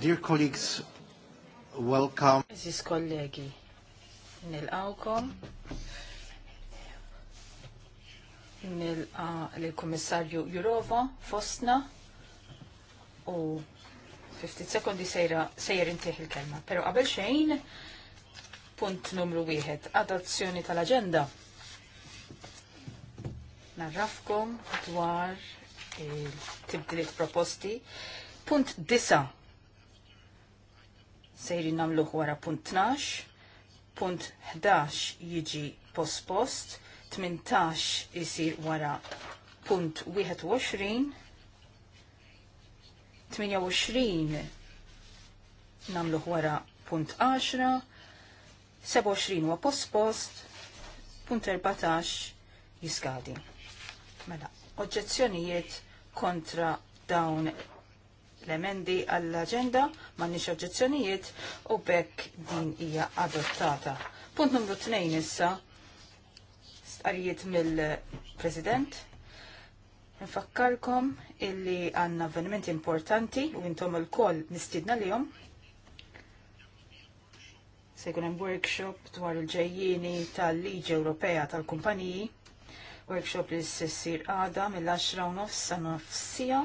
Dear colleagues, welcome. Aziz kollegi, nil awkom nil komissarju Jurova, Fosna, u 50 sekundi sejra sejjer intiħ il-kelma. Pero qabel xejn, punt numru wieħed, adozzjoni tal-agenda. Narrafkom dwar il-tibdilit proposti. Punt disa' sejri namlu wara punt 12, punt 11 jiġi post-post, 18 jisir wara punt 21, 28 namlu wara punt 10, 27 wa post-post, punt 14 jiskadi. Mela, oġġezzjonijiet kontra dawn l-emendi għall-agenda m'għandniex oġġezzjonijiet u bekk din hija adottata. Punt numru 2 issa starijiet mill-President. Nfakkarkom illi għanna avvenimenti importanti u intom il-koll nistidna li jom. Sejkun hemm workshop dwar il ġejjini tal-Liġi Ewropea tal-Kumpaniji. Workshop li s-sir għada mill-10 nofs sa nofsija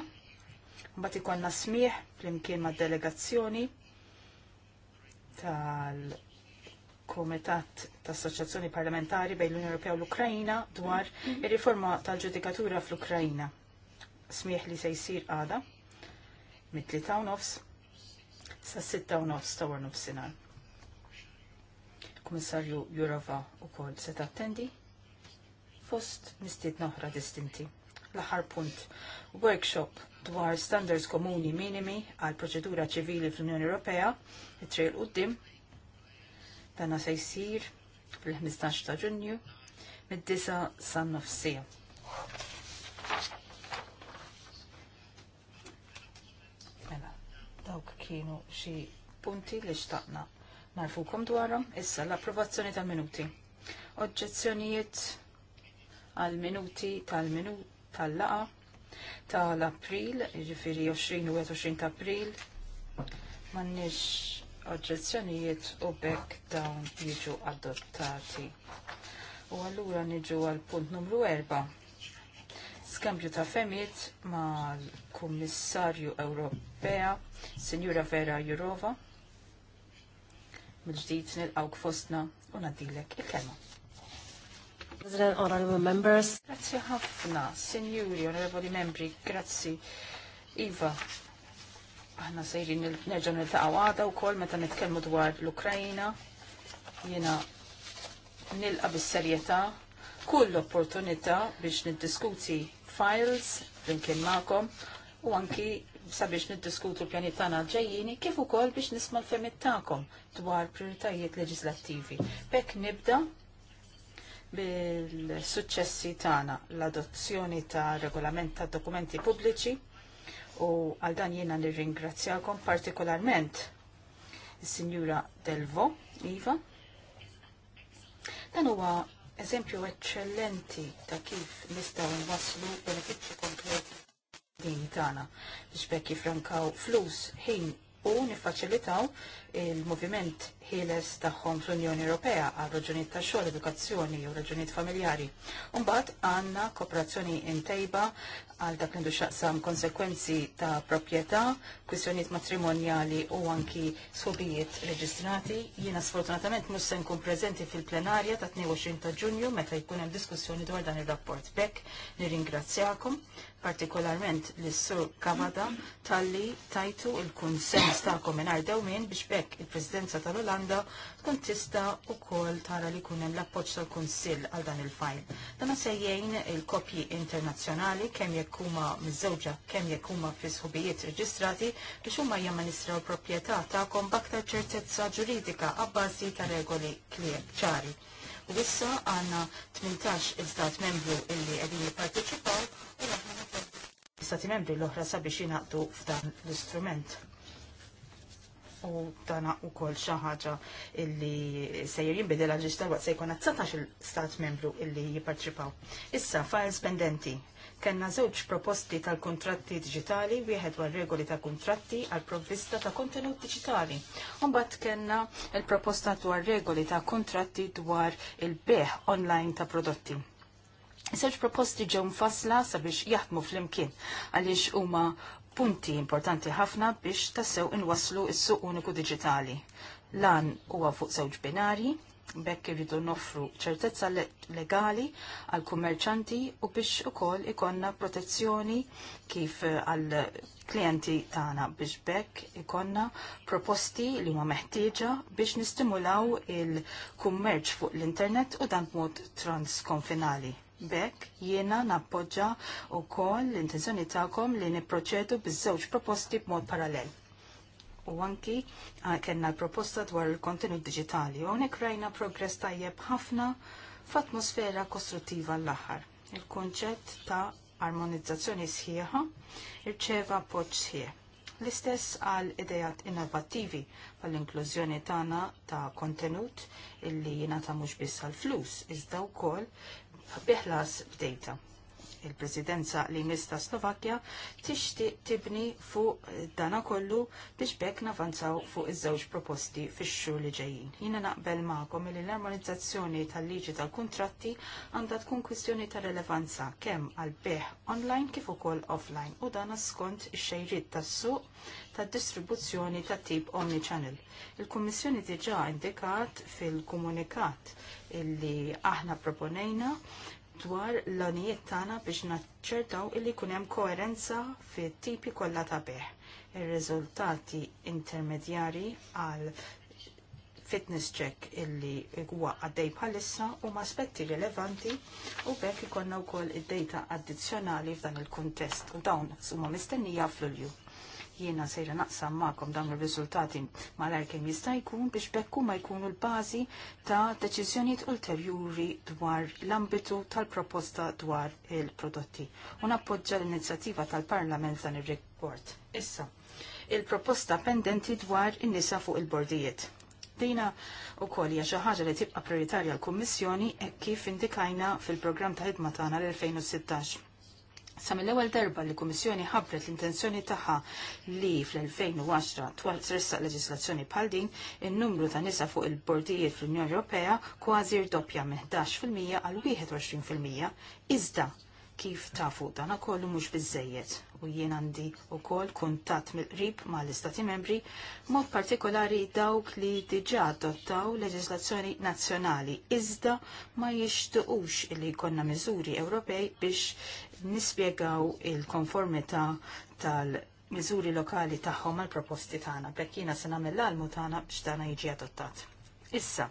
Mbagħad ikollna smieħ flimkien mad-delegazzjoni tal-Kumitat ta' Assoċjazzjoni Parlamentari bejn l-Unjoni Ewropea u l ukraina dwar mhm. ir-riforma tal-ġudikatura fl ukrajina Smieħ li se jsir għada mit ta' nofs sa' 6 nofs ta' war nofsinhar. Kummissarju Jurova wkoll se ta attendi? fost mistied noħra distinti. L-aħħar punt, workshop dwar standards komuni minimi għal proċedura ċivili fl-Unjoni Ewropea, it l-qoddim, Danna se jsir fil-15 ta' Ġunju mid-9 san nofsija. Mela, dawk kienu xi punti li xtaqna narfukom dwarhom issa l-approvazzjoni tal-minuti. Oġġezzjonijiet għal-minuti tal-minu tal-laqa tal-April, ġifiri 20 u 21 ta' April. Mannix oġġezzjonijiet u bekk dawn jiġu adottati. U allura niġu għal punt numru 4. Skambju ta' femiet mal-Kummissarju Ewropea, Signora Vera Jurova, mill nil-għawk fostna u nadilek il kema President, Honorable Members. Grazie ħafna, Signori, Onorevoli Membri, grazie. Iva, aħna sejrin nerġa' niltaqgħu għada wkoll meta nitkellmu dwar l-Ukrajna. Jiena nilqa' bis-serjetà kull opportunità biex niddiskuti files flimkien magħkom u anki sabiex niddiskutu l-pjanit tagħna ġejjini kif ukoll biex nisma' l femittakom dwar prioritajiet leġislattivi. Pek nibda bil-suċċessi tagħna l-adozzjoni ta' regolament ta' dokumenti pubbliċi u għal dan jiena nirringrazzjakom partikolarment is-Sinjura Delvo Iva. Dan huwa eżempju eċċellenti ta' kif nistgħu nwasslu benefiċċji konkreti din tagħna biex bekk jifrankaw flus ħin u niffaċilitaw il-moviment ħieles tagħhom fl-Unjoni Ewropea għal raġunijiet ta' xogħol, edukazzjoni u raġunijiet familjari. Mbagħad għandna kooperazzjoni intejba għal dak li xaqsam konsekwenzi ta' proprjetà, kwistjonijiet matrimonjali u anki sħubijiet reġistrati. Jiena sfortunatament mhux se nkun preżenti fil-plenarja ta' 22 ta' Ġunju meta jkun hemm diskussjoni dwar dan ir-rapport. Bekk nirringrazzjakom partikolarment l-Sur Kavada talli tajtu il-konsens ta' kominar dawmin biex bekk il-Presidenza tal-Olanda tkun tista u kol tara li kunem l-appoċ tal-Konsil għal dan il-fajl. Dan sejjejn il-kopji internazzjonali kem jekkuma mizzewġa kem jekkuma fisħubijiet reġistrati biex huma jamministraw proprjetà ta'kom baktar ċertezza ġuridika għabbażi ta' regoli ċari. U issa għanna 18 il-stat membru illi għedin jipparteċipaw u għahna stati membri l-oħra sabiex jinaqdu f'dan l-istrument u dana u kol xaħġa illi sejjer jimbidela għal ġistar waqt sejkon 19 stat membru illi jiparċipaw. Issa, files pendenti, kena żewġ proposti tal-kontratti digitali, wieħed għal regoli ta' kontratti għal provvista ta' kontenut digitali. Umbat kena il-proposta dwar regoli ta' kontratti dwar il-beħ online ta' prodotti. Żewġ proposti ġew mfassla sabiex jaħdmu fl-imkien għaliex huma punti importanti ħafna biex tassew inwaslu s-suq uniku digitali. Lan huwa fuq żewġ binari, Bekk irridu noffru ċertezza legali għal kummerċanti u biex ukoll ikonna protezzjoni kif eh, għal klienti tagħna biex bekk ikonna proposti li huma meħtieġa biex nistimulaw il-kummerċ fuq l-internet u dan b'mod transkonfinali. Bekk jiena nappoġġa wkoll l-intenzjoni tagħkom li nipproċedu biż-żewġ proposti b'mod parallel u anki kellna l-proposta dwar il-kontenut digitali. Unek rajna progress tajjeb ħafna f'atmosfera kostruttiva l-aħħar. Il-konċett ta' armonizzazzjoni sħiħa irċeva poċ sħiħ. L-istess għal idejat innovativi għall inklużjoni tagħna ta' kontenut illi jingħata mhux biss għall flus iżda wkoll biħlas b'dejta. Il-Presidenza li mista Slovakja tixtieq tibni fuq dana kollu biex bekk navanzaw fuq iż-żewġ proposti fix-xhur li ġejjin. Jiena naqbel magħkom li l-armonizzazzjoni tal-liġi tal-kuntratti għandha tkun kwistjoni ta' rilevanza kemm għal beħ online kif ukoll offline u dana skont ix-xejrid tas-suq tad-distribuzzjoni ta' tip Channel. Il-Kummissjoni diġà indikat fil-komunikat illi aħna proponejna dwar l-onijiet tagħna biex naċċertaw illi jkun hemm koerenza fit-tipi kollha ta' beħ. Ir-riżultati intermedjarji għal fitness check illi huwa għaddej bħalissa huma aspetti rilevanti u bekk ikollna wkoll id-data addizzjonali f'dan il-kuntest u dawn huma mistennija fl-ulju jiena sejra naqsam ma'kom dawn ir-riżultati malajr kemm jista' jkun biex bekku ma jkunu l-bażi ta' deċiżjonijiet ulterjuri dwar l-ambitu tal-proposta dwar il-prodotti. U nappoġġa l-inizjattiva tal-Parlament dan ir-report. Issa, il-proposta pendenti dwar in-nisa fuq il-bordijiet. Dina u koll hija xi ħaġa li tibqa' prioritarja l-Kummissjoni hekk kif indikajna fil-programm ta' ħidma tagħna l-2016. Sa mill-ewwel darba li kummissjoni ħabbret l-intenzjoni tagħha li fl-2010 twal tressaq leġislazzjoni bħal din, in-numru ta' nisa fuq il-bordijiet fl-Unjoni Ewropea kważi rdoppja minn 11% għal 21%. Iżda kif tafu dan kollu mhux biżejjed u jien għandi wkoll kuntatt mill-qrib mal-Istati Membri mod partikolari dawk li diġà adottaw leġislazzjoni nazzjonali iżda ma jixtuqux li jkollna miżuri Ewropej biex nispjegaw il-konformità tal-miżuri lokali tagħhom għal proposti tagħna bekk jiena se nagħmel l-almu tagħna biex tagħna jiġi adottat. Issa,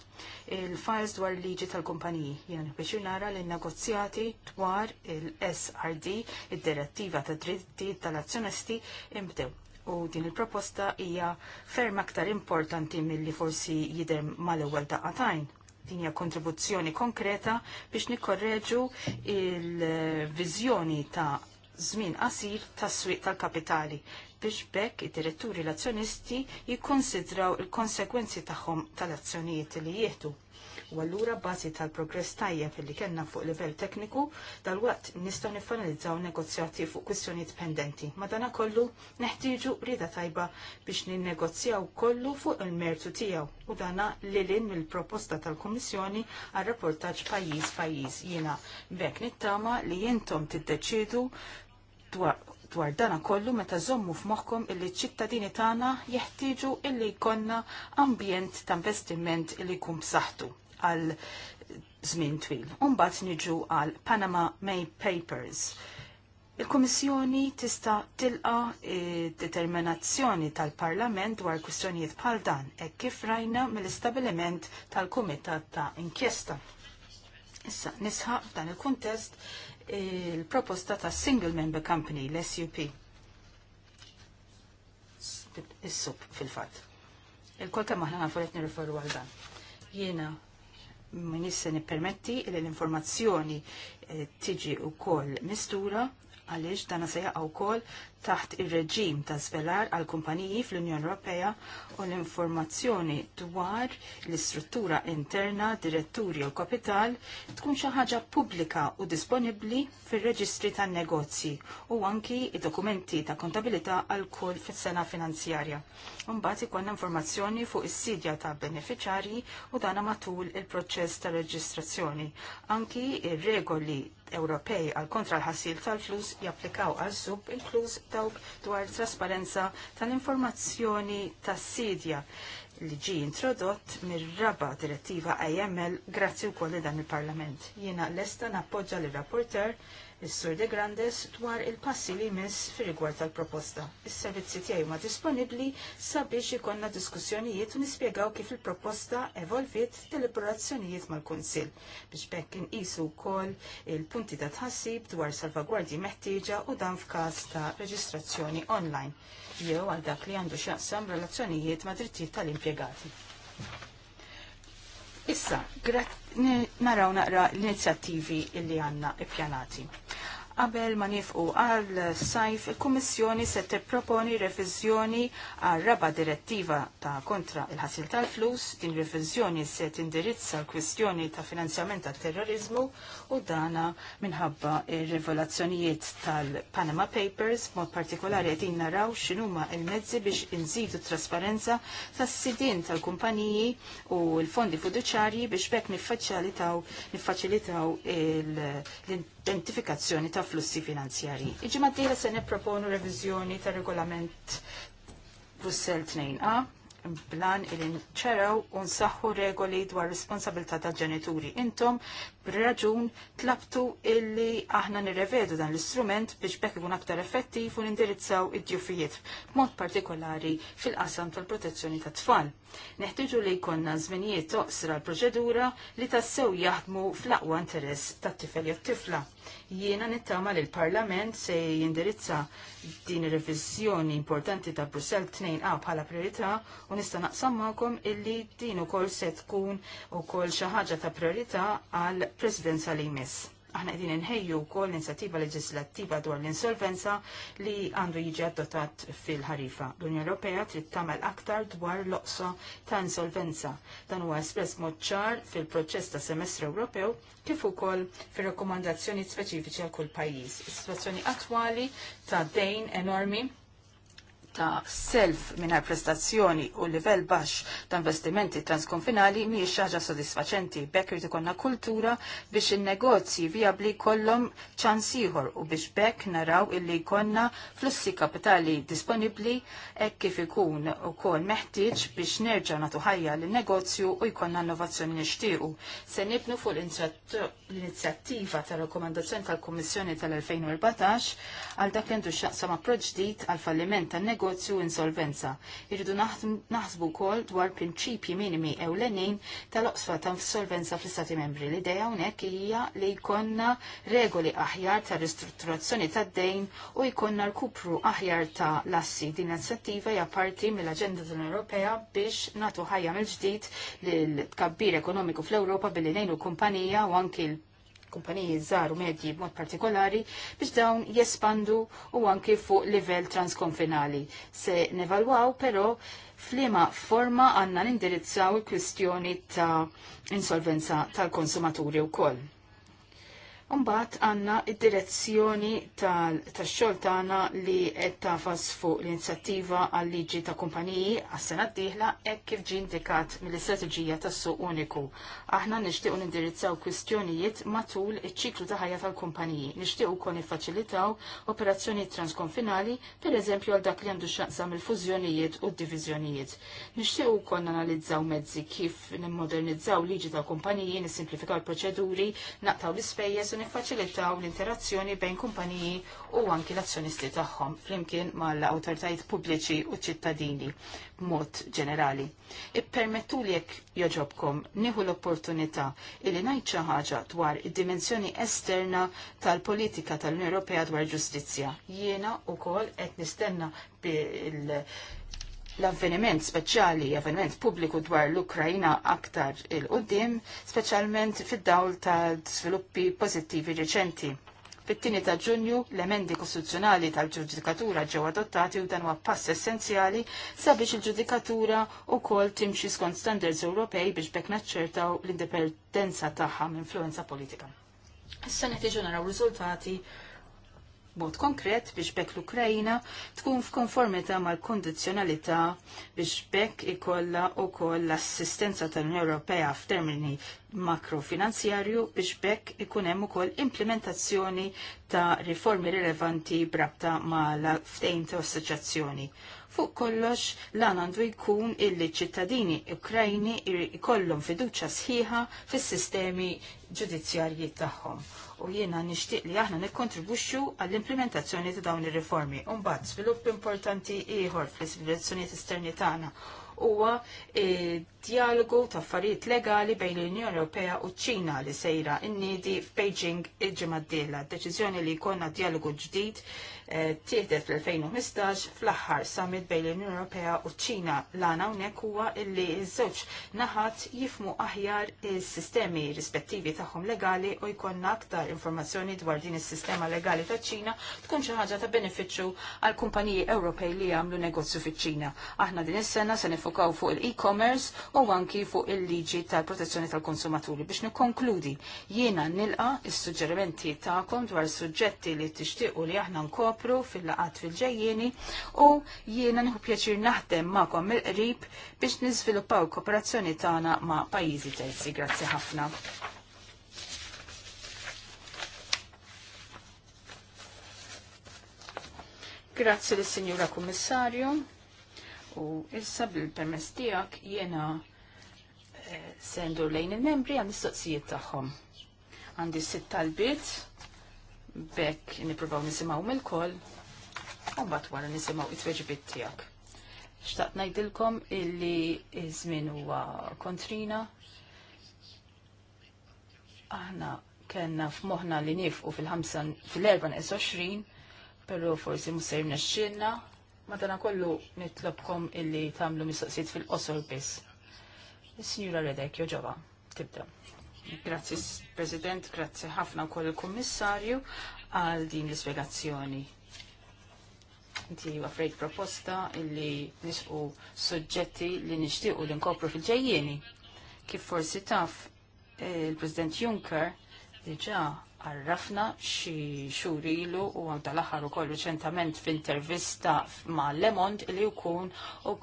il-files dwar liġi tal-kumpaniji jien biex nara li negozjati dwar il-SRD, id-direttiva ta' dritti tal-azzjonisti imbdew u din il-proposta hija ferm aktar importanti milli forsi jidher mal-ewwel daqatajn din hija kontribuzzjoni konkreta biex nikkorreġu il-viżjoni ta' żmien qasir tas-swieq tal-kapitali biex bekk id-diretturi l-azzjonisti jikkonsidraw il-konsekwenzi tagħhom tal-azzjonijiet li jieħdu. U allura bażi tal-progress tajjeb li kellna fuq livell tekniku dal wat nistaw nifanalizzaw negozjati fuq kwistjonijiet pendenti. Madana kollu neħtieġu rida tajba biex ninnegozjaw kollu fuq il-mertu tiegħu u dana lilin mill-proposta tal-Kummissjoni għal rapportaġġ pajjiż pajjiż jiena bekk nittama li jintom tiddeċidu dwar dwar dana kollu meta żommu f'moħħkom illi ċittadini tagħna jeħtieġu illi jkollna ambjent ta' investiment illi jkun b'saħħtu għal żmien twil. Umbat niġu għal Panama May Papers. Il-Kummissjoni tista' tilqa eh, determinazzjoni tal-Parlament dwar kwistjonijiet bħal dan e kif rajna mill-istabiliment tal-Kumitat ta' inkjesta. Issa nisħaq f'dan il-kuntest il-proposta ta' Single Member Company, l-SUP. Is-sub fil-fatt. il kolta maħna aħna nafu qed għal dan. Jena, minis se nippermetti li l-informazzjoni eh, tiġi u koll mistura għaliex dana se u koll taħt ir-reġim ta' zvelar għal kumpaniji fl-Unjoni Ewropea u l-informazzjoni dwar l-istruttura interna, diretturi u kapital tkun xi ħaġa pubblika u disponibbli fir-reġistri tan-negozji u anki id-dokumenti ta' kontabilità għal kull fis-sena finanzjarja. Imbagħad ikollna informazzjoni fuq is-sidja ta' beneficjarji u dana matul il-proċess ta' reġistrazzjoni. Anki ir-regoli Ewropej għal kontra l ħasil tal-flus japplikaw għal-sub inkluż dawk dwar trasparenza tal-informazzjoni tas-sidja li ġi introdott mir-raba direttiva IML grazzi wkoll dan il-Parlament. Jiena lesta nappoġġa l-rapporter is-Sur De Grandes dwar il-passi li jmiss fir rigward tal-proposta. Is-servizzi tiegħi ma disponibbli sabiex ikonna diskussjonijiet u nispjegaw kif il-proposta evolviet deliberazzjonijiet mal-Kunsill biex bekk inqisu wkoll il-punti ta' tħassib dwar salvagwardji meħtieġa u dan f'każ ta' reġistrazzjoni online jew għal dak li għandu x'jaqsam relazzjonijiet ma' drittijiet tal-impjegati. Issa, grazzi naraw naqra l-inizjattivi illi għanna ippjanati. Qabel ma nifqu għal sajf, il-Kummissjoni se tipproponi reviżjoni għal raba direttiva ta' kontra il-ħasil tal-flus, din reviżjoni se tindirizza l-kwistjoni ta' finanzjament ta' terrorizmu u dana minħabba ir-rivelazzjonijiet tal-Panama Papers, mod partikolari qegħdin naraw x'inhuma il-mezzi biex inżidu trasparenza tas-sidin tal-kumpaniji u l-fondi fiduċarji biex bekk niffaċilitaw niffaċilitaw l-intelligenza identifikazzjoni ta' flussi finanzjari. Iġimma d-dira se neproponu revizjoni ta' regolament Brussel 2A blan il-inċeraw un saħu regoli dwar responsabilta ta' ġenituri. Intom Bra-raġun tlabtu illi aħna nirrevedu dan l-istrument biex bekk ikun aktar effettiv u nindirizzaw id-djufijiet, b'mod partikolari fil-qasam tal-protezzjoni ta' tfal. Neħtieġu li jkollna żminijiet toqsra l-proċedura li tassew jaħdmu fl-aqwa interess tat-tifel jew tifla. Jiena nittama li l-Parlament se jindirizza din ir-reviżjoni importanti ta' Brussel 2A bħala priorità u nista' naqsam magħkom illi din ukoll se tkun ukoll xi ħaġa ta' priorità għal presidenza li jmiss. Aħna qegħdin inħejju wkoll inizjattiva leġislattiva dwar l-insolvenza li għandu jiġi adottat fil-ħarifa. L-Unjoni Ewropea trid tagħmel aktar dwar l-oqsa ta' insolvenza. Dan huwa espress mod ċar fil-proċess ta' semestru Ewropew kif ukoll fir-rakkomandazzjoni speċifiċi għal kull pajjiż. Is-sitwazzjoni attwali ta' dejn enormi ta' self mingħajr prestazzjoni u livell baxx ta' investimenti transkonfinali mhijiex ħaġa sodisfaċenti. Bekk irid ikollna kultura biex in-negozji viabli jkollhom ċans ieħor u biex bekk naraw illi jkollna flussi kapitali disponibbli hekk kif ikun ukoll meħtieġ biex nerġa' nagħtu ħajja lin-negozju u jkollna innovazzjoni nixtiequ. Se nibnu fuq l-inizjattiva ta' rakkomandazzjoni tal-Kummissjoni tal-2014 għal dak li ndu xaqsam approċ ġdid għal falliment tan-negozju negozju insolvenza. Irridu naħsbu wkoll dwar prinċipji minimi ewlenin tal-oqsfa ta' insolvenza fl-Istati membri. L-idea hawnhekk hija li jkollna regoli aħjar ta' ristrutturazzjoni ta' dejn u jkollna kupru aħjar ta' lassi. Din inizjattiva hija parti mill-Aġenda tal Ewropea biex nagħtu ħajja mill-ġdid l tkabbir ekonomiku fl-Ewropa billi ngħinu kumpanija u anki l kumpaniji żgħar u medji b'mod partikolari biex dawn jespandu u anki fuq livell transkonfinali. Se nevalwaw però flima forma għandna nindirizzaw il-kwistjoni ta' insolvenza tal-konsumaturi wkoll. Umbat għanna id-direzzjoni tal xogħol tagħna li qed tafas fuq l-inizjattiva għal liġi ta' kumpaniji għas-sena d-dieħla hekk kif ġie indikat mill-istrateġija tas-suq uniku. Aħna nixtiequ nindirizzaw kwistjonijiet matul iċ-ċiklu ta' ħajja tal-kumpaniji. Nixtiequ wkoll niffaċilitaw operazzjonijiet transkonfinali, pereżempju għal dak li għandu x'aqsam il-fużjonijiet u d-diviżjonijiet. Nixtiequ wkoll analizzaw mezzi kif nimmodernizzaw liġi tal-kumpaniji, nisimplifikaw il-proċeduri, naqtaw l-ispejjeż niffaċilitaw l-interazzjoni bejn kumpaniji u anki l-azzjonisti tagħhom flimkien mal-awtoritajiet pubbliċi u ċittadini b'mod ġenerali. Ippermettu li jekk joġobkom nieħu l-opportunità li ngħid xi ħaġa dwar id-dimensjoni esterna tal-politika tal-Unjoni Ewropea dwar ġustizzja. Jiena wkoll qed nistenna bil l-avveniment speċjali, avveniment pubbliku dwar l ukrajina aktar il-qoddim, speċjalment fid-dawl ta' sviluppi pozittivi reċenti. Fit-tini ta' ġunju, l-emendi kostituzzjonali tal-ġudikatura ġew adottati u dan huwa pass essenzjali sabiex il-ġudikatura u kol timxi skont standards Ewropej biex bekk naċċertaw l-indipendenza tagħha minn influenza politika. Issa neħtieġu naraw riżultati mod konkret biex bekk l-Ukrajina tkun f'konformità mal-kondizjonalità biex bekk ikolla u koll l-assistenza tal-Unjoni Ewropea f'termini makrofinanzjarju biex bekk ikun hemm ukoll implementazzjoni ta' riformi rilevanti brabta ma' ftejn ta' assoċjazzjoni. Fuq kollox, lan għandu jkun illi ċittadini Ukrajni ikollhom fiduċa sħiħa fis-sistemi ġudizzjarji tagħhom u jiena nixtieq li aħna nikkontribwixxu għall-implementazzjoni ta' dawn ir-riformi. Imbagħad svilupp importanti ieħor fl-istituzzjonijiet esterni tagħna huwa eh, dialogu ta' affarijiet legali bejn l-Unjoni Ewropea u ċina li sejra n-nidi f'Beijing il-ġimgħa d Deċiżjoni li jkollna dialogu ġdid eh, tieħdet fl-2015 fl-aħħar summit bejn l-Unjoni Ewropea u ċina l-għana hawnhekk huwa li ż-żewġ naħat jifmu aħjar is-sistemi rispettivi tagħhom legali u jkollna aktar informazzjoni dwar din is-sistema legali ta' ċina tkun xi ħaġa ta' benefiċċju għall kumpaniji Ewropej li jagħmlu negozju fiċ-Ċina. Aħna din is-sena se nifokaw fuq il-e-commerce u anki fuq il-liġi tal-protezzjoni tal-konsumaturi. Biex nikkonkludi, jiena nilqa il suġġerimenti tagħkom dwar suġġetti li tixtiequ li aħna nkopru fil-laqat fil-ġejjieni u jiena nieħu pjaċir naħdem ma'kom mill-qrib biex niżviluppaw kooperazzjoni tagħna ma' pajjiżi terzi. Grazzi ħafna. Grazie l-Signora Commissario. U issa bil-permess tiegħek jiena eh, sendu lejn il-membri għan istoqsijiet tagħhom. Għandi sitt talbiet bekk nippruvaw nisimgħu mill-koll u bat wara nisimgħu it-tweġibiet tiegħek. Xtaqt ngħidilkom illi izmin żmien huwa kontrina. Aħna kellna f'moħħna li nifqu fil ħamsan fil-24 però forsi musajmna nexxilna Madana kollu nitlobkom illi tamlu mistoqsijiet fil-qosor biss. Signora Redek, joġoba, tibda. Grazzi, President, grazzi ħafna wkoll il-Kummissarju għal din l-ispjegazzjoni. Inti għafrejt proposta illi nisqu soġġetti li nixtiequ li nkopru fil-ġejjieni. Kif forsi taf, il-President Juncker diġa għarrafna xi xhur ilu u għal dal-aħħar ukoll riċentament f'intervista ma' Le Monde li u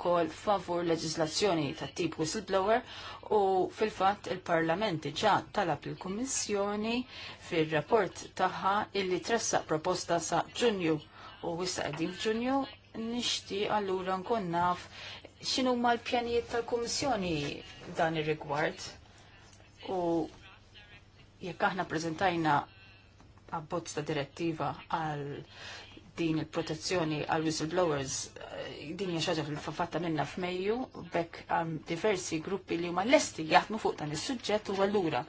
koll favur leġislazzjoni tat tip whistleblower u fil-fatt il-Parlament ġa talab il-Kummissjoni fir-rapport tagħha illi tressa proposta sa' Ġunju u wissa qegħdin f'Ġunju nixtieq allura nkun naf x'inhuma l-pjanijiet tal-Kummissjoni dan ir-rigward u jekk aħna prezentajna abbozz ta' direttiva għal din il-protezzjoni għal whistleblowers eh, din hija xaġa fil-fatta minna f'Mejju bekk għam diversi gruppi li huma lesti jaħdmu fuq dan is-suġġett u allura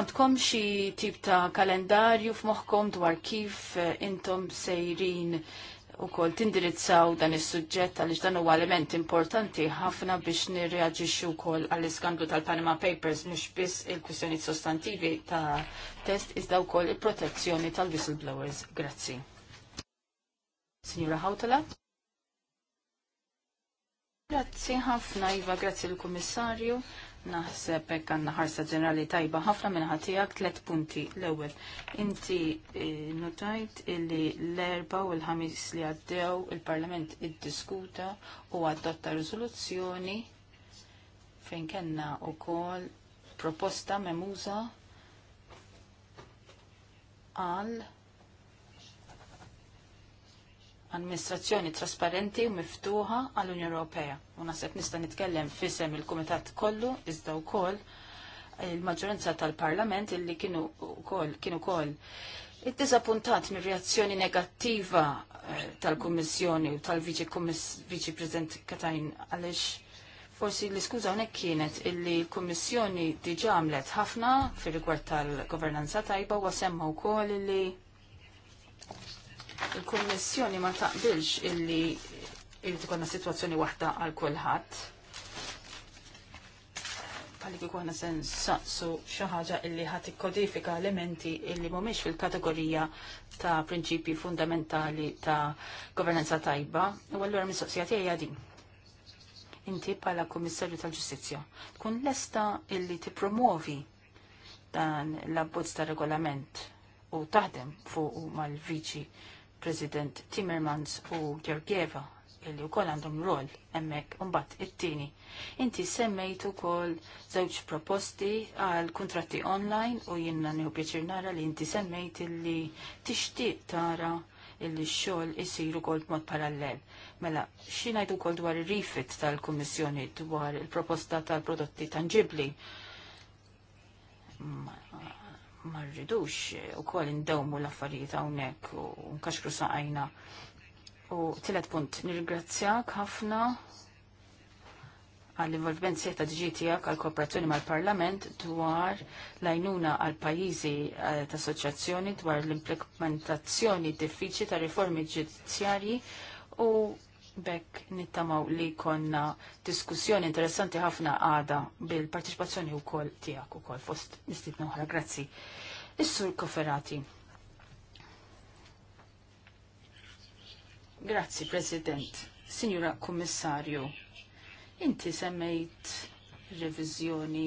għandkom xi tip ta' kalendarju f'moħħkom dwar kif eh, intom sejrin u kol tindirizzaw dan is suġġett għalix dan huwa element importanti ħafna biex u wkoll għall-iskandlu tal-Panama Papers mhux biss il-kwistjoni sostantivi ta' test iżda wkoll il-protezzjoni tal-whistleblowers. Grazzi. Signora Hautala. Grazzi ħafna Iva, grazzi l-Kummissarju Naħseb hekk għandna ħarsa ġenerali tajba ħafna minn ħatijak tliet punti l-ewwel. Inti eh, notajt illi l-erba u l-ħamis li għaddew il-Parlament iddiskuta u adotta riżoluzzjoni fejn kellna wkoll proposta memuża għal amministrazzjoni trasparenti u miftuħa għall-Unjoni Ewropea. U naħseb nista' nitkellem fisem il-Kumitat kollu iżda wkoll il-maġġoranza tal-Parlament illi kienu wkoll kienu wkoll iddiżappuntat mir reazzjoni negattiva eh, tal-Kummissjoni u tal-Viċi Viċi President Katajn għaliex forsi l-iskuża hawnhekk kienet illi l-Kummissjoni diġà għamlet ħafna fir-rigward tal-governanza tajba u semma wkoll illi il-Kommissjoni ma taqbilx illi irrid tkunna sitwazzjoni waħda għal kulħadd. Għalli kik għana sen saqsu xaħġa illi ħat kodifika elementi illi mumiex fil-kategorija ta' prinċipi fundamentali ta' governanza tajba. U għallura mis soqsijati tiegħi din inti pala kummissarju tal-ġustizja Kun lesta illi tipromuovi dan l-abbozz ta' regolament u taħdem fuq mal-viċi President Timmermans u Georgieva illi u kol għandhom rol emmek unbat it-tini. Inti semmejtu kol zewċ proposti għal kontratti online u jinnan nħu pjaċir nara li inti semmejt illi tixtiq tara illi xol isiru kol mod parallel. Mela, xinajdu kol dwar il-rifit tal-Kommissjoni dwar il-proposta tal-prodotti tangibli? ma rridux u kol indewmu l-affarijiet hawnhekk u nkaxkru saqajna. U tillet punt, nirgrazzjak ħafna għall-involviment ta' ta' tiegħek għall-kooperazzjoni mal-Parlament dwar l-għajnuna għal pajjiżi eh, ta' assoċjazzjoni dwar l-implementazzjoni diffiċli ta' riformi ġudizzjari u Bekk nittamaw li konna diskussjoni interessanti ħafna għada bil parteċipazzjoni u kol tijak u kol fost nistitna uħra. Grazzi. Is-sur Koferati. Grazzi, President. Signora Kommissarju, inti semmejt revizjoni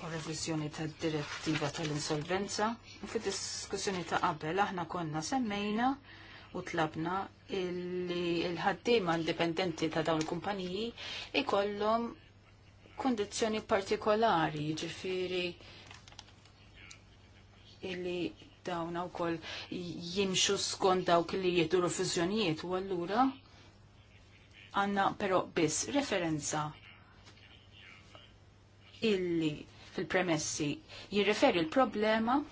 u revizjoni ta' direttiva tal-insolvenza. U fid diskussjoni ta' qabel aħna konna semmejna u tlabna li l-ħaddiema indipendenti ta' dawn il-kumpaniji ikollhom kondizzjoni partikolari, ġifiri illi dawn koll jimxu skont dawk li jieħdu refużjonijiet u allura għandna però biss referenza illi fil-premessi jirreferi l-problema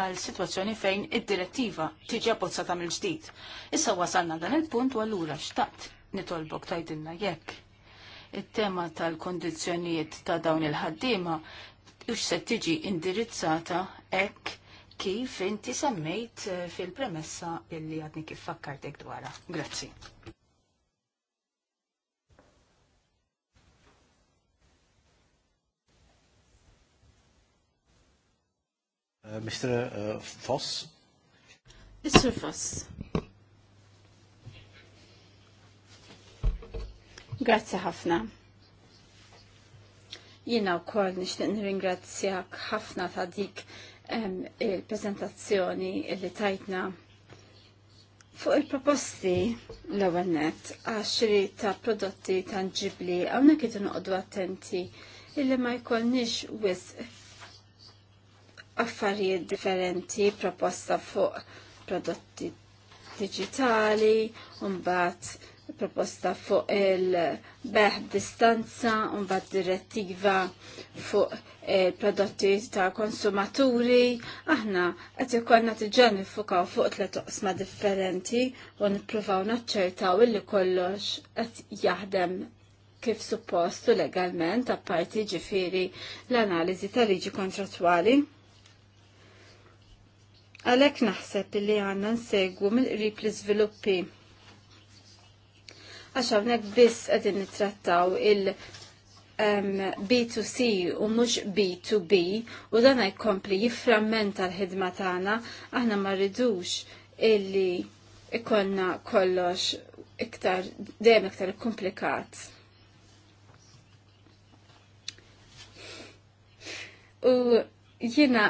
għal situazzjoni fejn id-direttiva tiġi ta' mill-ġdid. Issa wasalna dan il-punt u allura xtaqt nitolbok tajdinna jekk. Il-tema tal-kondizjonijiet ta' dawn il-ħaddima ux se tiġi indirizzata ek kif inti semmejt eh, fil-premessa illi għadni kif fakkartek dwara. Grazzi. Uh, Mr. Uh, Foss. Mr. Foss. Grazzi ħafna. Jina u koll nishtiq nirringrazzjak ħafna ta' dik il-prezentazzjoni li tajtna fuq il-proposti l-ewwel net għaxri ta' prodotti tangibli hawnhekk qed noqogħdu attenti illi ma jkollniex wisq affarijiet differenti proposta fuq prodotti digitali, mbagħad proposta fuq il-beħ distanza, mbagħad direttiva fuq il-prodotti ta' konsumaturi. Aħna qed ikollna diġà nifukaw fuq tliet oqsma differenti u nippruvaw naċċertaw illi kollox qed jaħdem kif suppostu legalment apparti ġifiri l-analiżi tal-liġi kontrattwali. Għalek naħseb li għanna nsegwu mill-qrib l iżviluppi Għax hawnhekk biss qegħdin nittrattaw il- B2C u mhux B2B u dan jkompli jiframmenta l-ħidma tagħna aħna ma rridux illi ikonna kollox iktar dejjem iktar komplikat. U jiena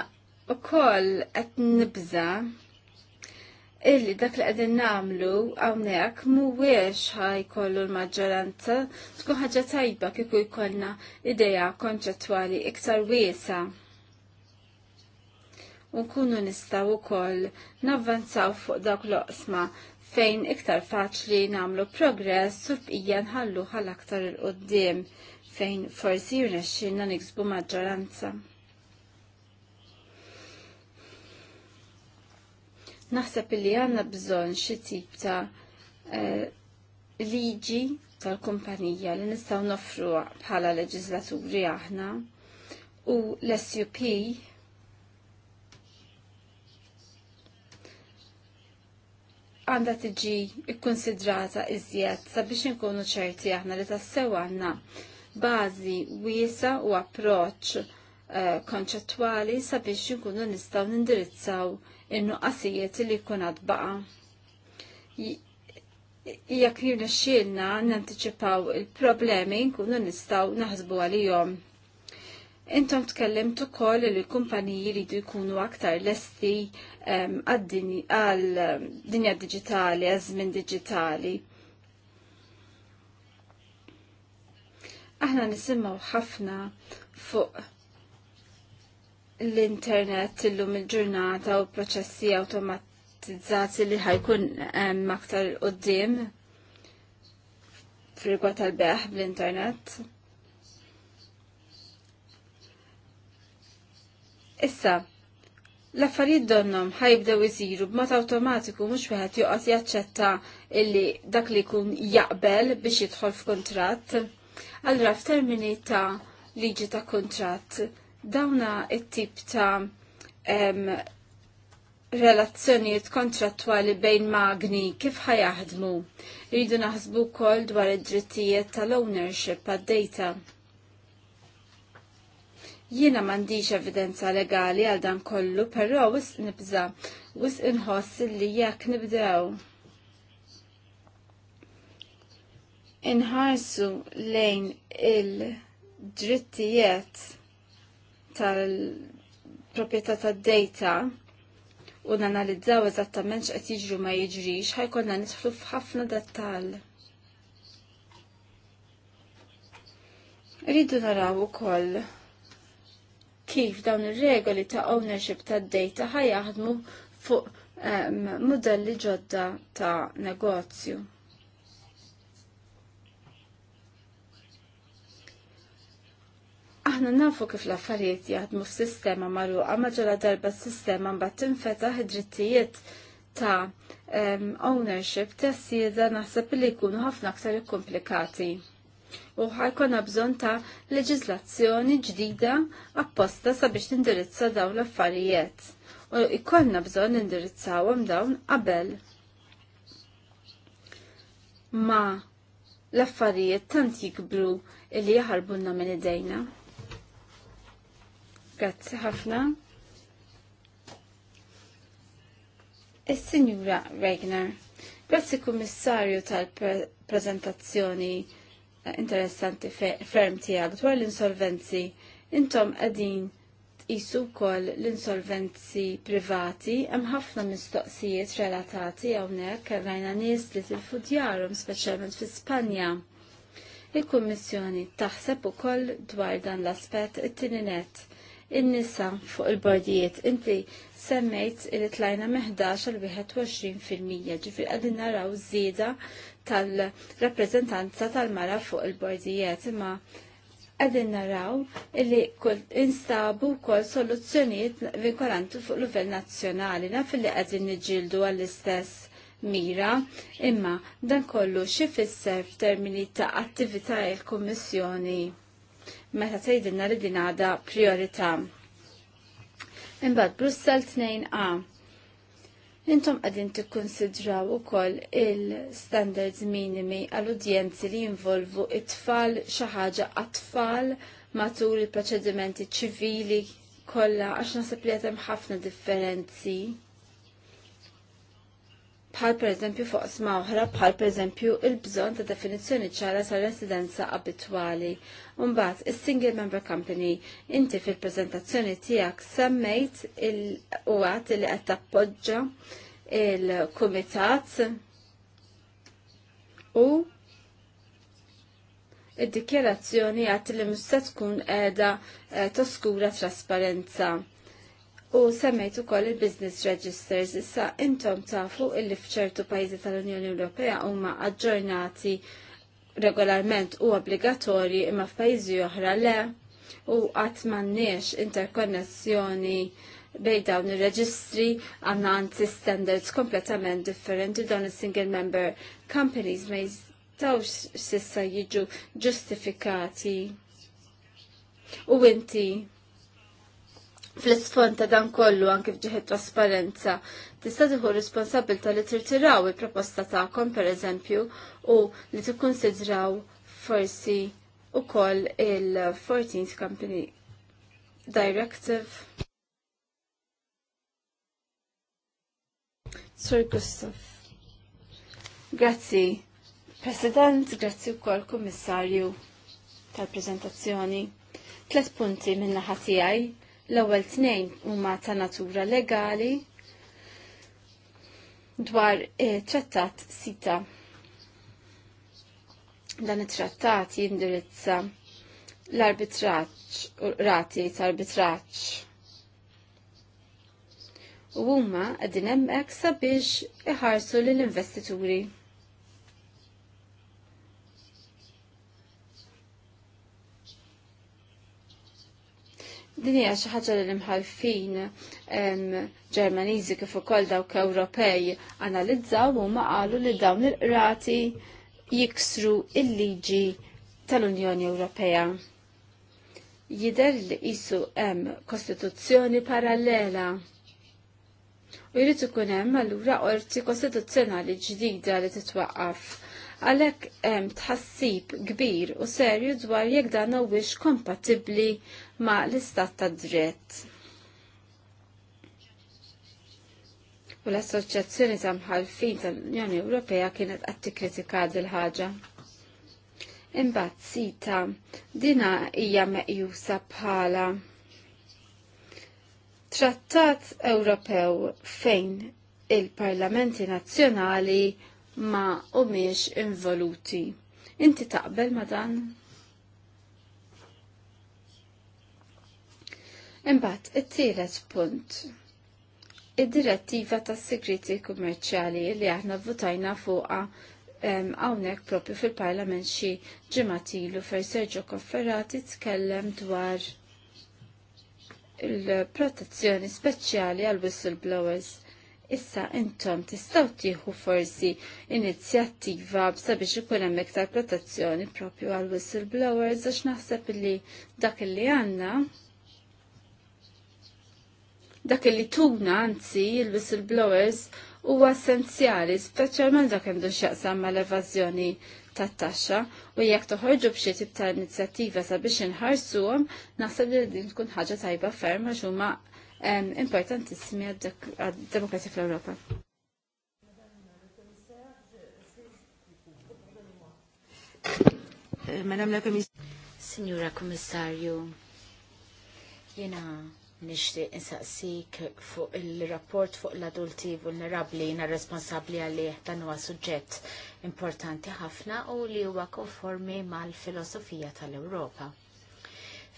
u koll għat nibza illi dak li għedin namlu għawnek muwiex ħajkollu l-maġġoranza tkun ħagġa tajba kiku jkollna ideja konċettwali iktar wiesa. Unkunu nistaw u koll navvanzaw fuq dak l-oqsma fejn iktar faċli namlu progress u ijan nħallu ħal aktar il-qoddim fejn forsi jirnexxinna niksbu maġġoranza. Naħseb li għanna bżon xi tip ta' eh, liġi tal-kumpanija li nistaw nofru bħala leġislaturi aħna u l-SUP għanda tiġi ikkonsidrata iżjed sabiex inkunu ċerti aħna li tassew għanna bażi wiesa u approċ eh, konċettwali sabiex inkunu nistaw nindirizzaw in-nuqqasijiet li jkun għad baqa. Jekk jirnexxielna nanticipaw il-problemi nkunu nistgħu naħsbu għalihom. Intom tkellimt ukoll li l-kumpaniji jridu jkunu aktar lesti ehm, għal-dinja digitali, għazmin żmien digitali. Aħna nisimmaw ħafna fuq l-internet illum il-ġurnata u proċessi automatizzati li ħajkun aktar qoddim frigwa tal-beħ bl-internet. Issa, l-affarijiet donnom ħajbdew iżiru b'mod awtomatiku mhux wieħed joqgħod jaċċetta illi dak li jkun jaqbel biex jidħol f'kuntratt. Allura f'termini ta' liġi ta' kuntratt Dawna it-tip ta' um, relazzjonijiet kontrattwali bejn magni kif ħajaħdmu. Ridu naħsbu kol dwar id-drittijiet tal-ownership għad-data. Jiena mandiġ evidenza legali għal dan kollu, però wis nibza, wis inħoss li jekk nibdew. Inħarsu lejn il-drittijiet tal-proprjetà tad-data u nanalizzaw eżattament x'qed jiġri ma jiġrix, ħajkonna nidħlu f'ħafna dettall. Rridu naraw ukoll kif dawn ir-regoli ta' ownership tad-data ħajaħdmu fuq ehm, modelli ġodda ta' negozju. Aħna nafu kif l-affarijiet jaħdmu s-sistema magħluqa ma ġala darba s-sistema mbagħad tinfetaħ id-drittijiet ta' um, ownership ta' sieda naħseb li jkunu ħafna aktar komplikati. U ħajkonna bżonn ta' leġiżlazzjoni ġdida apposta sabiex tindirizza dawn l-affarijiet. U jkollna bżonn indirizzawhom dawn qabel. Ma l-affarijiet tant jikbru illi jaħarbunna minn idejna. Grazzi ħafna. Is-Sinjura Regner, grazzi kummissarju tal-prezentazzjoni eh, interessanti ferm tiegħek dwar l-insolvenzi. Intom qegħdin tqisu wkoll l-insolvenzi privati hemm ħafna mistoqsijiet relatati hawnhekk rajna nies li tilfu djarhom speċjalment fi Spanja. Il-Kummissjoni taħseb ukoll dwar dan l-aspett it-tininet in-nisa fuq il-bordijiet. Inti semmejt li tlajna meħdax għal-21 fil-mija ġifir għadin naraw zida tal-rappresentanza tal-mara fuq il-bordijiet imma għadin naraw li instabu kol soluzzjoniet vinkolanti fuq l livell nazzjonali naf li għadin nġildu għall-istess mira, imma dan kollu xifisser f'termini ta' attività il-Kommissjoni meta tgħidilna li din għadha priorita. Imbagħad Brussel 2A. Intom qegħdin tikkunsidraw ukoll il-standards minimi għall-udjenzi li jinvolvu it-tfal xi ħaġa għat-tfal matul il-proċedimenti ċivili kollha għax naħseb li hemm ħafna differenzi bħal pereżempju fuq sma oħra bħal pereżempju il-bżonn ta' definizzjoni ċara sa' residenza abitwali. Mbagħad is-single member company inti fil-preżentazzjoni tiegħek semmejt il għat li qed tappoġġa il-kumitat u id-dikjerazzjoni għat li mista tkun edha eh, toskura trasparenza. U semmejt ukoll il-business registers issa intom tafu illi f'ċertu pajjiżi tal-Unjoni Ewropea huma aġġornati regolarment u obbligatorji imma f'pajjiżi oħra le u qatt m'għandniex interkonnessjoni bej dawn ir-reġistri għandna anzi standards kompletament differenti dawn is-single member companies ma jistgħux sissa jiġu ġustifikati. U inti fl-isfond ta' dan kollu anke fġiħet trasparenza tista' tieħu responsabilta li tirtiraw il-proposta tagħkom pereżempju u li tikkunsidraw forsi ukoll il-14th Company Directive. Sur Gustaf. Grazzi, President, grazzi wkoll Kummissarju tal-prezentazzjoni. Tlet punti minna ħatijaj L-ewwel tnejn huma ta' natura legali dwar e, trattat sita. Dan it-trattat jindirizza l-arbitraġġ u rati tal arbitraġġ u huma qegħdin hemmhekk sabiex iħarsu lill-investituri. Din hija xi ħaġa li l Ġermaniżi kif ukoll dawk Ewropej analizzaw huma qalu li dawn il-qrati jiksru il-liġi tal-Unjoni Ewropea. Jider li qisu hemm kostituzzjoni parallela. U jrid ikun hemm allura qorti kostituzzjonali ġdida li titwaqqaf għalek hemm tħassib kbir u serju dwar jekk dan huwiex kompatibbli ma' l-istat ta' dritt. U l-Assoċjazzjoni ta' mħalfin tal-Unjoni Ewropea kienet qed tikkritika il ħaġa. Imbagħad sita dina hija meqjusa bħala Trattat Ewropew fejn il-parlamenti nazzjonali ma umiex involuti. Inti taqbel ma dan? Imbagħad it-tielet punt. Id-direttiva tas-sigriti kummerċjali li aħna votajna fuqha hawnhekk propju fil-Parlament xi ġimatilu fer Serġo Kofferati tkellem dwar il-protezzjoni speċjali għal whistleblowers. Issa intom tistgħu tieħu forsi inizjattiva sabiex ikun hemm iktar protezzjoni propju għal whistleblowers għax naħseb li dak li għandna dak li tuna anzi il-whistleblowers huwa essenzjali, speċjalment dak għandu x'jaqsam mal-evażjoni tat-taxxa u jekk toħorġu b'xi tip ta' inizjattiva sabiex inħarsuhom, naħseb li din tkun ħaġa tajba ferm għax huma importantissimi għad-demokrazja fl-Ewropa. Eh, Madam la Signora Kommissarju, jena nixtieq insaqsik fuq il-rapport fuq l-adulti vulnerabbli na responsabbli għalih dan huwa suġġett importanti ħafna u li huwa konformi mal-filosofija tal-Ewropa.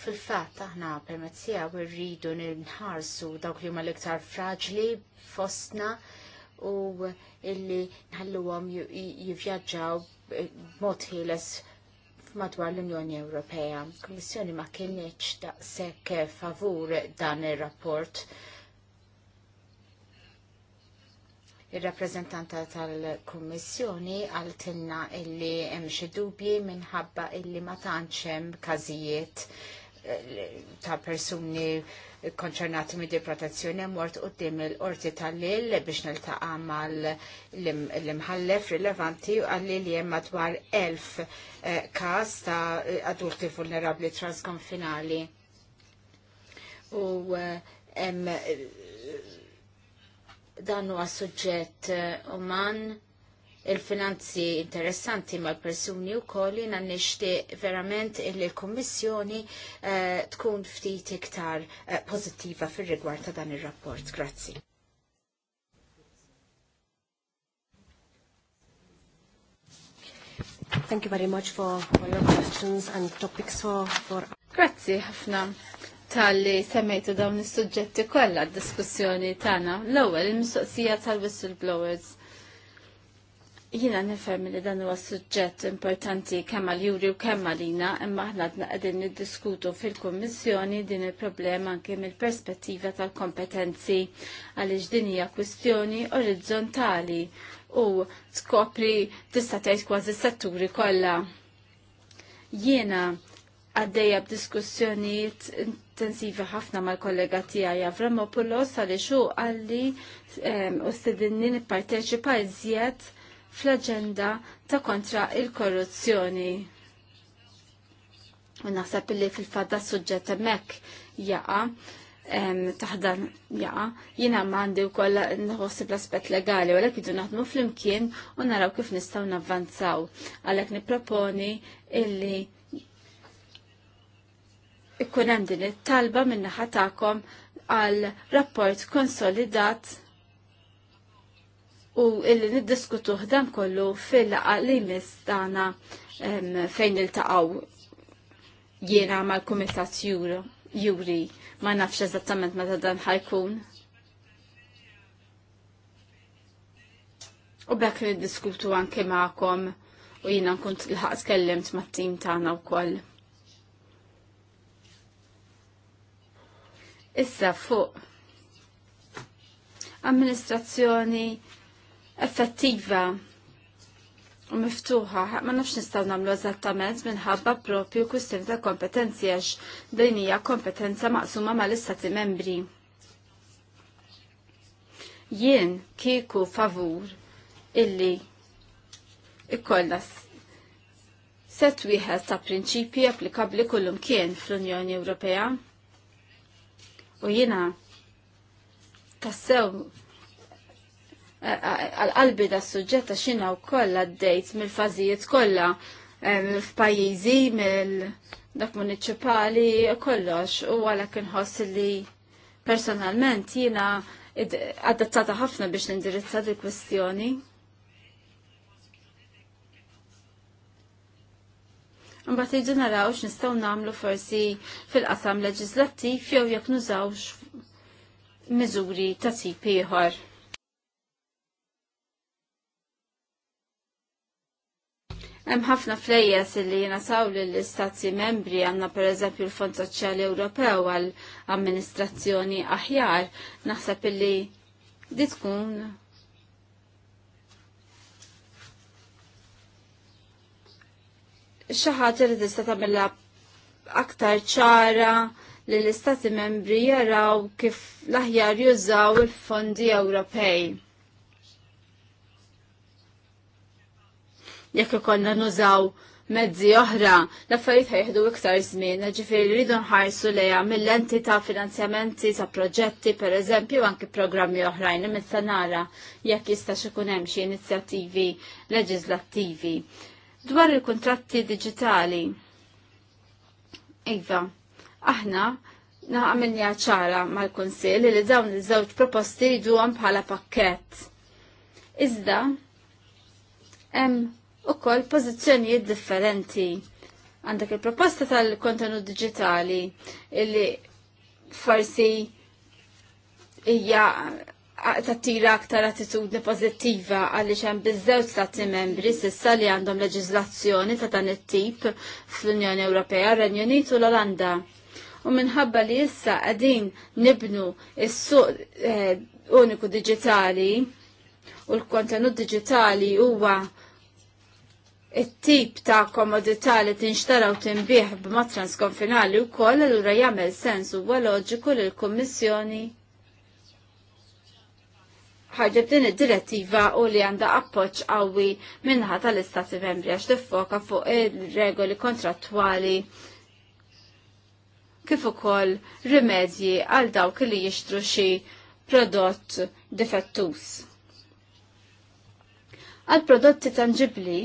Fil-fatt aħna permezzija u rridu nħarsu dawk li huma l-iktar fraġli fostna u illi nħalluhom jivvjaġġaw mod ħieles madwar l-Unjoni Ewropea. Kommissjoni ma kienieċ daqshekk favur dan ir-rapport. Il-rappreżentanta tal-Kommissjoni għaltinna illi hemm xi dubji minħabba illi ma tantx hemm każijiet eh, ta' persuni konċernati mid protezzjoni mort u dim il-orti tal-lil biex niltaqa mal l-imħallef rilevanti u għalli li jem madwar elf eh, kas ta' adulti vulnerabli transkonfinali. U eh, em, eh, dan huwa suġġett uman il-finanzi interessanti mal persuni u koll jina nishti verament il-Kommissjoni eh, tkun ftit iktar eh, pozittiva fil rigward ta' dan il-rapport. Grazzi. Thank you very much for, for your questions and topics for... for... Grazzi ħafna tal-li semmejtu dawn is-suġġetti kollha d-diskussjoni tagħna. L-ewwel il-mistoqsija tal-whistleblowers Jina nifhem li dan huwa suġġett importanti kemm għal juri u kemm għalina, imma aħna qegħdin niddiskutu fil-Kummissjoni din il-problema anke mill-perspettiva tal-kompetenzi għaliex din hija kwistjoni orizzontali u tkopri tista' tgħid kważi setturi kollha. Jiena għaddejja b'diskussjonijiet intensivi ħafna mal-kollega tiegħi Avramopoulos għaliex hu għalli ehm, u stidinni nipparteċipa iżjed fl-aġenda ta' kontra il-korruzzjoni. U naħseb li fil-fadda suġġett hemmhekk jaqa taħdan jaqa jiena m'għandi wkoll nħossib l-aspett legali u għalhekk idu naħdmu flimkien u naraw kif nistgħu navvanzaw. Għalhekk nipproponi illi ikkun hemm din it-talba min-naħa tagħkom għal rapport konsolidat u illi niddiskutu dan kollu fil-laqa li tagħna fejn il-taqaw jiena mal-Kumitat Juri ma nafx eżattament meta dan ħajkun. U bekk niddiskutu anke ma'kom u jiena nkun l-ħaq tkellimt mat-tim tagħna wkoll. Issa fuq amministrazzjoni effettiva u miftuħa, ma nafx nistaw namlu eżattament minħabba propju kustjoni ta' kompetenzi għax din hija kompetenza maqsuma mal-istati membri. Jien kieku favur illi ikkolla set wieħed ta' prinċipji applikabbli kullum kien fl-Unjoni Ewropea. U jiena tassew għal-qalbi tas suġġetta ta' xina u kolla d-dejt mill-fazijiet kolla f'pajjiżi mill-dak municipali kollox u għalak nħoss li personalment jina adattata ħafna biex nindirizza di kwestjoni. Mbagħad jiġu naraw x'nistgħu nagħmlu forsi fil-qasam leġislattiv jew jekk nużawx miżuri ta' tip ieħor. Hemm ħafna flejjes li li lill-istati membri għandna pereżempju l-Fond Soċjali Ewropew għall amministrazzjoni aħjar, naħseb illi di tkun xaħat li tista' tagħmilha aktar ċara li l-istati membri jaraw kif l-aħjar jużaw il-fondi Ewropej. jekk ikollna nużaw mezzi oħra, l-affarijiet ħajħdu iktar żmien, ġifieri rridu nħarsu lejha mill-enti ta' finanzjamenti ta' proġetti pereżempju anki programmi oħrajn imissa nara jekk jista' ikun hemm xi inizjattivi leġislattivi. Dwar il-kuntratti diġitali. Iva, aħna għamilni ċara mal-Kunsill li dawn iż-żewġ proposti jridu bħala pakkett. Iżda, hemm u kol pozizjonijiet differenti. Għandak il-proposta tal-kontenut digitali illi forsi hija tattira aktar attitudni pozittiva għaliex hemm bizzew stati membri sissa li għandhom leġiżlazzjoni ta' dan it-tip fl-Unjoni Ewropea, Renju Unitu u l-Olanda. U minħabba li issa qegħdin nibnu is-suq eh, uniku digitali u l-kontenut digitali huwa it-tip ta' komodità li tinxtara u tinbih b'ma transkonfinali u koll l-ura jagħmel sens u loġiku li l-Kummissjoni ħarġib din id-direttiva u li għanda appoġġ qawwi minnaħa tal-Istati Membri għax tiffoka fuq ir-regoli kontrattwali kif ukoll rimedji għal dawk li jixtru xi prodott difettus. Għal prodotti tangibli,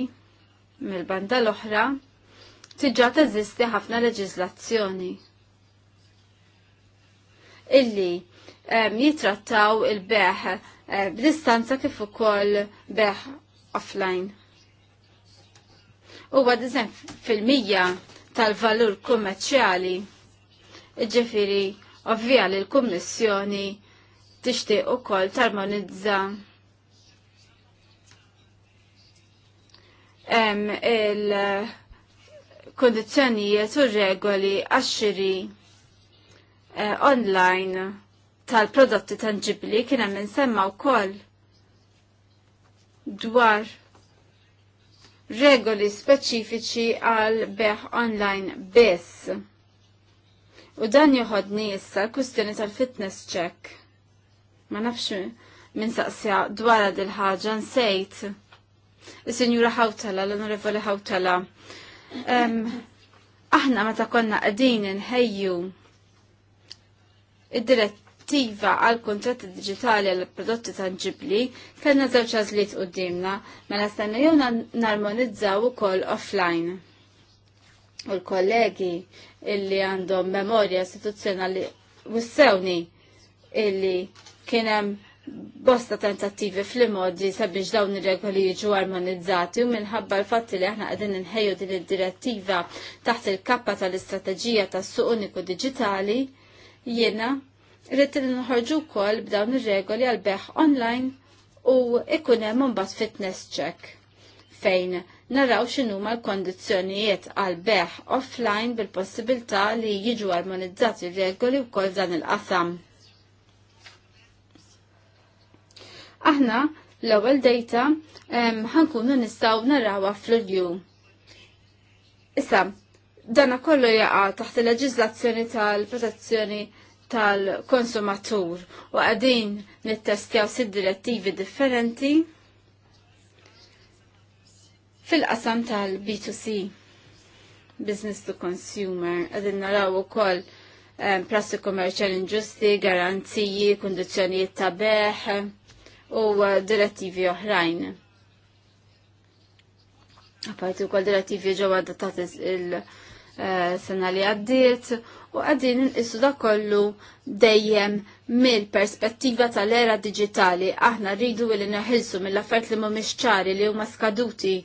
mill-banda l-oħra tiġa teżisti ħafna leġiżlazzjoni illi jitrattaw il-beħ eh, b'distanza kif ukoll beħ offline. Huwa diżem fil-mija tal-valur kummerċjali. Ġifiri, ovvija li l-Kummissjoni tixtieq ukoll tarmonizza il-kondizjonijiet u regoli għaxxiri eh, online tal-prodotti tangibli kien hemm insemma wkoll dwar regoli speċifiċi għal beħ online biss. U dan joħodni issa l-kustjoni tal-fitness check. Ma nafx minn saqsja dwar il ħaġa nsejt il-Sinjura Hawtala, l-Onorevoli Hawtala. Aħna meta konna għadin nħejju id-direttiva għal kontratti digitali għal prodotti tangibli kellna żewġ għażliet qudiemna mela stanna jowna narmonizzaw ukoll offline. U l-kollegi illi għandhom memorja istituzzjonali wissewni illi kienem bosta tentattivi fl li sabiex dawn ir-regoli jiġu armonizzati u minħabba l-fatti li aħna qegħdin inħejju din id-direttiva taħt il-kappa tal-istrateġija tas-suq uniku diġitali jiena rrid nħorġu wkoll b'dawn ir-regoli għal beħ online u ikun hemm imbagħad fitness check fejn naraw x'inhuma l-kondizzjonijiet għal beħ offline bil-possibilità li jiġu armonizzati r regoli wkoll dan il-qasam. aħna l-ewwel data ħankunu nistgħu narawha fl-ulju. Issa, dana kollu jaqa' taħt il leġizlazzjoni tal-protezzjoni tal-konsumatur u għadin nittestjaw sid direttivi differenti fil-qasam tal-B2C business to consumer għadin naraw u koll prassi kommerċjali inġusti, garanziji, kondizjoni ta' beħ, u uh, direttivi oħrajn. Apparti wkoll direttivi ġewwa adattat il-sena uh, li għaddiet u għaddin issu da kollu dejjem mill-perspettiva tal-era digitali aħna rridu li naħilsu mill-affert li mhumiex ċari li huma skaduti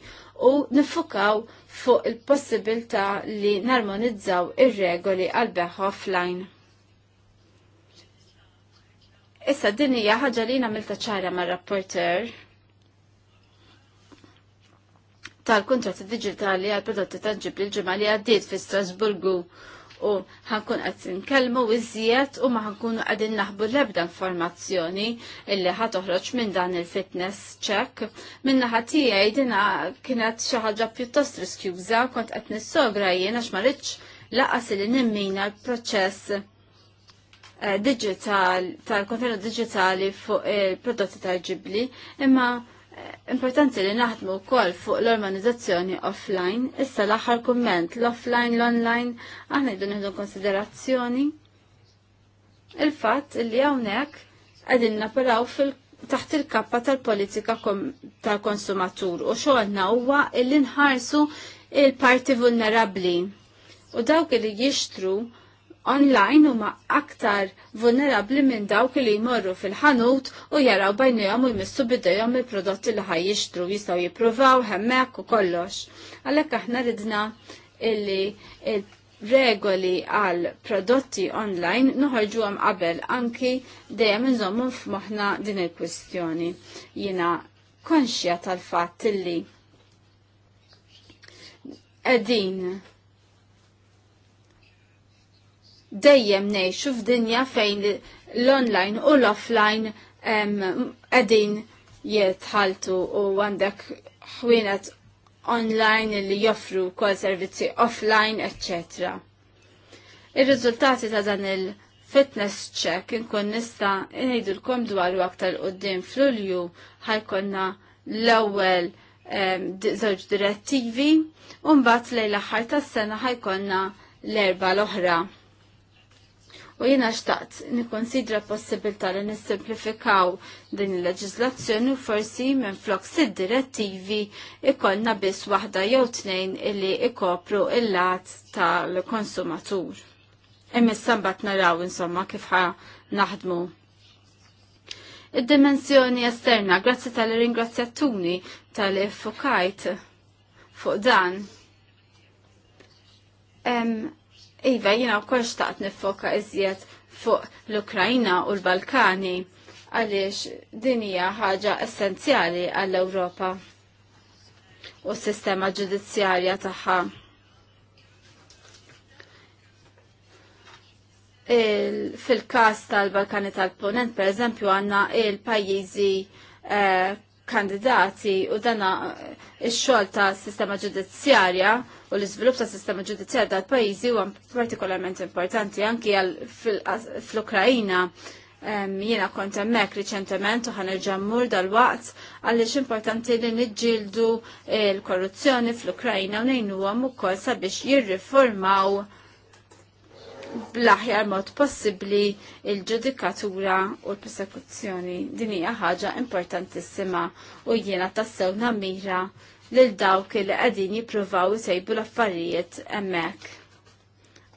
u nifukaw fuq il possibilta li narmonizzaw ir-regoli għal beħ offline. Issa din hija ħaġa li nagħmilta ċara mar-rapporter tal-kontratti digitali għal prodotti tanġibli l-ġimgħa li għaddiet fi Strasburgu u ħankun qed inkellmu iżjed u ma ħankunu qegħdin naħbu l-ebda informazzjoni illi ħad toħroġ minn dan il-fitness check. Minnaħa tiegħi dina kienet xi ħaġa pjuttost riskjuża kont qed nissogra jien għax ma rridx laqas li nimmina l-proċess Eh, digital, tal-kontenut digitali fuq il-prodotti tal-ġibli, imma eh, importanti li naħdmu wkoll fuq l-organizzazzjoni offline, issa l-aħħar kumment l-offline, l-online, aħna jdu nieħdu konsiderazzjoni il-fatt li hawnhekk qegħdin naparaw fil- taħt il-kappa tal-politika tal-konsumatur u xogħolna huwa illi nħarsu il-parti vulnerabbli u dawk li jixtru online huma aktar vulnerabli minn dawk li jmorru fil-ħanut u jaraw bajnijom u jmissu bidejhom il-prodotti li ħaj jishtru jistgħu jippruvaw hemmhekk u kollox. Għalhekk aħna ridna illi regoli għal prodotti online nuħarġu għam qabel anki dejjem nżommu f'moħħna din il-kwistjoni. Jiena konxja tal-fatt illi qegħdin dejjem nejxu f'dinja fejn l-online u l-offline għedin jitħaltu u għandek ħwienet online li joffru kol servizzi offline, etc. Ir-riżultati ta' dan il-fitness check inkun nista' ngħidulkom dwaru aktar qudiem fl-ulju ħajkonna l-ewwel żewġ direttivi u mbagħad lejn l-aħħar tas-sena ħajkonna l-erba' l-oħra u jiena xtaqt nikonsidra possibilità li nissimplifikaw din il-leġislazzjoni u forsi minn flok direttivi ikollna biss waħda jew tnejn illi ikopru il-lat tal-konsumatur. Imissa mbagħad naraw insomma kif ħa naħdmu Id-dimensjoni esterna, grazzi tal-ringrazzjatuni tal-effokajt fuq dan. Iva, jina u kol xtaqt nifoka iżjed fuq l-Ukrajna u l-Balkani għaliex dinija ħaġa essenzjali għall-Ewropa u s-sistema ġudizzjarja tagħha. Fil-kas tal-Balkani tal-Ponent, per eżempju, għanna il-pajjiżi eh, kandidati u dana eh, il-xol ta' sistema ġudizzjarja u l izvilup ta' sistema ġudizzjar tal pajjiżi huwa partikolarment importanti anki għal fl-Ukrajina jiena kont hemmhekk riċentement u ħanerġa' mmur dal-waqt għaliex importanti li niġġieldu l-korruzzjoni fl-Ukrajna u ngħinuhom ukoll sabiex jirriformaw bl-aħjar mod possibbli il-ġudikatura u l-persekuzzjoni. Din hija ħaġa importantissima u jiena tassew namira lil dawk li qegħdin jippruvaw jsejbu l-affarijiet hemmhekk.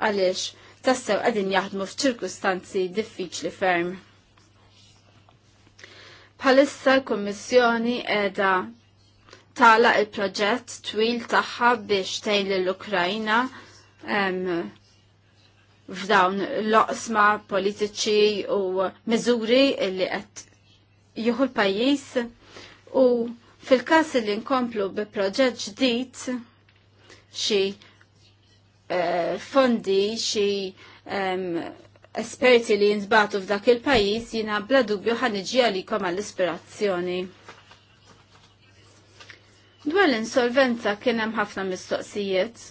Għaliex tassew qegħdin jaħdmu f'ċirkustanzi diffiċli ferm. Bħalissa l-Kummissjoni qiegħda tala il-proġett twil tagħha biex tgħin lill-Ukrajna f'dawn l-oqsma politiċi u miżuri li qed jieħu l-pajjiż u Fil-kas li nkomplu bi proġett ġdid xi uh, fondi xi um, esperti li jinsbatu f'dak il pajjiż jiena bla dubju ħaniġi għalikom għall-ispirazzjoni. Dwar l-insolvenza kien hemm ħafna mistoqsijiet.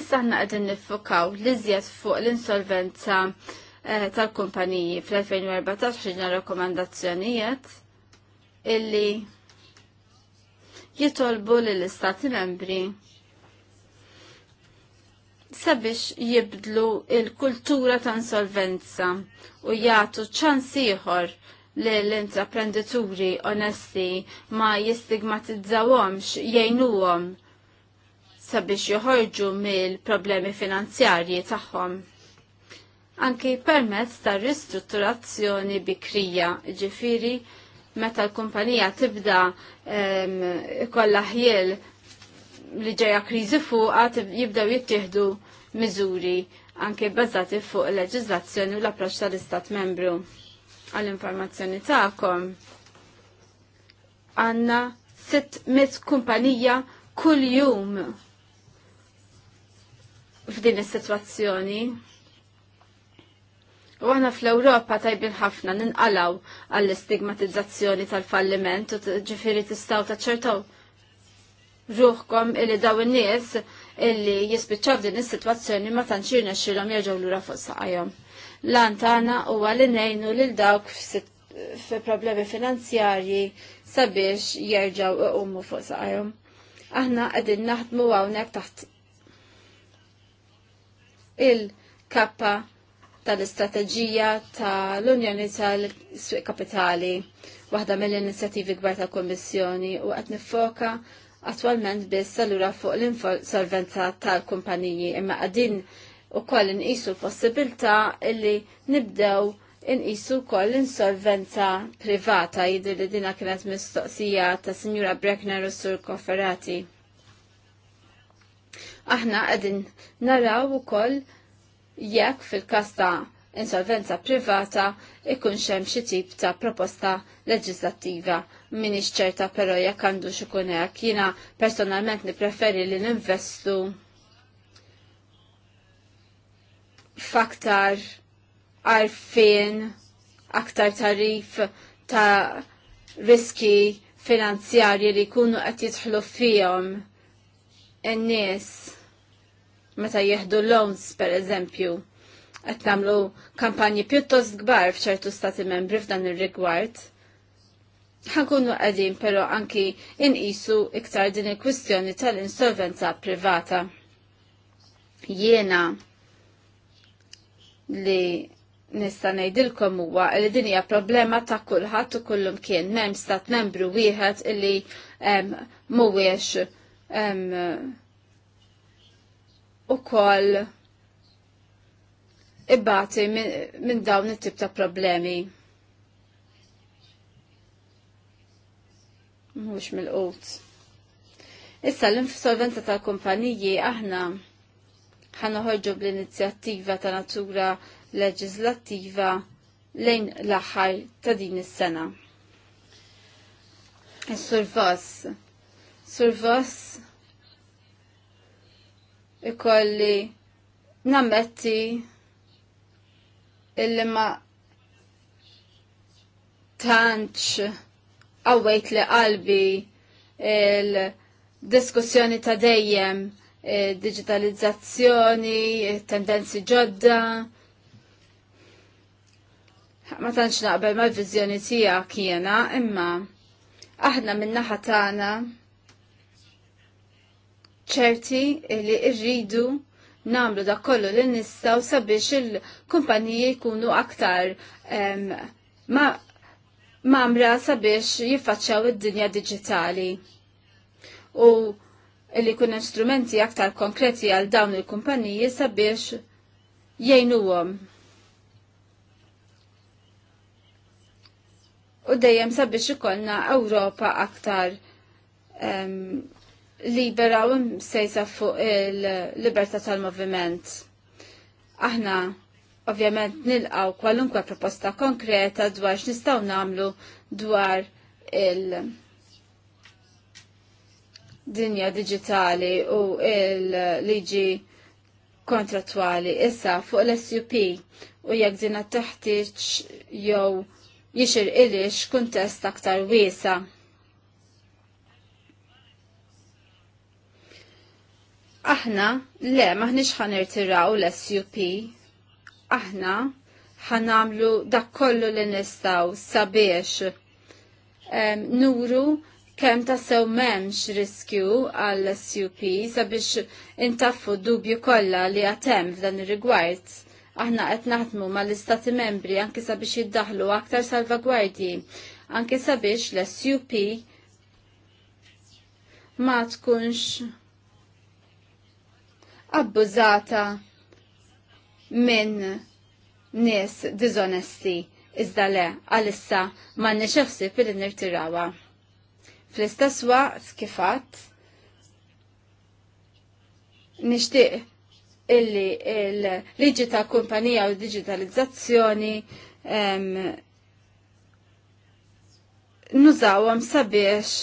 Issa ħna qegħdin nifukaw li żjed fuq l-insolvenza Eh, tal-kumpaniji fl-2014 ħriġna rakkomandazzjonijiet illi jitolbu lill istati membri sabiex jibdlu il-kultura ta' insolvenza u jagħtu ċans ieħor li l-intraprenditori onesti ma jistigmatizzawhomx jgħinuhom sabiex joħorġu mill-problemi finanzjarji tagħhom anki permezz ta' ristrutturazzjoni bikrija, ġifiri meta l-kumpanija tibda kollha ħjel li ġeja kriżi fuqa jibdew jittieħdu miżuri anke bbażati fuq il-leġiżlazzjoni u l-approċċ tal-Istat membru. Għall-informazzjoni tagħkom għandna 600 kumpanija kull jum f'din is-sitwazzjoni. U għana fl-Europa tajbin ħafna ninqalaw għall-istigmatizzazzjoni tal-falliment u ġifiri tistaw taċċertaw ruħkom illi daw in-nies illi jispiċċaw din is-sitwazzjoni ma tantxirna xilhom jerġgħu lura fuq saqajhom. Lan tagħna huwa li ngħinu lil dawk fi problemi finanzjarji sabiex jerġgħu iqumu fuq saqajhom. Aħna qegħdin naħdmu hawnhekk taħt il-kappa tal-istrateġija tal-Unjoni tal-Suq Kapitali, waħda mill-inizjattivi kbar tal Kommissjoni u qed nifoka attwalment biss allura fuq l-insolvenza tal-kumpaniji imma qegħdin ukoll inqisu l-possibilità illi nibdew inqisu wkoll l-insolvenza privata jidhir li dina kienet mistoqsija ta' Sinjura Breckner u Sur Kofferati. aħna qegħdin naraw u koll jekk fil-każ ta' insolvenza privata ikun xem xi tip ta' proposta leġislattiva minix ċerta però jekk għandu xikun hekk jiena personalment nippreferi li ninvestu faktar għarfien aktar tarif ta' riski finanzjarji li jkunu qed jidħlu fihom in-nies meta jieħdu loans per eżempju. Qed nagħmlu kampanji pjuttost kbar f'ċertu stati membri f'dan ir-rigward. Ħankunu qegħdin però anki inqisu iktar din il-kwistjoni tal-insolvenza privata. Jiena li nista' ngħidilkom huwa li din hija problema ta' kulħadd u kullum kien m'hemm stat membru wieħed illi mhuwiex u koll ibbati minn min dawn it-tip ta' problemi. Mhux mill-qut. Issa l-insolvenza tal-kumpaniji aħna ħanoħorġu bl-inizjattiva ta' natura leġislattiva lejn l-aħħar ta' din is-sena. Is-survas. Survas ikolli nammetti illi ma tantx għawajt li qalbi il-diskussjoni ta' dejjem digitalizzazzjoni, tendenzi ġodda. Ma tantx naqbel ma' viżjoni tija kiena, imma aħna min-naħa tagħna ċerti li irridu namlu da kollu li nistaw sabiex il-kumpaniji jkunu aktar um, ma mamra sabiex jiffaċċaw id-dinja digitali. U li kun strumenti aktar konkreti għal dawn il-kumpaniji sabiex jgħinuhom. U dejjem sabiex ikollna Ewropa aktar um, libera u msejsa fuq il-libertà tal-moviment. Aħna ovvjament nilqaw kwalunkwe proposta konkreta dwar x'nistgħu nagħmlu dwar il- dinja digitali u il-liġi kontratwali issa fuq l-SUP u jekk dina teħtieġ jew jixir ilix kuntest aktar wiesa' Aħna, le, ħan ħanirtiraw l-SUP. Aħna, ħanamlu dak kollu li nistaw sabiex nuru kem ta' sew memx riskju għall sup sabiex intaffu dubju kollha li għatem f'dan ir-rigward. Aħna qed naħdmu mal-istati membri anki sabiex jiddaħlu aktar salvagwardji, anki sabiex l-SUP ma tkunx abbużata minn nies dizonesti iżda le għalissa ma nixefsi fil nirtirawa. Fl-istess waqt kifat nixtieq illi il-liġi ta' kumpanija u digitalizzazzjoni nużawhom sabiex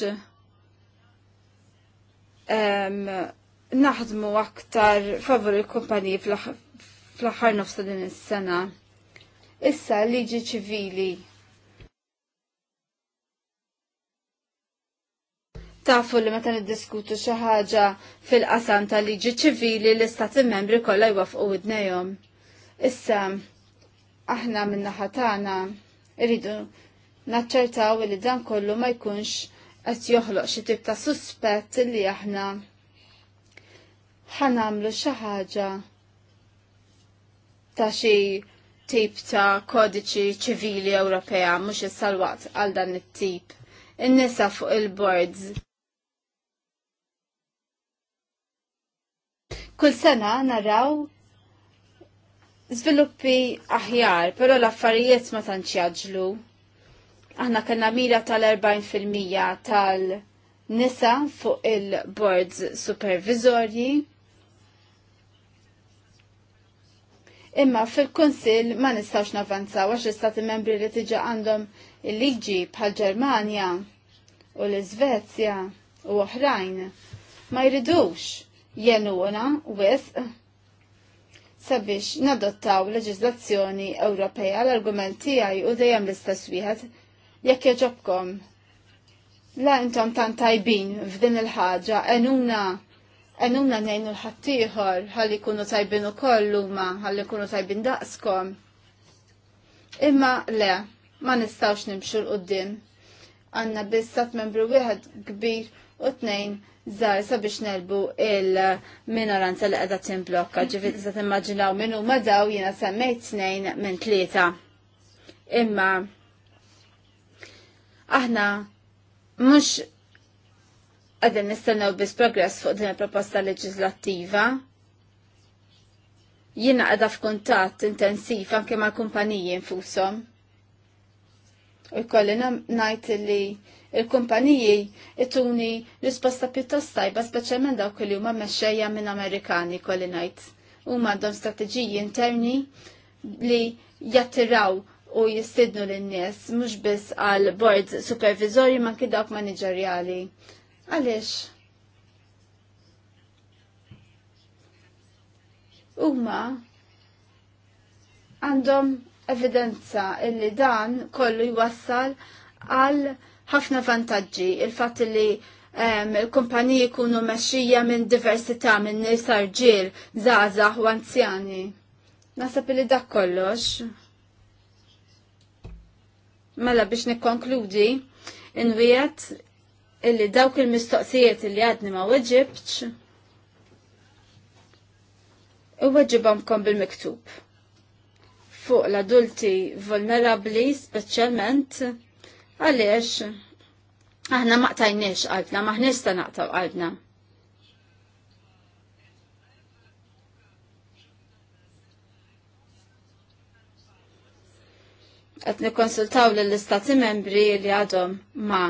naħdmu aktar favur il-kumpaniji fl-aħħar nofsa din is-sena. Issa liġi ċivili. Tafu li meta niddiskutu xi ħaġa fil-qasam ta' liġi ċivili l-istati membri kollha jwafqu idnejhom. Issa aħna min-naħa tagħna rridu naċċertaw li dan kollu ma jkunx qed joħloq xi tip ta' suspett li aħna ħanamlu xi ħaġa ta' xi tip ta' kodiċi ċivili Ewropea mhux is salwaqt għal dan it-tip. In-nisa fuq il-boards. Kull sena naraw żviluppi aħjar, però l-affarijiet ma tantx jaġlu. Aħna kellna mira tal-40% tal-nisa fuq il-boards supervizorji Imma fil-Kunsill ma nistax navanza għax l-Istati membri li tiġa għandhom il-liġi bħal Ġermanja u l-Svezja u oħrajn ma jridux jenuna wisq sabiex nadottaw leġiżlazzjoni Ewropea l-argument tiegħi u dejjem l-istess wieħed jekk jaġobkom. La intom tant tajbin f'din il-ħaġa enuna Enumna nejnu l-ħattijħor ħalli kunu tajbin u kollu ma ħalli kunu tajbin daqskom. Imma le, ma nistawx nimxu l-qoddim. Għanna bissat membru wieħed kbir u tnejn zar sabiex nelbu il-minoranza li għedha timblokka. Ġifiet se timmaġinaw minnu ma daw jiena semmejt tnejn minn tlieta. Imma aħna mhux għadden nistennew biss progress fuq din il-proposta leġislattiva. Jiena għadha f'kuntatt intensiv anke mal-kumpaniji infushom. U jkolli ngħid li il-kumpaniji ituni risposta pjuttost tajba speċjalment dawk li huma mexxejja minn Amerikani kolli ngħid. Huma għandhom strateġiji interni li jattiraw u jistidnu lin nies mhux biss għal board supervizori ma kidawk manageriali. Għalix? Uma għandhom evidenza illi dan kollu jwassal għal ħafna vantaġġi. Il-fatt li il-kumpaniji kunu meċxija minn diversità minn nisar ġil, zazah u anzjani. Nasab li dak kollox. Mela biex nikkonkludi, inwiet illi dawk il-mistoqsijiet illi għadni ma weġibċ u weġibamkom bil-miktub fuq l-adulti vulnerabli specialment għaliex aħna maqtajniex qalbna, maħniex ta' naqtaw qalbna. Għat nikonsultaw l-istati membri li għadhom ma'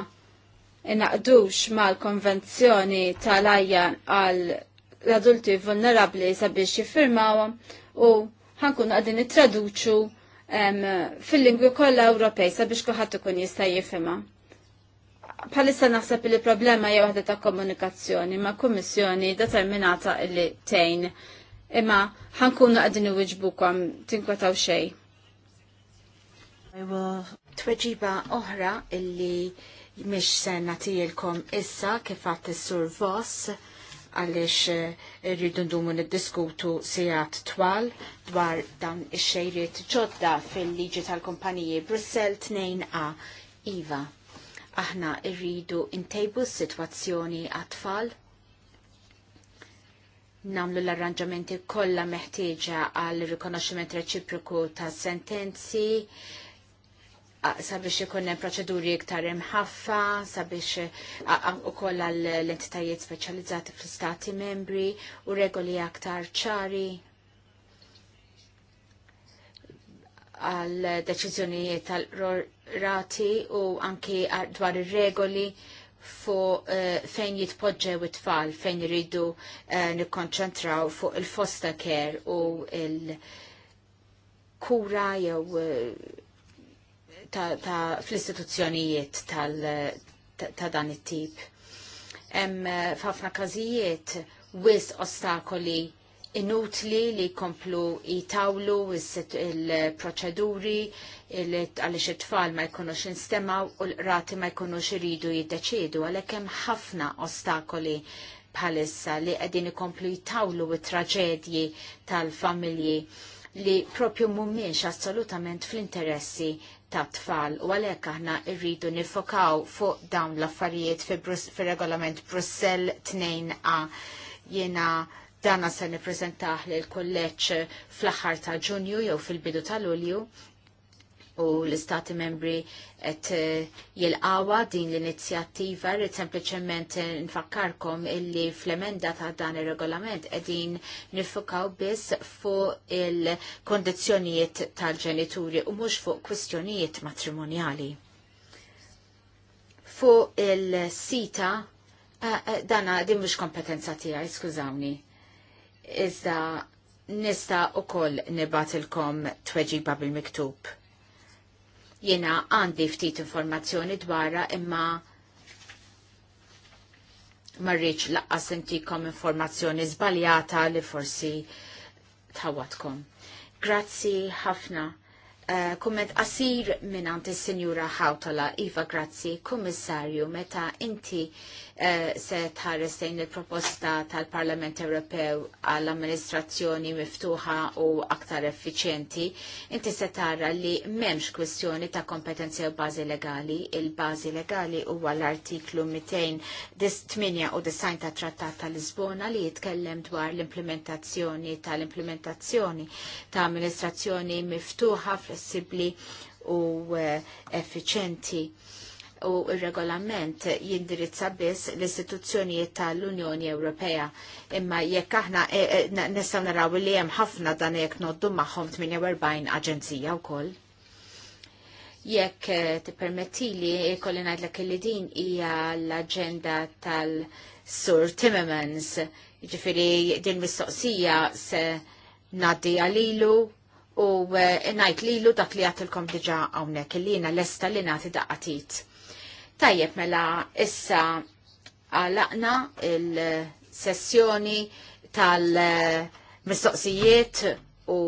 inaqdux mal-konvenzjoni tal-ajja għal l-adulti vulnerabli sabiex jiffirmawhom u ħankun għadin it-traduċu fil-lingwi kollha Ewropej sabiex kulħadd ikun jista' jifhimha. Palissa naħseb li problema hija waħda ta' komunikazzjoni ma' kummissjoni determinata li tejn imma ħankunu qegħdin iwiġbukom tinkwetaw xejn. Tweġiba oħra illi Mish sena natijilkom issa kifat s sur Voss għalix eh, rridu ndumu niddiskutu sijat twal dwar dan ix-xejriet ġodda fil-liġi tal-kumpaniji Brussel 2A Iva. Aħna rridu intejbu s-sitwazzjoni għat-tfal namlu l-arranġamenti kollha meħtieġa għal rikonoxximent reċiproku ta' sentenzi, sabiex ikun hemm proċeduri iktar imħaffa, sabiex ukoll għall entitajiet speċjalizzati fl-istati membri u regoli aktar ċari għal deċiżjonijiet tal-rati u anki dwar ir-regoli fu eh, fejn jitpoġġew it-tfal, fejn jridu eh, nikkonċentraw fuq il-foster care u il-kura jew uh, fl-istituzzjonijiet ta' dan it-tip. Hemm f'ħafna każijiet wis ostakoli inutli li komplu jitawlu il-proċeduri għaliex it-tfal ma jkunux instemaw u l-rati ma jkunux iridu jiddeċidu għalhekk hemm ħafna ostakoli bħalissa li qegħdin ikomplu jitawlu it-traġedji tal-familji li propju mumiex assolutament fl-interessi ta' tfal u għalhekk aħna rridu nifokaw fuq dawn l-affarijiet fir-regolament Brussell 2A jiena dana se li l kolleġġ fl-aħħar ta' Ġunju jew fil-bidu ta' Lulju u l-istati membri et eh, jilqawa din l-inizjattiva rrit sempliciment eh, nfakkarkom illi fl-emenda ta' dan il-regolament edin nifukaw biss fuq il-kondizjonijiet tal-ġenituri u mux fuq kwistjonijiet matrimonjali. Fu il-sita, eh, dana din mux kompetenza tijaj, skużawni. Iżda nista u koll nibatilkom tweġiba bil-miktub Jena għandi ftit informazzjoni dwarra imma marriċ laqqas intikom informazzjoni zbaljata li forsi tawatkom. Grazzi ħafna. Kumet eh, kumment qasir minn is senjura Hawtala, Iva Grazzi, Kummissarju, meta inti Eh, se tħares il-proposta tal-Parlament Ewropew għall-amministrazzjoni miftuħa u aktar effiċjenti, inti se tara li m'hemmx kwestjoni ta' kompetenzi u bażi legali. Il-bażi legali huwa l-artiklu 298 ta' Trattat tal-Lisbona li jitkellem dwar l-implementazzjoni tal-implementazzjoni ta' amministrazzjoni miftuħa, flessibli u eh, effiċenti u regolament jindirizza biss l-istituzzjonijiet tal-Unjoni Ewropea. Imma jekk aħna e, e, nistgħu naraw li hemm ħafna dan jekk noddu magħhom 48 aġenzija wkoll jekk e, tippermettili ikolli ngħidlek li din hija l-aġenda tal-Sur Timmermans, jiġifieri din mistoqsija se ngħaddi għalilu u ngħid lilu dak li għatilkom diġà hawnhekk illina lesta li nagħti daqqatit. Tajjeb mela issa għalaqna il-sessjoni tal-mistoqsijiet u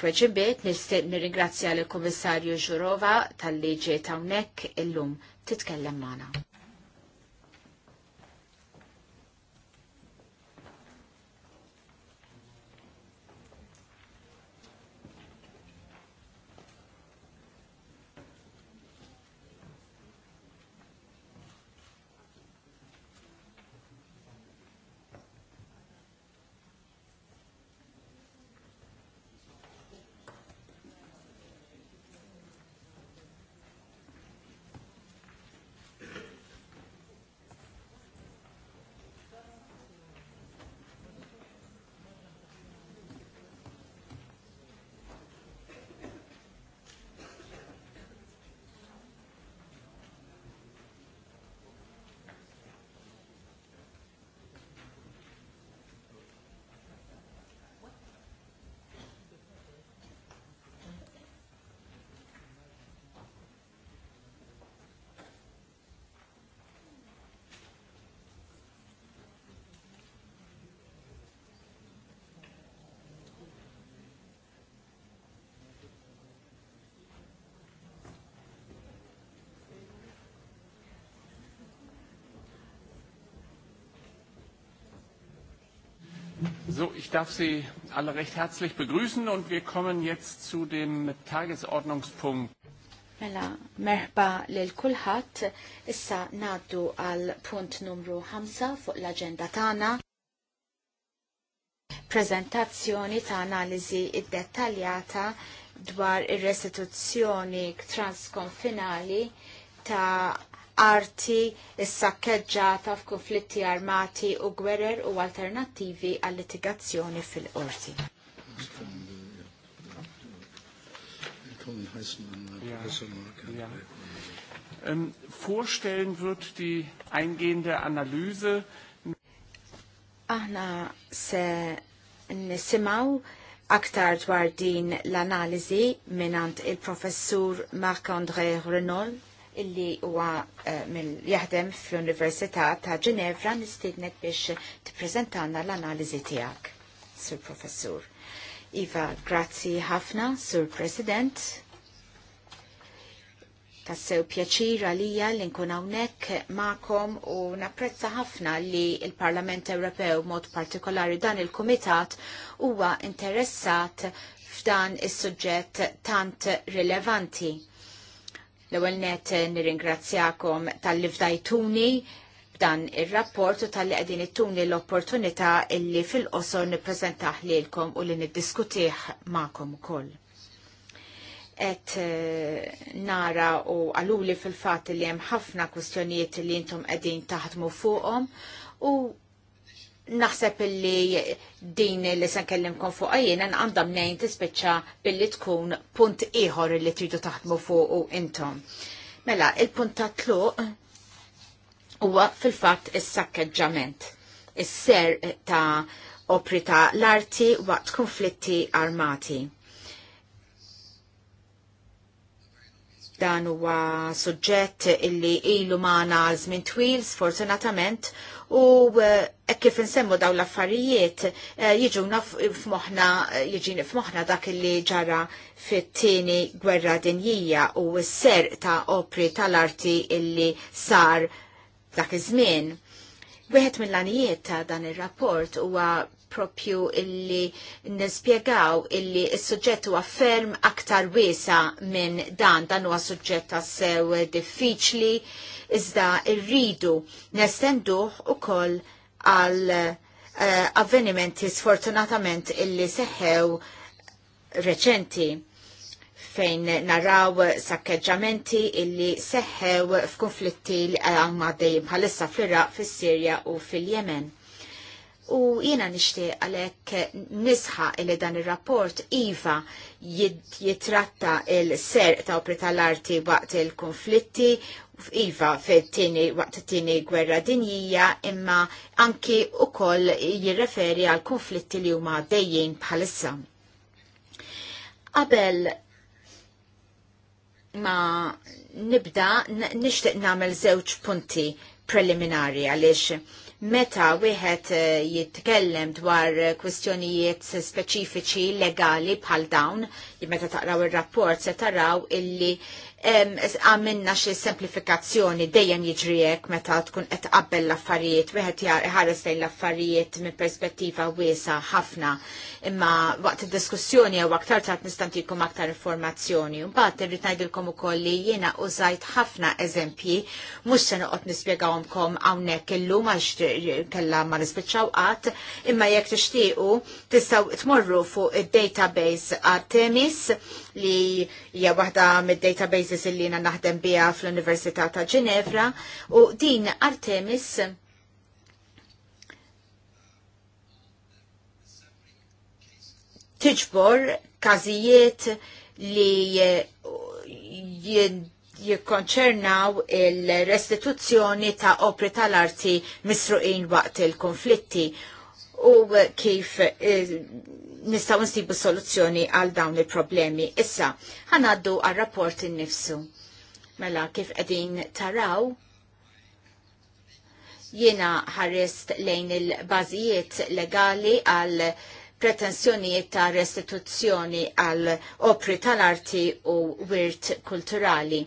tweġibiet nirringrazzja l-Komissarju Ġurova tal-liġi ta' il illum titkellem Mana. So, ich darf Sie alle recht herzlich begrüßen und wir kommen jetzt zu dem Tagesordnungspunkt. Mela, merba lil kulħadd, issa naddu għal punt numru 5 fuq l agenda tagħna. Prezentazzjoni ta' analiżi detaljata dwar ir-restituzzjoni transkonfinali ta' arti s sakkeġġata f'konflitti armati u gwerer u alternattivi għall-litigazzjoni fil-qorti. Ähm, vorstellen wird die eingehende Analyse. Aħna se nisimaw aktar dwar din l-analizi minant il-professur Marc-André Renault illi huwa eh, jaħdem fl-Università ta' Ġenevra nistiednek biex tippreżentana l-analiżi tiegħek, Sur Professur. Iva, grazzi ħafna, Sur President. Tassew pjaċir għalija li nkun hawnhekk magħkom u napprezza ħafna li l-Parlament Ewropew mod partikolari dan il-Kumitat huwa interessat f'dan is-suġġett tant rilevanti L-ewwel net nirringrazzjakom tal-li fdajtuni b'dan ir-rapport u tal-li qegħdin ittuni l-opportunità illi fil-qosor nippreżentah lilkom u li niddiskutih magħkom ukoll. Et eh, nara u għaluli fil-fatt li hemm ħafna kwistjonijiet li intom qegħdin taħdmu fuqhom u naħseb illi din li se nkellimkom fuq jien għandha mnejn tispiċċa billi tkun punt ieħor li tridu taħdmu fuq u intom. Mela, il-punt ta' tluq huwa fil-fatt is-sakkeġġament, is-ser ta' opri ta' l-arti waqt konflitti armati. Dan huwa suġġett illi ilu maħna żmien twil, sfortunatament, u eh, hekk kif insemmu dawn l-affarijiet eh, jiġuna f'moħna eh, jiġini f'moħħna dak illi ġara fit-tieni gwerra dinjija u s-serq ta' opri tal-arti illi sar dak iż-żmien. Wieħed mill-għanijiet ta' dan ir-rapport huwa propju illi nispiegaw illi s-suġġett għafferm aktar wiesa minn dan dan huwa suġġett sew diffiċli iżda rridu nestenduh ukoll għal eh, avvenimenti sfortunatament illi seħħew reċenti fejn naraw sakkeġġamenti illi seħħew f'konflitti li għamma dejjem bħalissa fl-Iraq, fis-Sirja u fil-Jemen. U jiena nixtieq għalhekk nisħa li dan ir-rapport iva jitratta il-serq ta' opri tal-arti waqt il-konflitti, iva fil-tini waqt it-tieni gwerra dinjija, imma anki koll jirreferi għal konflitti li huma dejjin bħalissa. Qabel ma nibda nixtieq nagħmel żewġ punti preliminari għaliex meta wieħed eh, jitkellem dwar kwistjonijiet speċifiċi legali bħal dawn, meta taqraw ir rapport se taraw illi għamilna xi semplifikazzjoni dejjem jiġri meta tkun qed qabbel l-affarijiet, wieħed ħares lejn l-affarijiet minn perspettiva wiesa ħafna. Imma waqt id-diskussjoni jew aktar tard nistantikum aktar informazzjoni. Mbagħad irrid ngħidilkom ukoll li jiena użajt ħafna eżempji mhux se noqgħod nispjegawhomkom hawnhekk illum għax kellha ma nispiċċaw qatt, imma jekk tixtiequ tistgħu tmorru fuq id-database Artemis li hija waħda mid-databases Artemis li jina naħdem biha fl-Università ta' Ġinevra u din Artemis tiġbor każijiet li jikkonċernaw il-restituzzjoni ta' opri tal-arti misruqin waqt il-konflitti u kif eh, nistaw nsibu soluzzjoni għal dawn il-problemi. Issa, ħanaddu għal rapport innifsu. Mela, kif għedin taraw, jiena ħarrest lejn il-bazijiet legali għal pretensjonijiet ta' restituzzjoni għal opri tal-arti u wirt kulturali.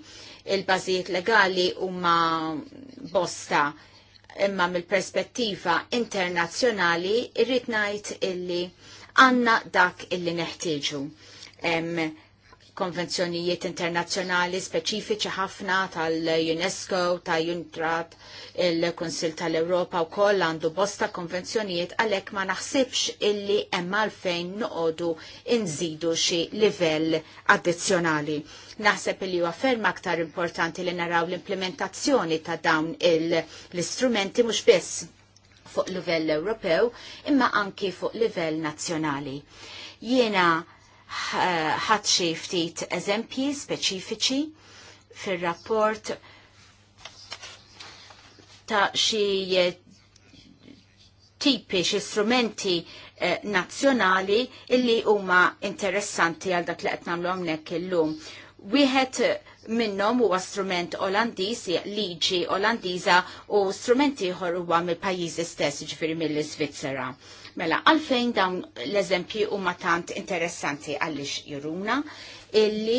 Il-bazijiet legali huma bosta imma mill-perspettiva internazzjonali irrit ngħid illi għanna dak illi neħtieġu. Konvenzjonijiet internazzjonali speċifiċi ħafna tal-UNESCO, tal-Juntrat, il-Konsil tal-Europa u koll għandu bosta konvenzjonijiet għalek ma naħsibx illi emmal fejn noqodu inżidu xi livell addizzjonali. Naħseb illi huwa ferm aktar importanti li naraw l-implementazzjoni ta' dawn l-istrumenti mhux biss fuq livell Ewropew imma anki fuq livell nazzjonali. Jiena ħadd xi ftit eżempji speċifiċi fir-rapport ta' xi eh, tipi, xi strumenti eh, nazzjonali illi huma interessanti għal dak li qed nagħmlu hawnhekk illum. Wieħed minnom huwa strument Olandiż liġi Olandiża u strumenti ieħor huwa mill-pajjiżi stess, ġifieri mill-Iżvizzera. Mela, għalfejn dawn l-eżempji huma tant interessanti għaliex juruna illi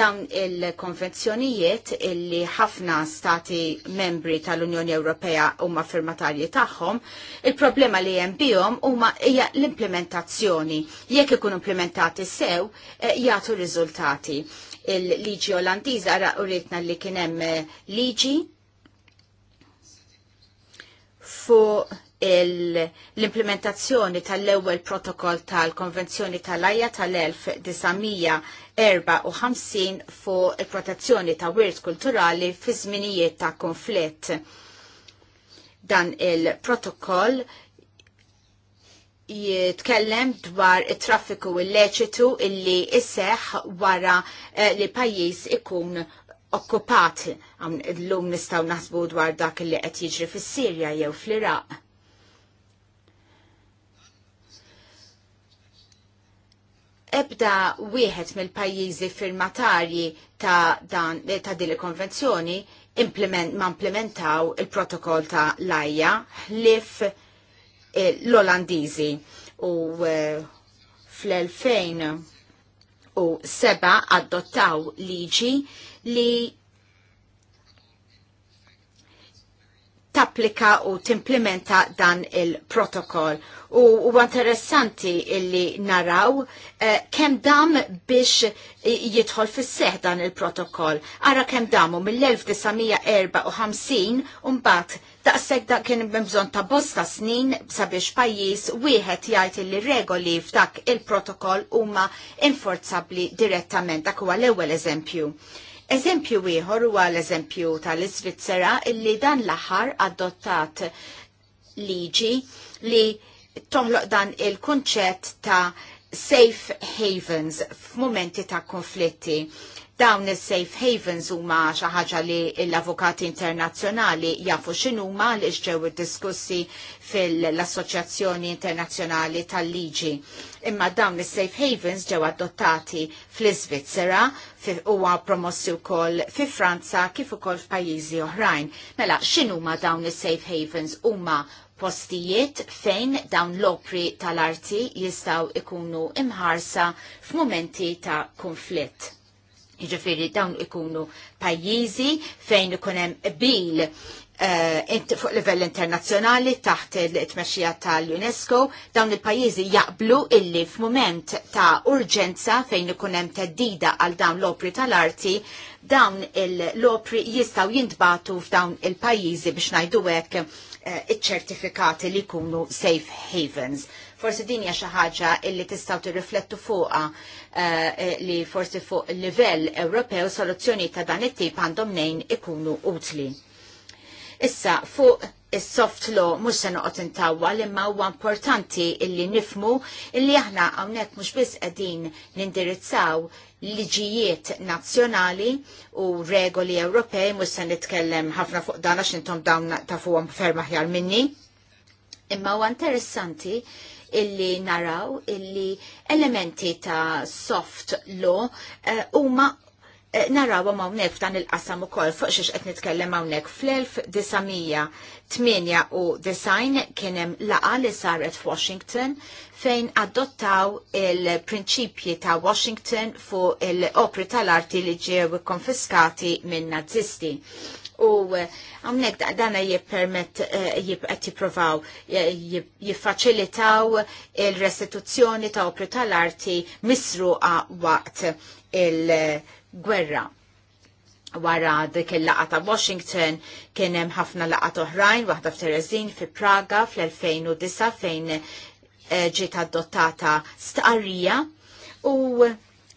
dawn il-konvenzjonijiet illi ħafna stati membri tal-Unjoni Ewropea huma firmatarji tagħhom, il-problema li hemm bihom huma hija l-implementazzjoni. Jekk ikun implementati sew, eh, jagħtu riżultati il-liġi Olandiża ara uritna li kien hemm eh, liġi fuq l-implementazzjoni tal-ewwel protokoll tal-Konvenzjoni tal-Ajja tal-1954 fuq il-protezzjoni ta' wirt kulturali fi żminijiet ta' konflitt. Dan il-protokoll jitkellem dwar it-traffiku illeċitu illi isseħ wara eh, li pajjiż ikun okkupat l-lum nistaw nasbu dwar dak li qed jiġri fis-Sirja jew fl-Iraq. Ebda wieħed mill-pajjiżi firmatarji ta' dan ta' din il-konvenzjoni implement, ma implementaw il-protokoll ta' lajja ħlif Eh, l-Olandiżi u eh, fl-2007 adottaw liġi li tapplika u timplementa dan il-protokoll. U, u interessanti illi naraw eh, kem dam biex jidħol fis seħ dan il-protokoll. Ara kem damu mill-1954 un-bat Daqshekk da kien bimżon ta' bosta snin sabiex pajjiż wieħed jgħid li regoli f'dak il-protokoll huma inforzabbli direttament. Dak huwa l-ewwel eżempju. Eżempju ieħor huwa l-eżempju tal-Iżvizzera illi dan l-aħħar adottat liġi li toħloq dan il-kunċett ta' safe havens f'momenti ta' konflitti Dawn is-safe havens huma xi ħaġa li l-avukati internazzjonali jafu x'inhuma li ġew iddiskussi fil-Assoċjazzjoni Internazzjonali tal-Liġi. Imma dawn is-safe havens ġew adottati fl-Iżvizzera huwa promossi wkoll fi Franza kif ukoll f'pajjiżi oħrajn. Mela x'inhuma dawn is-safe havens huma postijiet fejn dawn l-opri tal-arti jistaw ikunu imħarsa f'momenti ta' konflitt. Ġifiri dawn ikunu pajjiżi fejn ikunem bil eh, fuq livell internazzjonali taħt il-tmexxija tal-UNESCO, dawn il-pajjiżi jaqblu illi f'mument ta' urġenza fejn ikun hemm teddida għal dawn l-opri tal-arti, dawn l-opri jistgħu jintbatu f'dawn il-pajjiżi biex ngħidu hekk eh, iċ-ċertifikati li jkunu safe havens. Forsi din hija xi ħaġa li tistgħu tirriflettu fuqha eh, eh, li forsi fuq livell Ewropew soluzzjoni ta' dan it-tip għandhom nejn ikunu utli. Issa fuq is-soft law mhux se noqgħod intawwa imma huwa importanti illi nifmu illi aħna hawnhekk mhux biss qegħdin nindirizzaw liġijiet nazzjonali u regoli Ewropej mhux se nitkellem ħafna fuq dan għax intom dawn tafuhom ferm aħjar minni. Imma huwa interessanti illi naraw illi elementi ta' soft law eh, huma eh, naraw ma' mawnek f'dan il-qasam ukoll fuq xiex qed nitkellem hawnhekk fl-1998 kien hemm laqa li saret f'Washington fejn adottaw il-prinċipji ta' Washington fuq il-opri tal-arti li ġew konfiskati minn nazisti. U eh, għamnek dana jippermet eh, jibqet jiprovaw eh, jiffaċilitaw il-restituzzjoni ta' opri tal-arti misruqa waqt il-gwerra wara dik il-laqa ta' Washington kien hemm ħafna laqat oħrajn, waħda f'Terezin fi Praga fl-2009 fejn ġiet adottata stqarrija u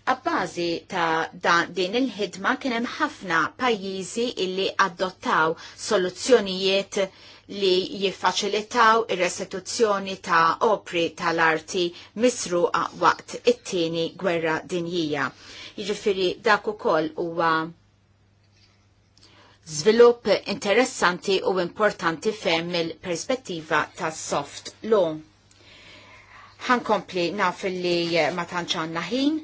Abbażi ta' dan din il-ħidma kien hemm ħafna pajjiżi illi adottaw soluzzjonijiet li jiffaċilitaw ir-restituzzjoni ta' opri tal-arti misruqa waqt it-tieni gwerra dinjija. Jiġifieri dak ukoll huwa Zvilup interessanti u importanti fem il perspettiva ta' soft law. Ħankompli naf li ma tantx għandna ħin,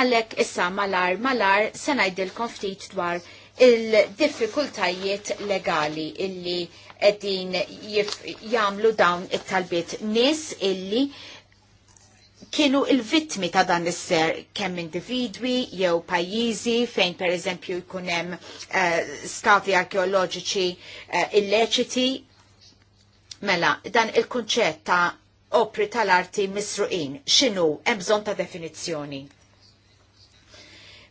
għallek issa malar malar se ngħidilkom ftit dwar il-diffikultajiet legali illi qegħdin jagħmlu dawn it-talbiet nis illi kienu il-vittmi ta' dan isser kemm individwi jew pajjiżi fejn pereżempju jkun hemm uh, skavi arkeoloġiċi uh, illeċiti. Mela, dan il-kunċett ta' opri tal-arti misruqin, x'inhu hemm bżonn ta' definizzjoni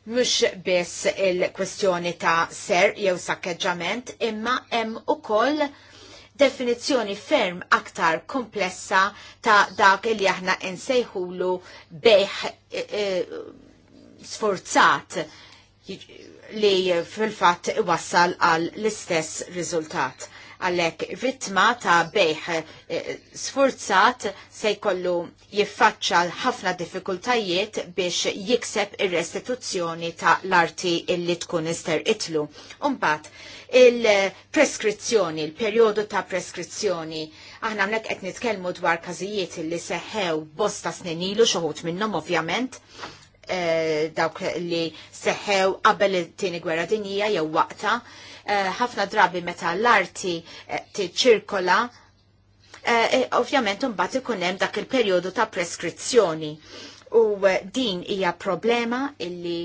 mhux biss il-kwestjoni ta' ser jew sakkeġġament, imma hemm ukoll definizzjoni ferm aktar komplessa ta' dak li aħna nsejħulu beħ e, e, sforzat li fil-fatt iwassal għal l-istess riżultat għalek vittma ta' bejħ eh, sforzat se jkollu jiffaċċa ħafna diffikultajiet biex jikseb ir-restituzzjoni ta' l-arti illi tkun ister itlu. Umbat, il-preskrizzjoni, il-periodu ta' preskrizzjoni, aħna mlek qed nitkellmu dwar każijiet illi seħħew bosta snin ilu xoħut minnhom ovvjament, eh, dawk li seħħew qabel it-tieni gwerra dinjija jew waqta, Eh, ħafna drabi meta l-arti eh, tiċirkola, eh, ovvjament mbagħad ikun hemm dak il-perjodu ta' preskrizzjoni. U din hija problema illi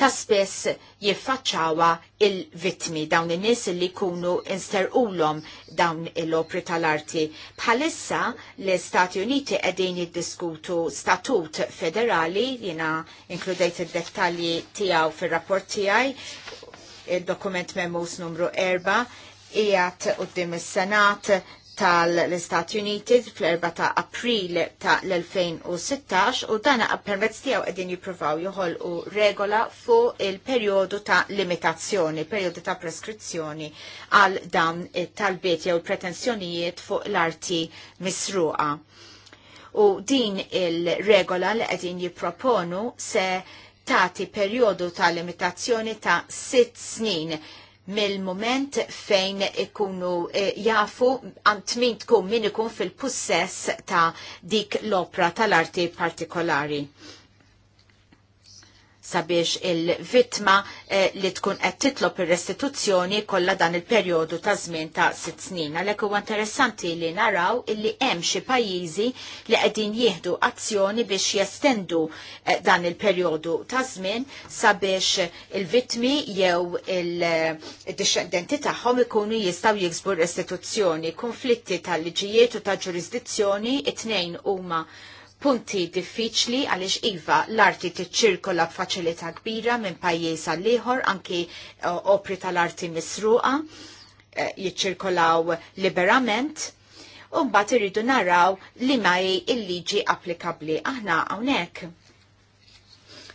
ta' spess jiffaċċawa il-vitmi dawn in-nies li jkunu insterqulhom dawn il opri tal-arti. Bħalissa l-Istati Uniti qegħdin jiddiskutu statut federali jiena inkludejt id-dettalji tiegħu fir-rapport tiegħi il-dokument memus numru 4 ijat u il-Senat tal-Istati Uniti fl-4 ta' april ta' l-2016 u dana permezz tiegħu qegħdin jippruvaw joħolqu regola fuq il-perjodu ta' limitazzjoni, perjodu ta' preskrizzjoni għal dan tal talbiet jew pretenzjonijiet fuq l-arti misruqa. U din il-regola li qegħdin jipproponu se tati periodu ta' limitazzjoni ta' sitt snin mill-moment fejn ikunu eh, jafu għant min tkun min ikun fil-possess ta' dik l-opra tal-arti partikolari sabiex il-vitma eh, li tkun qed titlob ir-restituzzjoni kollha dan il-perjodu ta' żmien ta' sitt snin. Għalhekk huwa interessanti li naraw illi hemm xi pajjiżi li qegħdin jieħdu azzjoni biex jestendu eh, dan il-perjodu ta' żmien sabiex il-vitmi jew il-discendenti tagħhom ikunu jistgħu jiksbu restituzzjoni. Konflitti tal-liġijiet u ta' ġurisdizzjoni it-tnejn huma punti diffiċli għaliex iva l-arti tiċċirkola b'faċilità kbira minn pajjiż għal ieħor anki eh, opri tal-arti misruqa eh, jiċċirkolaw liberament. u mbagħad irridu naraw li ma il-liġi applikabbli aħna hawnhekk.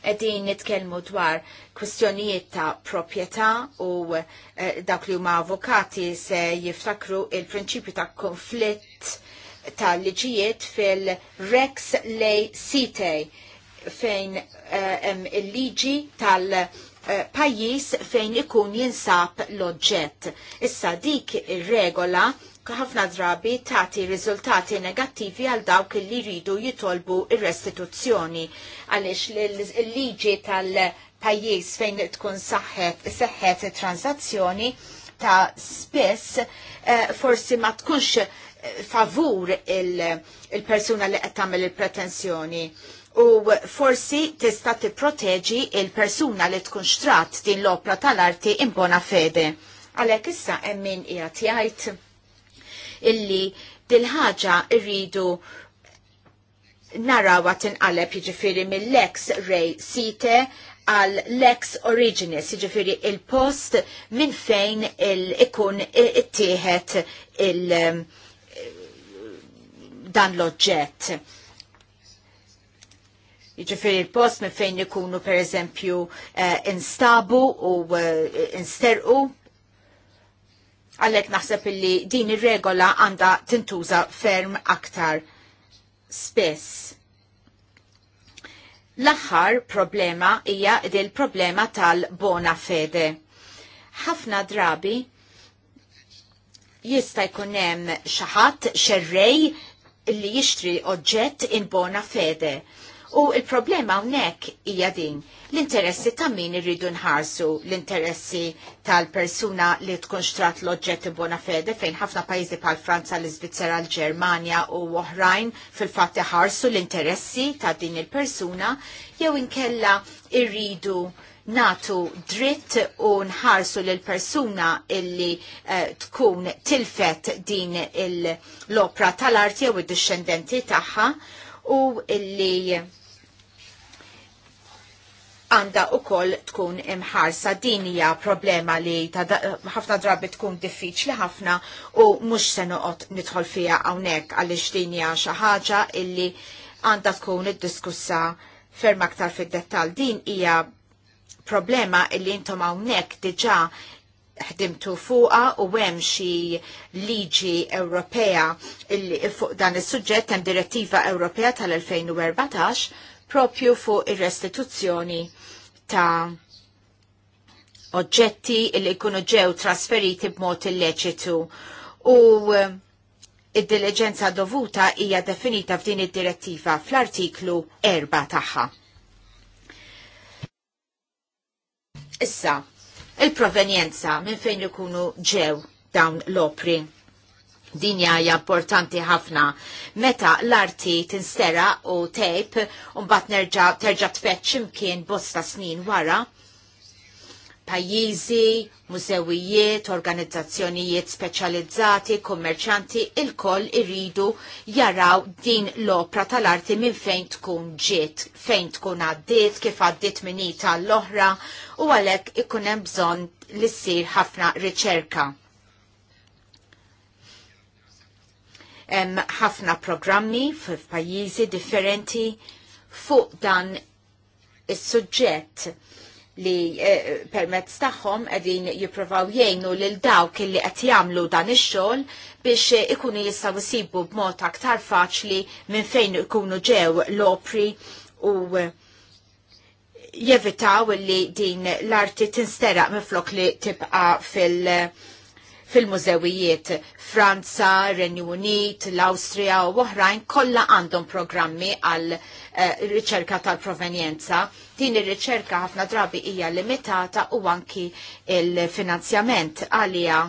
Qegħdin nitkellmu dwar kwistjonijiet ta' proprjetà u eh, dak li huma avukati se jiftakru il-prinċipju ta' konflitt tal-liġijiet fil-Rex Lej Site fejn uh, il-liġi tal- eh, pajis fejn ikun jinsab l-oġġett. Issa dik ir-regola ħafna drabi tagħti riżultati negattivi għal dawk li jridu jitolbu ir-restituzzjoni għaliex l-liġi tal-pajjiż fejn tkun saħħet seħħet transazzjoni ta' spess eh, forsi ma tkunx favur il-persuna il li qed tagħmel il-pretenzjoni u forsi tista' tipproteġi il-persuna li tkun xtrat din l-opra tal-arti imbona fede. Għalhekk issa hemm min qiegħed jgħid illi dil-ħaġa rridu narawa tinqaleb jiġifieri mill-ex rej site għal lex originis, jiġifieri il-post minn fejn il-ikun it-tieħed il-, -ikun, il dan l-oġġett. Jiġifieri il post minn fejn ikunu pereżempju uh, eh, instabu u uh, insterqu għallek naħseb li din ir-regola għandha tintuża ferm aktar spess. L-aħħar problema hija il problema tal-bona fede. Ħafna drabi jista' jkun hemm xi ħadd xerrej li jixtri oġġett in bona fede. U il-problema unnek hija din l-interessi ta' min irridu nħarsu l-interessi tal-persuna li tkun xtrat l-oġġett bona fede fejn ħafna pajjiżi bħal Franza, l-Iżvizzera, l-Ġermanja u oħrajn fil-fatt iħarsu l-interessi ta' din il-persuna jew inkella irridu natu dritt u nħarsu l persuna illi eh, tkun tilfet din l-opra tal arti u id-discendenti tagħha u illi għanda u koll tkun imħarsa din hija problema li ħafna drabi tkun diffiċli ħafna u mhux se noqgħod nidħol fiha hawnhekk għaliex din hija xi ħaġa illi għandha tkun iddiskussa ferm aktar fid-dettall. Din hija problema illi intom hawnhekk diġà ħdimtu fuqa u hemm xi liġi Ewropea illi fuq dan is-suġġett hemm direttiva Ewropea tal-2014 propju fuq ir-restituzzjoni ta' oġġetti illi jkunu ġew trasferiti b'mod illeċitu u eh, id-diligenza dovuta hija definita f'din id-direttiva fl-artiklu 4 tagħha. Issa, il-provenjenza minn fejn ikunu ġew dawn l-opri. Din hija importanti ħafna. Meta l-arti tinstera u tejp u mbagħad terġa' tfetx imkien bosta snin wara, pajjiżi, mużewijiet, organizzazzjonijiet speċjalizzati, kummerċanti, il-koll irridu jaraw din l-opra tal-arti minn fejn tkun ġiet, fejn tkun għaddiet, kif għaddiet ita l-oħra u għalhekk ikun hemm bżonn li ssir ħafna riċerka. Hemm ħafna programmi f'pajjiżi differenti fuq dan is-suġġett li eh, permezz tagħhom qegħdin jippruvaw jgħinu lil dawk li qed jagħmlu dan ix-xogħol biex eh, ikunu jistgħu jsibu b'mod aktar faċli minn fejn ikunu ġew l-opri u eh, jevitaw li din l-arti tinsteraq miflok li tibqa fil- fil-mużewijiet Franza, Renju Unit, l-Awstrija u oħrajn kollha għandhom programmi għal eh, riċerka tal-provenjenza. Din ir-riċerka ħafna drabi hija limitata u anki il-finanzjament għalija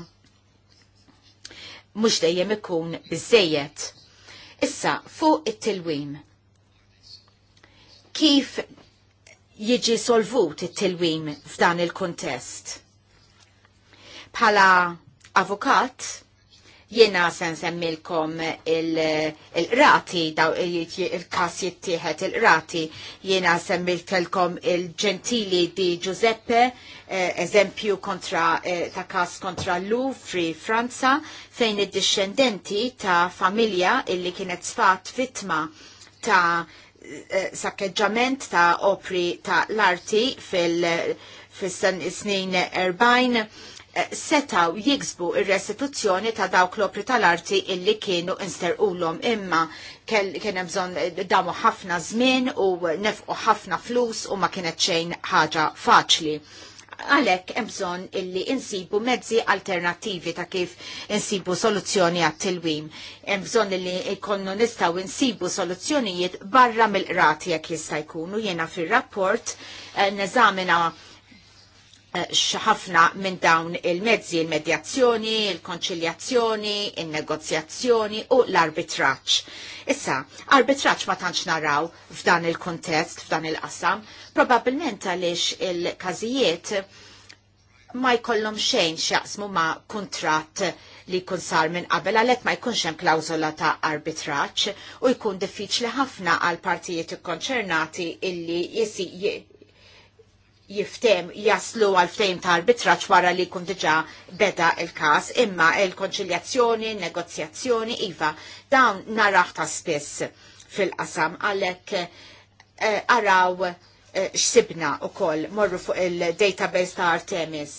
mhux dejjem ikun biżejjed. Issa fuq it-tilwim. Kif jiġi solvut it-tilwim f'dan il-kontest? Pala avukat jena sen semmilkom il-rati, il-kas jittieħed il-rati, jena semmilkelkom il-ġentili di Giuseppe, eh, eżempju kontra eh, ta' kas kontra l fri Franza, fejn id-discendenti ta' familja illi kienet sfat vitma ta' eh, sakkeġġament ta' opri ta' l-arti fil- fil-snin 40 Eh, setaw jiksbu il restituzzjoni ta' dawk l-opri tal-arti illi kienu insterqulhom imma kien hemm bżonn eh, damu ħafna żmien u nefqu ħafna flus u ma kienet xejn ħaġa faċli. Għalhekk hemm bżonn illi insibu mezzi alternattivi ta' kif insibu soluzzjoni għat-tilwim. Hemm bżonn illi jkollnu nistgħu insibu soluzzjonijiet barra mill-qrati jekk jista' jkunu jiena fir-rapport eh, neżamina X'ħafna minn dawn il-mezzi, il-medjazzjoni, il-konċiljazzjoni, il-negozjazzjoni u l-arbitraċ. Issa, arbitraċ ma tantx naraw f'dan il-kontest, f'dan il-qasam, probabilment għaliex il-każijiet ma jkollhom xejn x'jaqsmu ma' kuntratt li jkun sar minn qabel għalhekk ma jkunx hemm klawżola ta' arbitraċ u jkun diffiċli ħafna għal partijiet ikkonċernati illi jisi jiftem jaslu għal ftejm ta' arbitraġġ wara li jkun diġà beda il-każ, imma il-konċiljazzjoni, negozjazzjoni iva dawn naraħ ta' spiss fil-qasam għalhekk eh, araw eh, xsibna u koll morru fuq il-database ta' Artemis.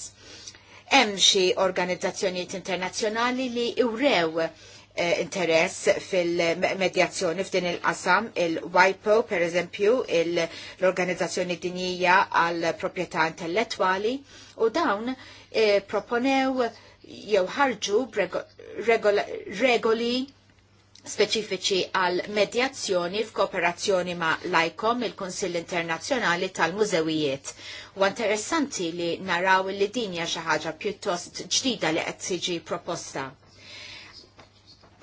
Hemm xi organizzazzjonijiet internazzjonali li wrew Eh, interess fil-medjazzjoni f'din il-qasam, il-WIPO, per eżempju, l-Organizzazzjoni Dinija għal Proprjetà Intellettwali, u dawn eh, proponew jew ħarġu regoli speċifiċi għal medjazzjoni f'kooperazzjoni ma' lajkom il-Konsill Internazzjonali tal-Mużewijiet. U interessanti li naraw li dinja xi ħaġa pjuttost ġdida li qed tiġi proposta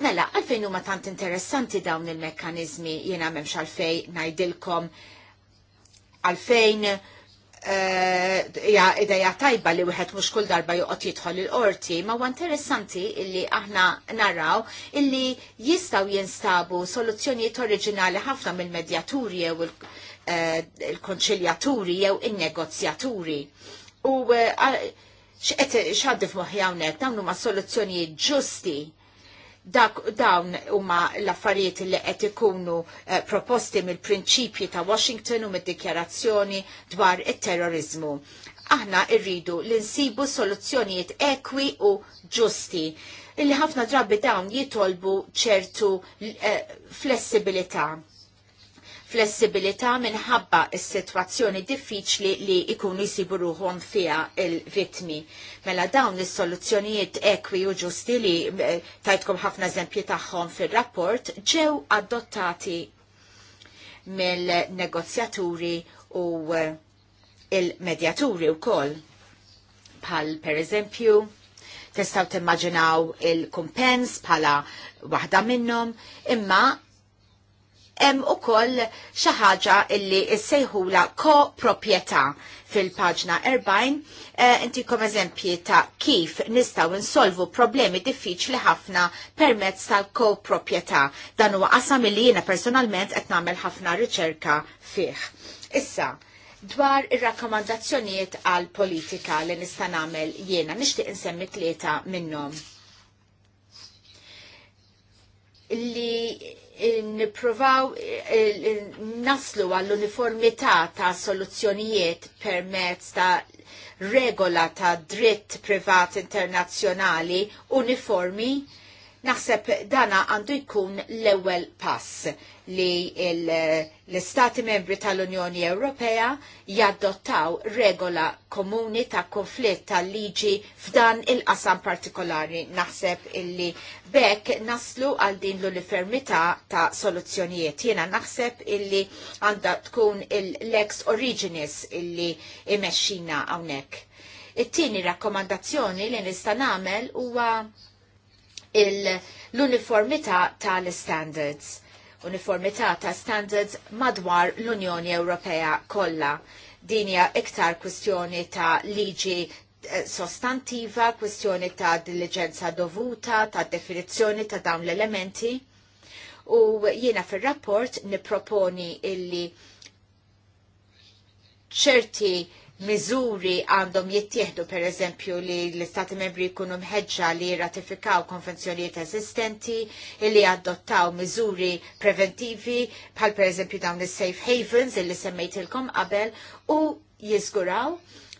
Mela, għalfejn huma tant interessanti dawn il-mekkanizmi jiena m'hemmx għalfejn ngħidilkom eh, għalfejn hija ideja tajba li wieħed mhux kull darba joqgħod jidħol il-qorti, ma huwa interessanti illi aħna naraw illi jistgħu jinstabu soluzzjonijiet oriġinali ħafna mill-medjaturi jew eh, il-konċiljaturi jew in-negozjaturi. U eh, x'qed x'għaddi hawnhekk dawn huma soluzzjonijiet ġusti dawn huma l-affarijiet li qed ikunu eh, proposti mill-prinċipji ta' Washington u mid-dikjarazzjoni dwar it-terrorizmu. Aħna rridu li nsibu soluzzjonijiet ekwi u ġusti illi ħafna drabi dawn jitolbu ċertu eh, flessibilità flessibilità minħabba s-sitwazzjoni diffiċli li ikunu jisibu ruħom fija il-vitmi. Mela dawn is-soluzzjonijiet ekwi u ġusti li eh, tajtkom ħafna eżempji tagħhom fir-rapport ġew adottati mill-negozjaturi u eh, il-medjaturi u koll. Pal per eżempju, testaw timmaġinaw il-kumpens pala waħda minnom, imma hemm ukoll xi ħaġa illi ssejħula ko fil-paġna 40 eh, intikom eżempji ta' kif nistaw insolvu problemi diffiċli ħafna permezz tal-ko-proprjetà. Dan huwa qasam illi jiena personalment qed nagħmel ħafna riċerka fih. Issa, dwar ir-rakkomandazzjonijiet għal politika li nista' nagħmel jiena nixtieq insemmi tlieta minnhom li niprovaw eh, eh, naslu għall-uniformità ta' soluzzjonijiet permezz ta' regola ta' dritt privat internazzjonali uniformi Naħseb dana għandu jkun l-ewwel pass li l-Stati membri tal-Unjoni Ewropea jaddottaw regola komuni ta' konflitt tal-liġi f'dan il-qasam partikolari. Naħseb illi bekk naslu għal din l-uniformità ta' soluzzjonijiet. Jena naħseb illi għanda tkun il originis illi imexxina hawnhekk. It-tieni rakkomandazzjoni li nista' nagħmel huwa l-uniformità tal-standards. Uniformità ta' standards madwar l-Unjoni Ewropea kollha. Dinja iktar kwistjoni ta' liġi eh, sostantiva, kwistjoni ta' diligenza dovuta, ta' definizzjoni ta' dawn l-elementi. U jiena fil-rapport niproponi illi ċerti miżuri għandhom jittieħdu per eżempju li l-Istati membri jkunu mħeġġa li ratifikaw konvenzjonijiet eżistenti, illi adottaw miżuri preventivi bħal per eżempju dawn is-safe havens illi semmejtilkom qabel u jiżguraw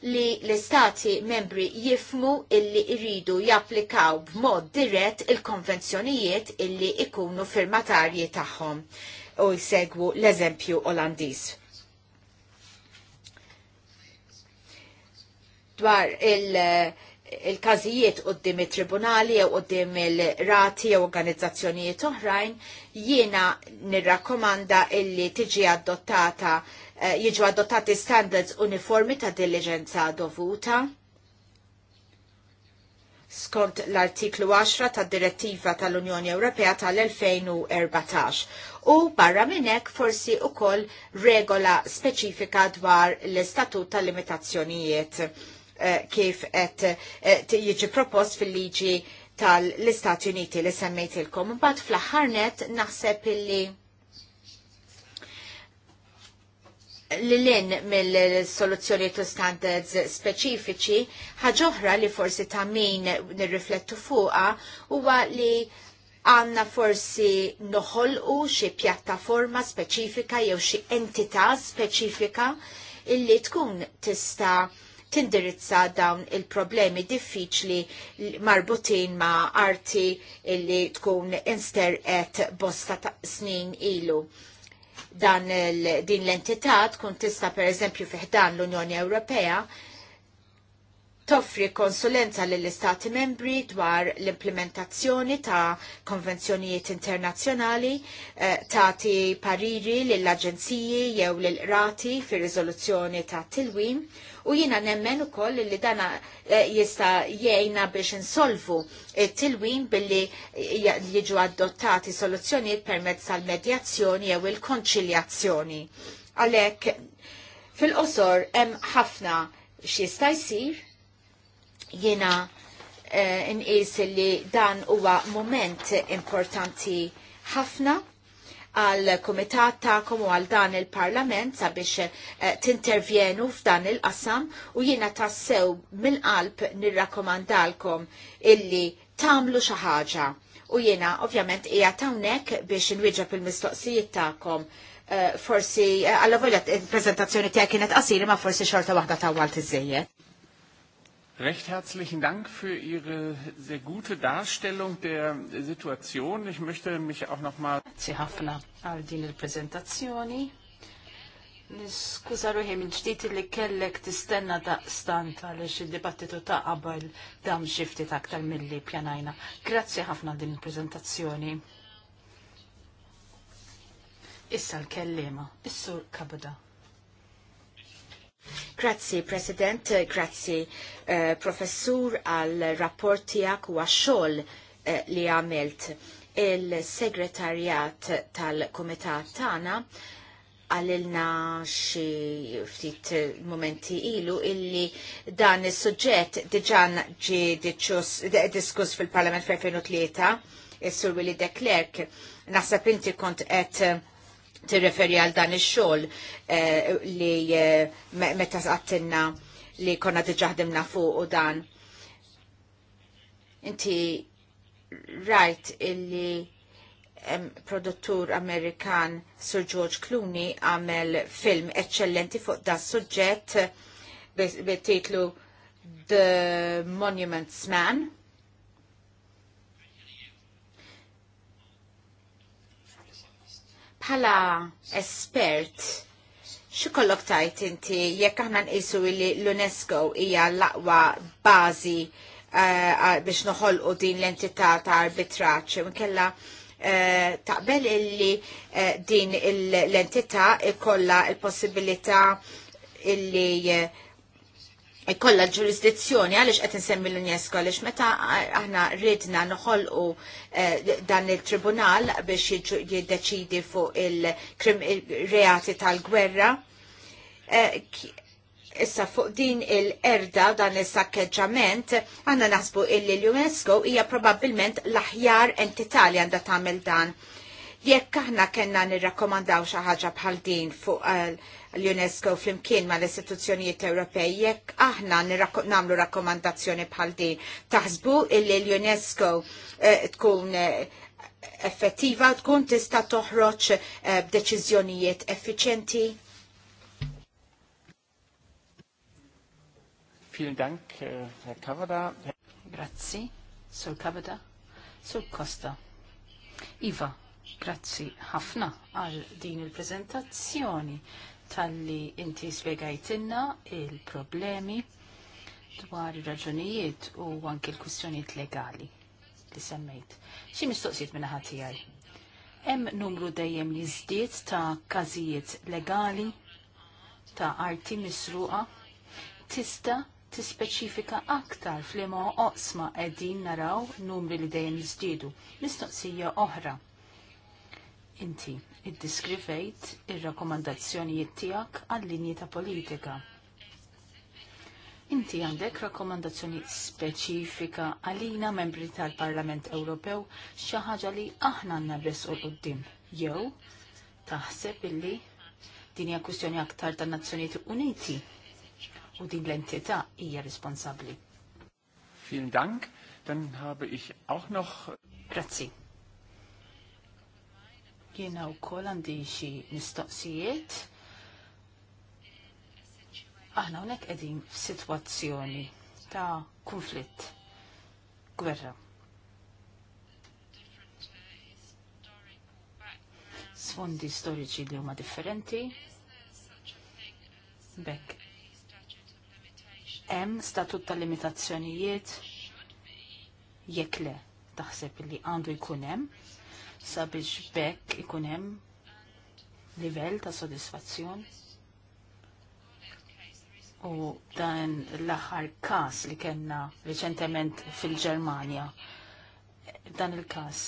li l-istati membri jifmu illi iridu japplikaw b'mod dirett il-konvenzjonijiet illi ikunu firmatarji tagħhom u jsegwu l-eżempju Olandiż. dwar il- il-kazijiet qoddim it-tribunali jew qoddim il-rati jew organizzazzjonijiet oħrajn, jiena nirrakkomanda illi tiġi adottata eh, jiġu adottati standards uniformi ta' diligenza dovuta skont l-artiklu 10 ta' direttiva tal-Unjoni Ewropea tal-2014 u barra minnek forsi u koll regola speċifika dwar l-istatut tal-limitazzjonijiet Eh, kif qed eh, jiġi propost fil-liġi tal-Istati Uniti li semmejtilkom. Mbagħad fl-aħħar net naħseb illi l-lin mill-soluzzjoni tu standards speċifiċi, ħagħoħra li forsi ta' min nirriflettu fuqa huwa li għanna forsi noħolqu xi pjattaforma speċifika jew xi entità speċifika illi tkun tista' tindirizza dawn il-problemi diffiċli marbutin ma' arti li tkun inster et bosta ta' snin ilu dan din l-entità tkun tista per eżempju fiħdan l-Unjoni Ewropea toffri konsulenza lill istati membri dwar l-implementazzjoni ta' konvenzjonijiet internazzjonali, eh, tati pariri lill aġenziji jew l-rati fir riżoluzzjoni ta' tilwim U jina nemmen ukoll li dana eh, jista jiejna biex insolvu tilwin billi eh, jiġu adottati soluzzjonijiet permezz tal-medjazzjoni jew il-konċiljazzjoni. Għalhekk fil-qosor hemm ħafna x'jista' jsir jiena eh, nqis li dan huwa moment importanti ħafna għal komitat ta'kom u għal dan il-parlament sabiex eh, tintervjenu f'dan il-qasam u jiena tassew mill-qalb nirrakkomandalkom illi tamlu xi ħaġa. U jiena ovvjament hija hawnhekk biex inwieġeb il-mistoqsijiet ta'kom eh, forsi eh, għalla il prezentazzjoni tiegħek kienet qasiri, ma forsi xorta waħda tawwal tiżejjed. Recht herzlichen Dank für Ihre sehr gute Darstellung der Situation. Ich möchte mich auch noch mal Grazie ħafna għal din il-prezentazzjoni. ruħi minn li kellek tistenna dibattitu ta' dam xifti ta' aktar pjanajna. ħafna din il-prezentazzjoni. Issa l-kellima, Kabda. Grazzi, President, grazzi, eh, Professur, għal rapport tijak u għaxol eh, li għamilt il-segretarjat tal-komitat tana għalilna xie ftit momenti ilu illi dan is suġġett diġan ġi diskus fil-Parlament fil 2003 il-Sur Willi de Klerk nasab inti kont et tirreferi għal dan ix-xogħol eh, li eh, meta saqattilna li konna diġa ħdimna fuq u dan. Inti rajt illi produttur Amerikan Sir George Clooney għamel film eccellenti fuq da suġġett bit-titlu The Monuments Man bħala espert xikollok tajt inti jekk aħna nqisu li l-UNESCO hija l-aqwa bażi uh, biex noħolqu din l-entità ta' arbitraċ minkella uh, eh, taqbel illi uh, din l-entità ikolla il-possibilità illi kolla ġurisdizzjoni għalix qed insemmi l-UNESCO għalix meta aħna ridna noħolqu eh, dan il-tribunal biex jiddeċidi fuq il-reati tal-gwerra. Eh, issa fuq din il-erda dan il-sakkeġġament għanna nasbu il l-UNESCO hija probabbilment l-aħjar entità li għandha tagħmel dan Jekk aħna kellna nirrakkomandaw xi ħaġa bħal din fuq eh, l-UNESCO flimkien mal istituzzjonijiet Ewropej, jekk aħna nagħmlu rakkomandazzjoni bħal din, taħsbu illi l-UNESCO eh, tkun eh, effettiva tkun tista' toħroġ b'deċiżjonijiet effiċenti. Vielen Dank, Herr Kavada. Grazzi, Sul Kavada, Sul Costa. Iva, Grazzi ħafna għal din il-prezentazzjoni tal-li inti spiegajtinna il-problemi dwar il-raġunijiet u anki l-kwistjonijiet legali li semmejt. Xi mistoqsijiet minn ħati għaj? Hemm numru dejjem li żdied ta' każijiet legali ta' arti misruqa tista' tispeċifika aktar fl-imma oqsma qegħdin naraw numri li dejjem jiżdiedu. Mistoqsija oħra Inti iddiskrivejt ir-rakkomandazzjonijiet tiegħek għall-linji ta' politika. Inti għandek rakkomandazzjoni speċifika għalina membri tal-Parlament Ewropew xi ħaġa li aħna għandna l qudiem. Jew taħseb illi din hija kwistjoni aktar tan-Nazzjonijiet Uniti u din l-entità hija responsabbli. Vielen Dank. Dann habe ich auch noch Grazzi. Jiena wkoll għandi xi mistoqsijiet. Aħna hawnhekk qegħdin f'sitwazzjoni ta' konflitt, gwerra. Sfondi storiċi li huma differenti. Bekk hemm statut ta' limitazzjonijiet jekk le taħseb li għandu jkun hemm sabiex bekk ikun hemm livell ta' sodisfazzjon. U dan l-aħħar każ li kellna riċentement fil-Ġermanja. Dan il-każ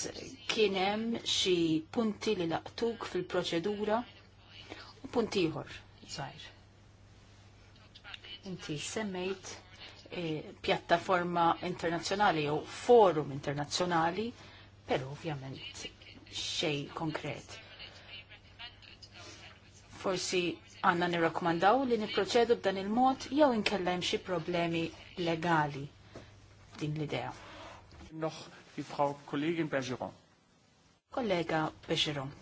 kien hemm xi punti li laqtuk fil-proċedura u punti ieħor żgħir. Inti semmejt eh, pjattaforma internazzjonali jew forum internazzjonali, però ovvjament xej konkret. Forsi għanna nirrakkomandaw li niproċedu b'dan il-mod jew inkella hemm xi problemi legali din l-idea. Noch die Frau Kollegin Bergeron. Kollega Bergeron.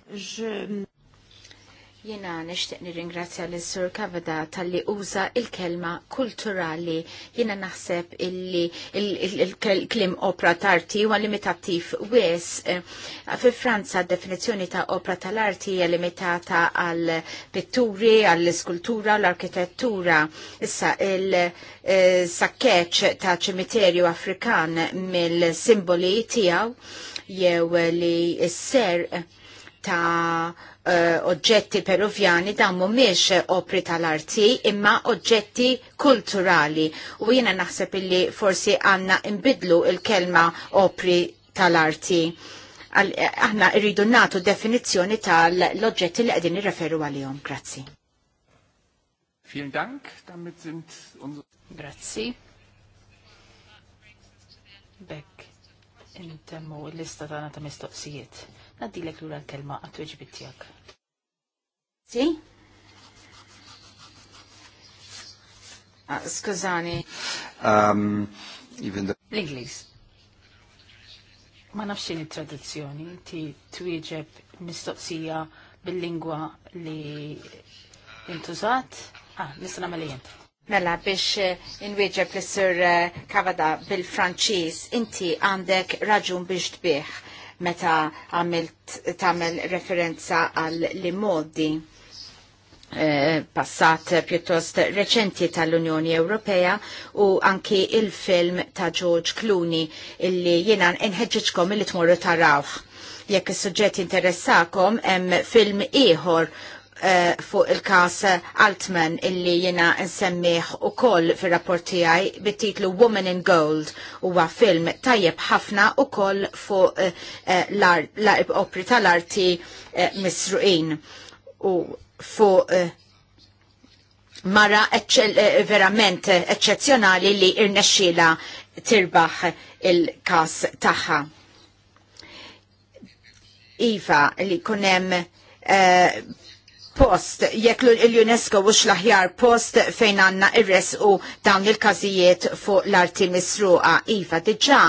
Jena nishtiq nirringrazzja l sur Kavada tal-li uża il-kelma kulturali. Jena naħseb illi il-klim opra tal-arti huwa limitattiv wis. Eh, fi Franza definizzjoni ta' opra tal-arti hija limitata għal pitturi, għall skultura u l-arkitettura. Issa il-sakkeċ eh, ta' ċimiterju Afrikan mill-simboli tiegħu jew li s-ser ta' Eh, oġġetti peruvjani dan mhumiex opri tal-arti imma oġġetti kulturali u jiena naħseb illi forsi għandna imbidlu il-kelma opri tal-arti. Eh, aħna rridu natu definizzjoni tal-oġġetti li qegħdin nirreferu għalihom. Grazzi. Vielen Dank, damit sind unsere... Grazzi. in intemmu l-lista tagħna ta' mistoqsijiet għaddi l-ura l-kelma għat-tweġbit Si? Ah, skużani. Um, L-Inglis. Ma nafxin il-traduzzjoni ti twieġeb mistoqsija bil-lingwa li intużat. Ah, nista namel jent. Mela, biex eh, inwieġeb l-sur eh, Kavada bil-Franċiż, inti għandek raġun biex tbieħ meta għamilt tamel referenza għall modi eh, passat pjuttost reċenti tal-Unjoni Ewropea u anki il-film ta' George Clooney illi jiena nħeġġiġkom illi tmorru tarawh jekk is-suġġett interessakom hemm film ieħor Eh, fuq il-kas Altman illi jina nsemmiħ u koll fil-rapport tijaj bit-titlu Woman in Gold huwa film tajjeb ħafna u koll fuq eh, eh, l-opri tal-arti uh, misruqin u fuq mara verament eccezzjonali li irnexxila tirbaħ il-kas taħħa. Iva li kunem post jekk l-UNESCO mhux l-aħjar post fejn għandna irres u dawn il-każijiet fuq l-arti misruqa iva diġà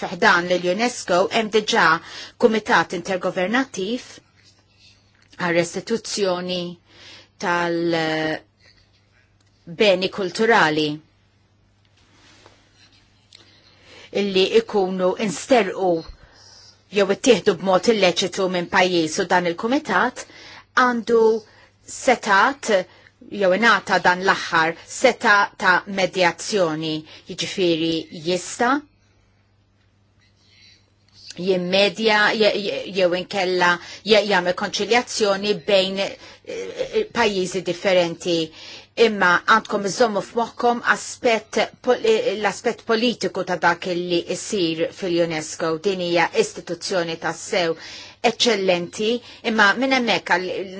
fiħdan l-UNESCO hemm diġà kumitat intergovernattiv għal restituzzjoni tal-beni kulturali illi ikunu insterqu jew ittieħdu b'mod illeċitu minn pajjiż u dan il-kumitat għandu setat jew nata dan l-aħħar seta ta' medjazzjoni jiġifieri jista' jimmedja jew inkella jagħmel konċiljazzjoni bejn eh, eh, pajjiżi differenti imma għandkom iżommu f'moħħkom eh, l-aspett politiku ta' dak li jsir fil-UNESCO din hija istituzzjoni tas sew eccellenti, imma minn hemmhekk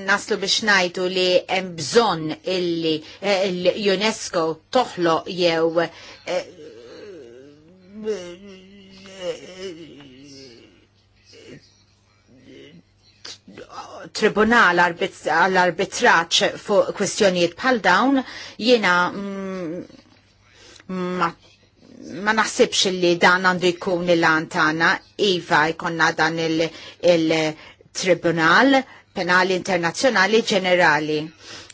naslu biex ngħidu li hemm bżonn illi eh, l-UNESCO toħloq jew eh, tribunal għall-arbitraċ fuq kwestjonijiet bħal dawn jiena mm, ma ma naħsibx li dan għandu jkun il-għan tagħna, iva jkonna dan il-tribunal penali internazzjonali ġenerali.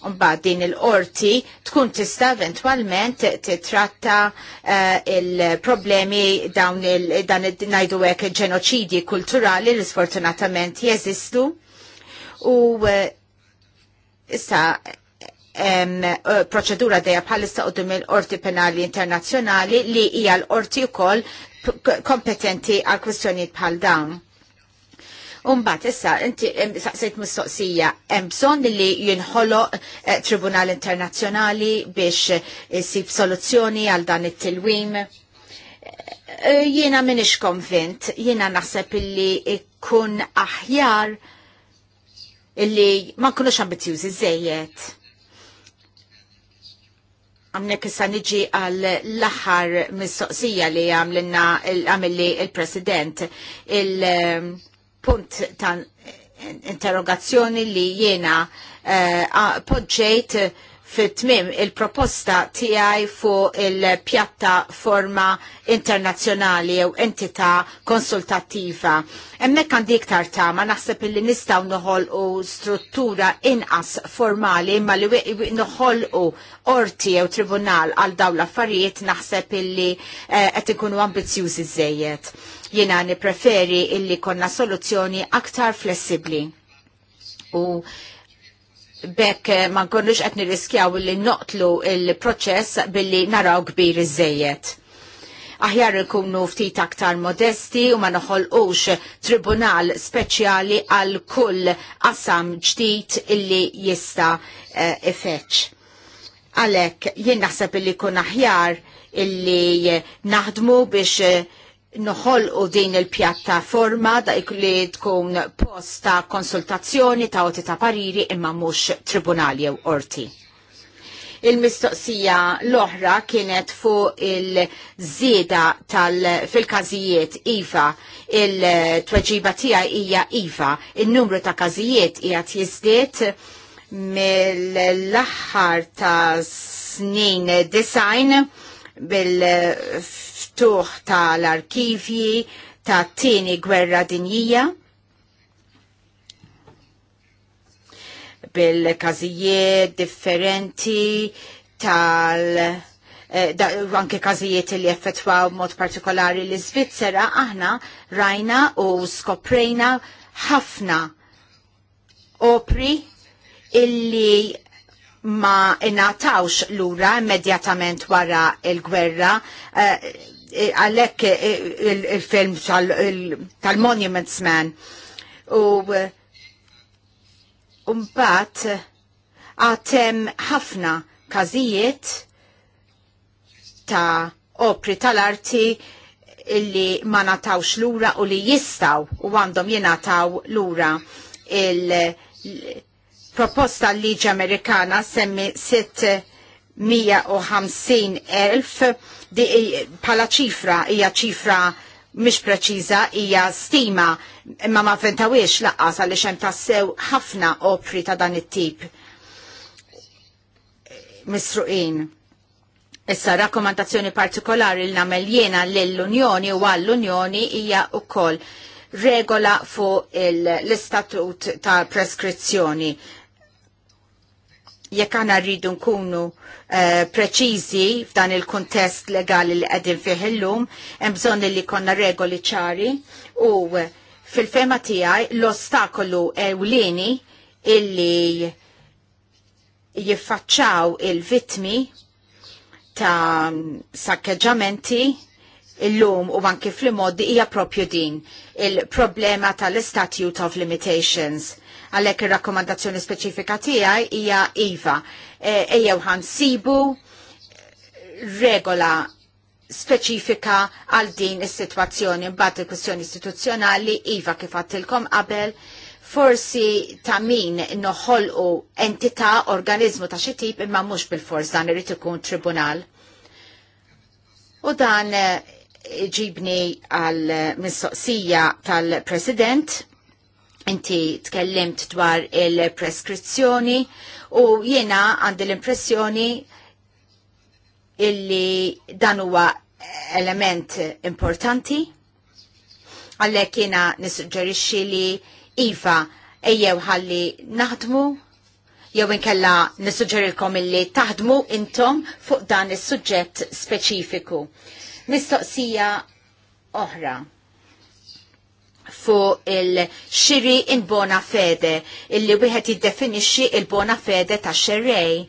Umba din il-qorti tkun tista eventualment titratta eh, il-problemi dawn il-dan najdu għek ġenoċidi kulturali li sfortunatament jeżistu. U eh, issa Eh, proċedura dejja bħalissa u il-Orti Penali Internazzjonali li hija l-orti wkoll kompetenti għal kwistjonijiet bħal dawn. Umbat, issa, inti saqsejt mistoqsija, hemm bżonn li jinħolo eh, Tribunal Internazzjonali biex eh, isib soluzzjoni għal dan it-tilwim. Jiena minix konvint, jiena naħseb illi ikkun aħjar illi ma kunux ambizjużi żejjed Għamnek issa niġi għal l-axar mistoqsija li għamlinna għamilli il-President il-punt ehm, ta' interrogazzjoni li jena eh, poġġejt uh, fit-tmim il-proposta tiegħi fuq il-pjattaforma internazzjonali jew entità konsultattiva. Hemmhekk għandi iktar tama naħseb illi nistgħu noħolqu struttura inqas formali imma li noħolqu orti jew tribunal għal dawn l-affarijiet naħseb illi eh, qed ikunu ambizzjużi żejjed. Jiena nippreferi illi konna soluzzjoni aktar flessibbli u bekk eh, ma nkunux qed nirriskjaw li noqtlu il-proċess billi naraw kbir iżejjed. Aħjar ikunu ftit aktar modesti u ma noħolqux tribunal speċjali għal kull qasam ġdid illi jista' uh, ifeċ. Għalhekk jien naħseb illi kun aħjar illi naħdmu biex eh, noħol u din il-pjattaforma da li tkun post ta' konsultazzjoni ta' oti ta' pariri imma mux tribunali u orti. Il-mistoqsija l-oħra kienet fuq il-żieda tal-fil-każijiet IVA, il-tweġiba tiegħi hija IVA, il-numru ta' każijiet hija jiżdied mill-aħħar ta' snin design bil miftuħ tal-arkivji ta' tieni gwerra dinjija bil-kazijiet differenti tal- eh, anke kazijiet li effettwaw mod partikolari l iżvizzera aħna rajna u skoprejna ħafna opri illi ma inatawx lura immedjatament wara il-gwerra eh, għalek eh, il-film tal-Monuments Man u eh, mbagħad għatem ħafna kazijiet ta' opri tal-arti illi ma natawx lura u li jistaw u għandhom jenataw lura il-proposta l-liġi Amerikana semmi sitt 150.000 pala ċifra hija ċifra mish preċiża hija stima imma ma fentawiex laqqas għaliex hemm tassew ħafna opri ta' dan it-tip misruqin. Issa rakkomandazzjoni partikolari li nagħmel jiena lill-Unjoni u għall-Unjoni hija wkoll regola fuq l-istatut ta' preskrizzjoni jekk għana rridu nkunu uh, eh, preċizi f'dan il-kontest legali li għedin fiħillum, bżon li konna regoli ċari u eh, fil-fema tijaj l-ostakolu ewlini illi jiffaċċaw il-vitmi ta' sakkeġġamenti illum u anki fl-modi hija propju din il-problema tal-statute of limitations Għalhekk ir-rakkomandazzjoni speċifika tiegħi hija iva. E, ejjew sibu regola speċifika għal din is-sitwazzjoni mbagħad il-kwistjoni istituzzjonali iva kif għattilkom qabel forsi ta' min noħolqu entità organizmu ta' xi tip imma mhux bil-fors dan irid ikun tribunal. U dan eh, ġibni għal mistoqsija tal-President Inti tkellimt dwar il-preskrizzjoni u jiena għandi l-impressjoni illi dan huwa element importanti għallek jena nisġerixi li Iva ejjew ħalli naħdmu jew inkella nisġerilkom illi taħdmu intom fuq dan is-suġġett speċifiku. Mistoqsija oħra fuq il-xiri in bona fede, illi wieħed jiddefinixxi il-bona fede ta' xerrej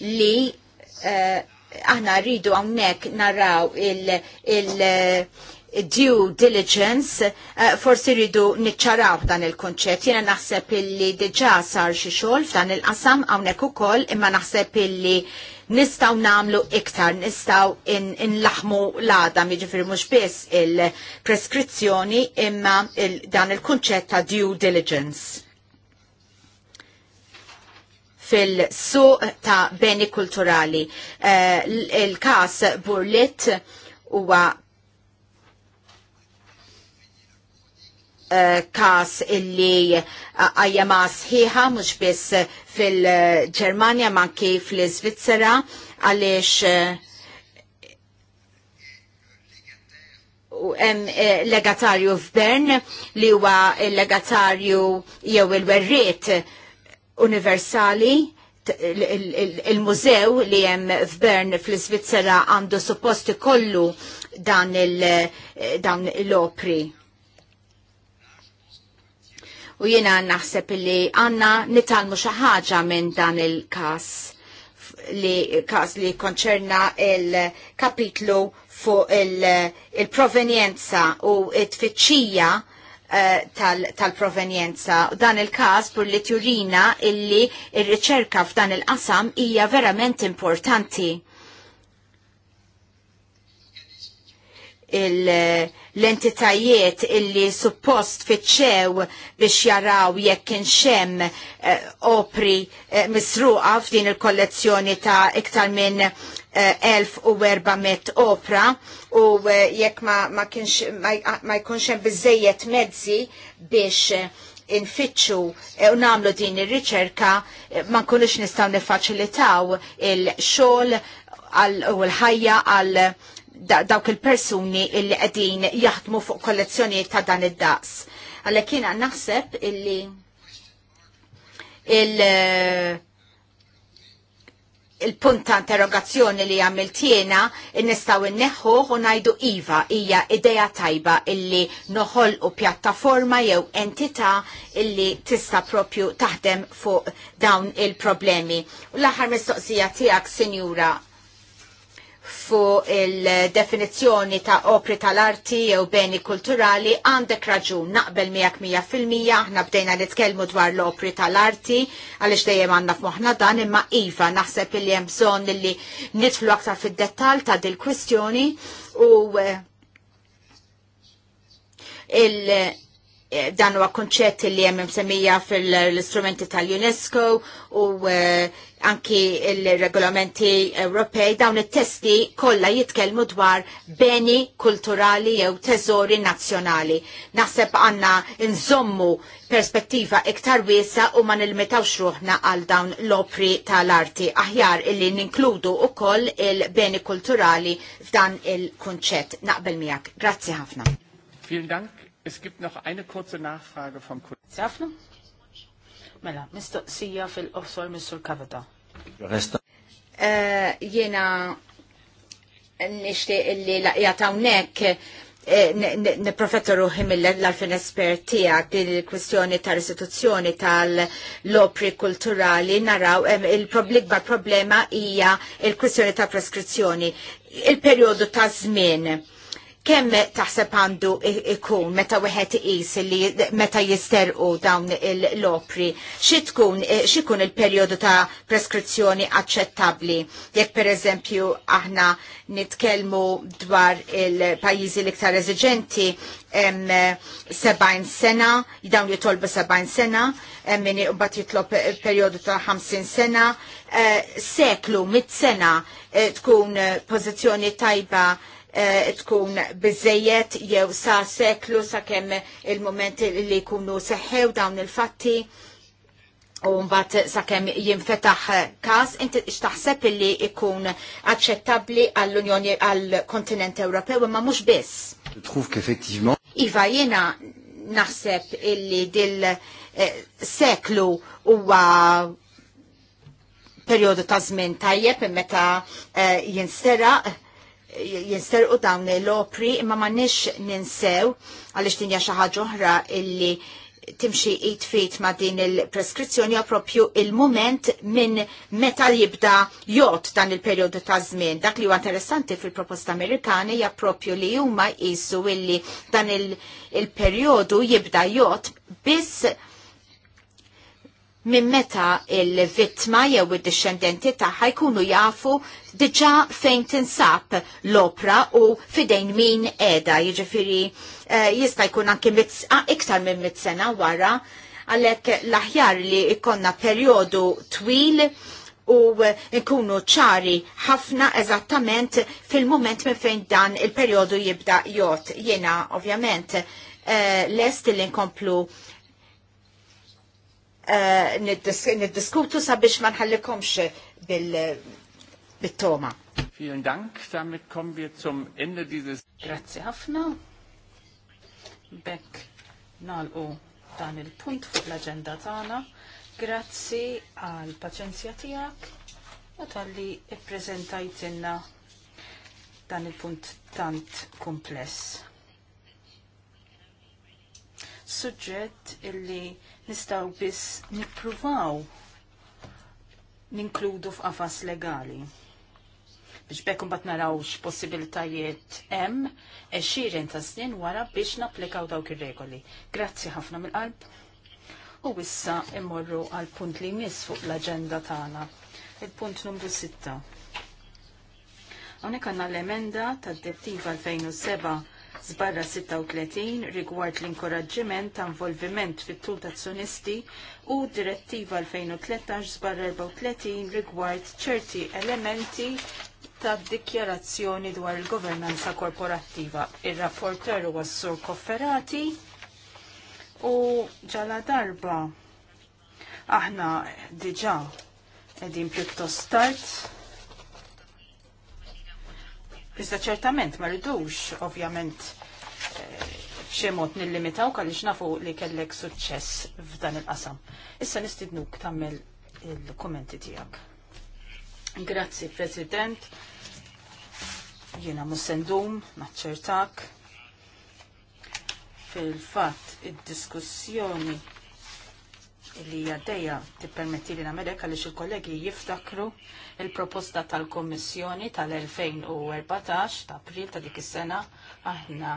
li uh, aħna rridu hawnhekk naraw il-, il due diligence, uh, forsi rridu niċċaraw dan il-konċett. Jiena naħseb illi diġà sar xi xogħol f'dan il-qasam hawnhekk ukoll imma naħseb illi nistaw namlu iktar, nistaw inlaħmu in l-għada, miġifiri mux biss il-preskrizzjoni imma il dan il-kunċett ta' due diligence fil-suq ta' beni kulturali. Uh, Il-kas Burlit huwa kas illi għajjama sħiħa mux biss fil-ġermania ma kif fil-Svizzera għalix eh, eh, legatarju f'Bern li huwa legatarju jew il-werriet universali il-mużew li hemm f'Bern fl-Svizzera għandu suppost kollu dan l eh, opri U jiena naħseb li għanna nitalmu xi ħaġa minn dan il-każ li kas li konċerna il-kapitlu fuq il-provenjenza u t-tfittxija tal-provenjenza. Eh, tal dan il-kas pur li turina illi il-riċerka f'dan il-qasam hija verament importanti. Il- l-entitajiet illi suppost fitxew biex jaraw jekk kien xem eh, opri eh, misruqa f'din il-kollezzjoni ta' iktar minn 1400 eh, opra u jekk ma, ma, ma, ma, jkunx hemm biżejjed mezzi biex infittxu u namlu din ir-riċerka ma nkunux nistgħu nifacilitaw il-xogħol u l-ħajja għal, għal dawk il-persuni illi qegħdin jaħdmu fuq kollezzjoni ta' dan id-daqs. Għalhekk jiena naħseb illi il- eh, il-punta interrogazzjoni li għamiltiena nistaw inneħħu u najdu Iva hija ideja tajba illi noħol u pjattaforma jew entità illi tista propju taħdem fuq dawn il-problemi. U l-aħħar mistoqsija tiegħek, Sinjura Fu il-definizjoni ta' opri tal-arti jew beni kulturali għandek raġun naqbel miegħek mija fil-mija aħna bdejna nitkellmu dwar l-opri tal-arti għaliex dejjem għandna f'moħħna dan imma iva naħseb illi hemm bżonn li nidflu aktar fid-dettall ta' dil-kwistjoni u eh, il- Eh, dan huwa konċett li hemm semija fil-istrumenti tal-UNESCO u eh, anki il-regolamenti Ewropej dawn it-testi kollha jitkellmu dwar beni kulturali jew teżori nazzjonali. Naħseb għandna nżommu perspettiva iktar wiesa u ma nilmetawx ruħna għal dawn l-opri tal-arti aħjar illi ninkludu ukoll il-beni kulturali f'dan il-kunċett naqbel miegħek. Grazzi ħafna. Vielen Dank. Es gibt noch eine kurze Nachfrage vom Kollegen. Safna? Mela, mistoqsija fil-qosor Mr. Kavada. Eh, Jena nishti illi laqjata unnek eh, niprofetta ruħi mill-alfin espert tijak il-kwestjoni ta' restituzzjoni tal-lopri kulturali naraw il-problema problema ija il-kwestjoni ta' preskrizzjoni il-periodu ta' zmin kemm taħseb għandu ikun meta wieħed iqis li meta jisterqu dawn l-opri, xi tkun xikun il-perjodu ta' preskrizzjoni aċċettabbli. Jekk pereżempju aħna nitkellmu dwar il-pajjiżi l-iktar eżiġenti hemm 70 sena, dawn jitolbu 70 sena, min bat jitlob perjodu ta' 50 sena, eh, seklu, mit sena eh, tkun eh, pożizzjoni tajba Eh, tkun bizzejiet jew sa seklu sa kemm il-moment li jkunu seħħew dawn il-fatti u mbagħad sakemm jinfetaħ każ inti x'taħseb li jkun aċċettabbli għall-Unjoni għall-Kontinent Ewropew imma mhux biss. Iva jiena naħseb illi dil eh, seklu huwa periodu ta' żmien tajjeb meta eh, jinsera jinsterqu dawn l-opri imma ma nix ninsew għalix dinja xaħġa oħra illi timxi it fit ma din il-preskrizzjoni propju il-moment minn meta jibda jot dan il-periodu ta' żmien. Dak li huwa interessanti fil-proposta Amerikani hija propju li huma jqisu illi dan il-periodu jibda jot biss minn meta il-vittma jew id-discendenti tagħha jkunu jafu diġà fejn tinsab l-opra u fidejn min qiegħda, jiġifieri eh, jista' jkun anke ah, iktar minn mit sena wara għalhekk l-aħjar li jkollna perjodu twil u nkunu ċari ħafna eżattament fil-moment minn fejn dan il-perjodu jibda jot. Jena ovvjament uh, lest li nkomplu Eh, niddiskutu sabiex ma nħallikomx bil-toma. Vielen Dank, damit kommen wir zum Ende dieses. Grazie ħafna. Bekk nalqu dan il-punt fuq l-agenda tagħna. Grazzi għal paċenzja tiegħek u talli prezentajtina dan il-punt tant kompless. Suġġett illi nistaw biss nippruvaw ninkludu f'qafas legali. Biex bekkum bat narawx possibilitajiet hemm e xiren ta' snin wara biex naplikaw dawk ir-regoli. Grazzi ħafna mill-qalb. U issa immorru għal punt li jmiss fuq l-aġenda tagħna. Il-punt numru 6. Hawnhekk għandna l-emenda tad-Direttiva 2007 zbarra 36 rigward l-inkoraġġiment ta' involviment fit-tul ta' azzjonisti u direttiva 2013 zbarra 34 rigward ċerti elementi ta' dikjarazzjoni dwar il-governanza korporattiva. Ir-rapporter huwa s-sur Kofferati u ġala darba aħna diġa edin piuttost tard Iżda ċertament ma rridux ovvjament b'xi eh, mod nillimitaw għaliex nafu li kellek suċċess f'dan il-qasam. Issa nistidnuk tagħmel il-kummenti tiegħek. Grazzi President, jiena sendum naċċertak. Fil-fatt id-diskussjoni li għaddeja tippermetti li namelek għalix il-kollegi jiftakru il-proposta tal-Kommissjoni tal-2014 ta' april ta' dik is-sena aħna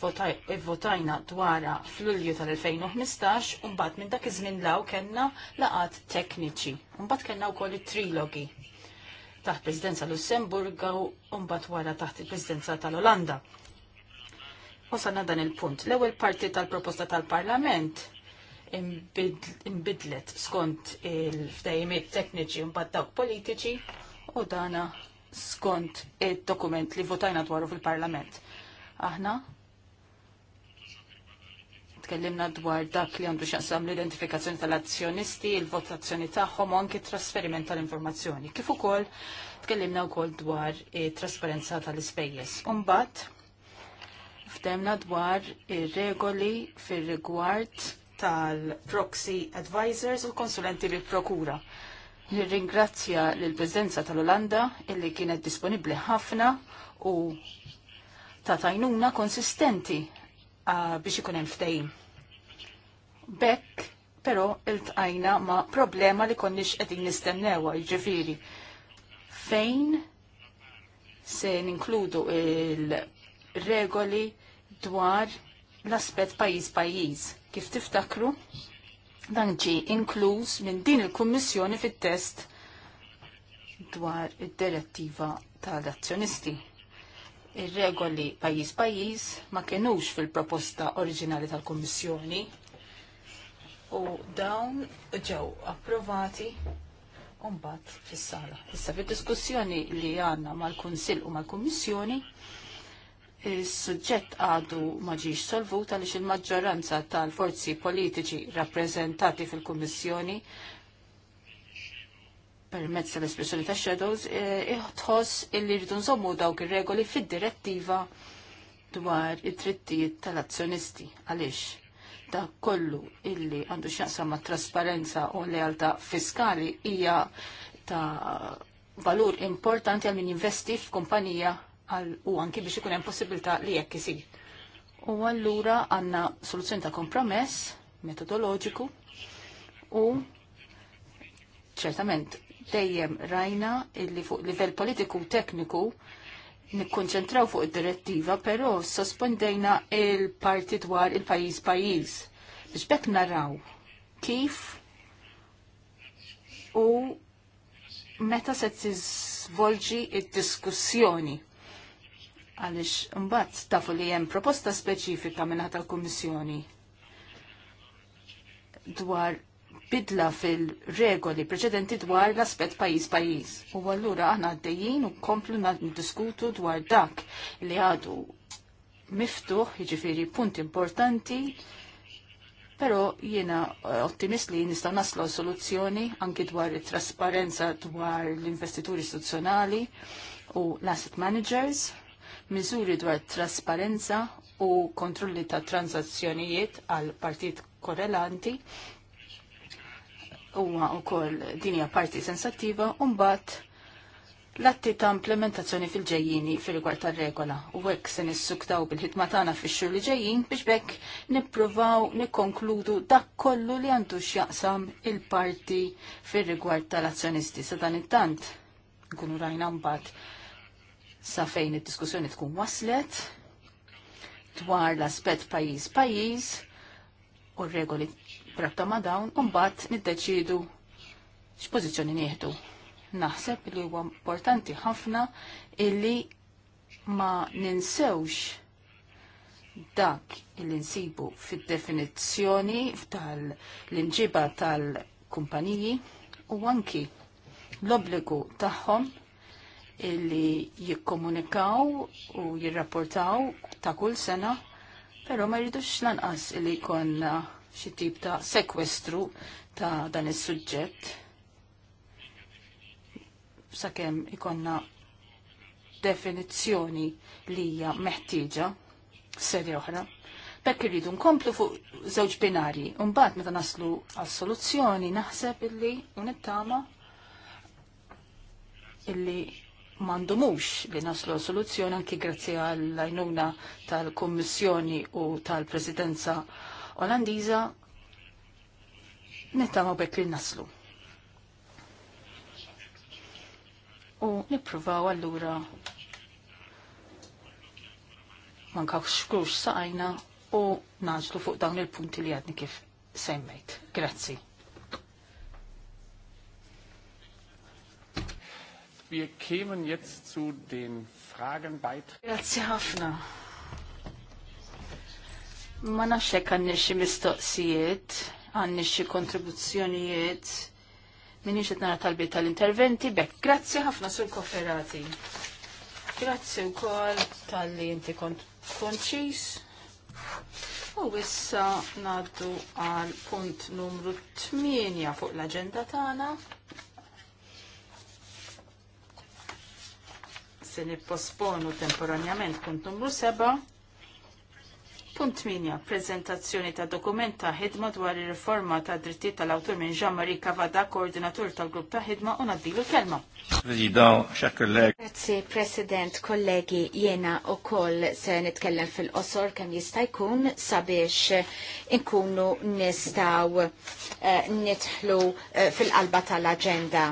votajna dwara fl-Ulju tal-2015 u mbagħad minn dak iż-żmien law kellna laqat tekniċi. Mbagħad kellna wkoll it-trilogi taħt Presidenza Lussemburga u mbagħad wara taħt il-Presidenza tal-Olanda. Wasalna dan il-punt. L-ewwel parti tal-proposta tal-Parlament imbidlet skont il-ftajimiet tekniċi un dawk politiċi u dana skont il-dokument li votajna dwaru fil-parlament. Aħna tkellimna dwar dak li għandu xaqsam l-identifikazzjoni tal-azzjonisti, il-votazzjoni tagħhom u anki trasferiment tal-informazzjoni. Kif ukoll tkellimna wkoll dwar trasparenza tal-ispejjeż. Umbagħad ftemna dwar ir-regoli fir-rigward tal-proxy advisors u konsulenti li prokura Nirringrazzja l-prezenza tal-Olanda illi kienet disponibli ħafna u ta' tajnuna konsistenti biex ikun hemm ftehim. Bekk però iltqajna ma' problema li konniex qegħdin nistennewha jiġifieri fejn se ninkludu il-regoli dwar l-aspett pajjiż pajjiż Kif tiftakru, dan ġi inkluż minn din il-Kummissjoni fit-test dwar id-direttiva tal-azzjonisti. Ir-regoli pajjiż pajjiż ma kienux fil-proposta oriġinali tal-Kummissjoni u dawn ġew approvati u mbagħad fis-sala. Issa fid-diskussjoni li għandna mal-Kunsill u mal-Kummissjoni il-sujġett għadu maġiġ solvut għaliex il-maġġoranza tal-forzi politiċi rappreżentati fil-Kummissjoni permezz l espressjoni ta' shadows, eh, iħtħoss illi rridu nżommu dawk ir-regoli fid-direttiva dwar it-trittijiet tal-azzjonisti. Għaliex? Da kollu illi għandu x'jaqsam ma' trasparenza u lealtà fiskali hija ta' valur importanti għal min jinvesti f'kumpanija u anki biex ikun hemm possibilità li jekk isir. U allura għandna soluzzjoni ta' kompromess metodoloġiku u ċertament dejjem rajna illi fuq livell politiku u tekniku nikkonċentraw fuq id-direttiva, però sospendejna il-parti dwar il-pajjiż pajjiż biex bekk naraw kif u meta se tiżvolġi id-diskussjoni għaliex imbagħad tafu li hemm proposta speċifika ħata l kummissjoni dwar bidla fil-regoli preċedenti dwar l-aspett pajjiż pajjiż. U allura aħna għaddejjin u komplu diskutu dwar dak li għadu miftuħ, jiġifieri punt importanti, però jiena eh, ottimist li nistgħu naslu soluzzjoni anki dwar it-trasparenza dwar l-investituri istituzzjonali u l-asset managers miżuri dwar trasparenza u kontrolli ta' tranzazzjonijiet għal partit korrelanti u wkoll din hija parti sensattiva u mbagħad l-atti ta' implementazzjoni fil-ġejjini fil-rigward tar-regola u hekk se nissuktaw bil-ħidma tagħna fix-xhur li ġejjin biex bekk nippruvaw nikkonkludu dak kollu li għandu x'jaqsam il-parti fir-rigward tal-azzjonisti sa dan it-tant. Nkunu rajna mbagħad sa fejn id-diskussjoni tkun waslet dwar l-aspett pajjiż pajjiż u regoli brabta ma' dawn u mbagħad niddeċidu x'pożizzjoni nieħdu. Naħseb li huwa importanti ħafna illi ma ninsewx dak il-insibu fil-definizjoni tal inġiba tal-kumpaniji u anki l-obligu tagħhom illi jikkomunikaw u jirrapportaw ta' kull sena, pero ma jridux lanqas illi jkollna xi tip ta' sekwestru ta' dan is-suġġett. Sakemm ikonna definizzjoni li hija meħtieġa serja oħra. Bekk irridu nkomplu fuq żewġ binari, u mbagħad meta naslu għas-soluzzjoni naħseb illi unittama nittama illi mandumux li naslu soluzzjoni anki grazzi għall-għajnuna tal-Kommissjoni u tal-Presidenza Olandiza nittama bekk li naslu. U nipruvaw allura mankaw xkrux saqajna u naġlu fuq dawn il-punti li għadni kif semmejt. Grazzi. Wir kämen jetzt zu den Fragen Grazie ħafna. Ma nafx hekk għandni xi mistoqsijiet, għandni xi kontribuzzjonijiet. Minix qed nara talbiet tal-interventi bekk. Grazzi ħafna sur kofferati. Grazzi wkoll tal-li inti kont konċis. U issa ngħaddu għal punt numru 8 fuq l-aġenda tagħna. se nipposponu temporanjament punt numru 7. Punt 8. Prezentazzjoni ta' dokument ta' ħidma dwar ir-riforma ta' drittijiet tal-awtur minn Jean-Marie Cavada, koordinatur tal-grupp ta' ħidma u naddilu kelma Grazie, President, kollegi, jena u koll se nitkellem fil-qosor kem jista' jkun sabiex inkunu nistaw uh, nitħlu uh, fil-qalba tal-agenda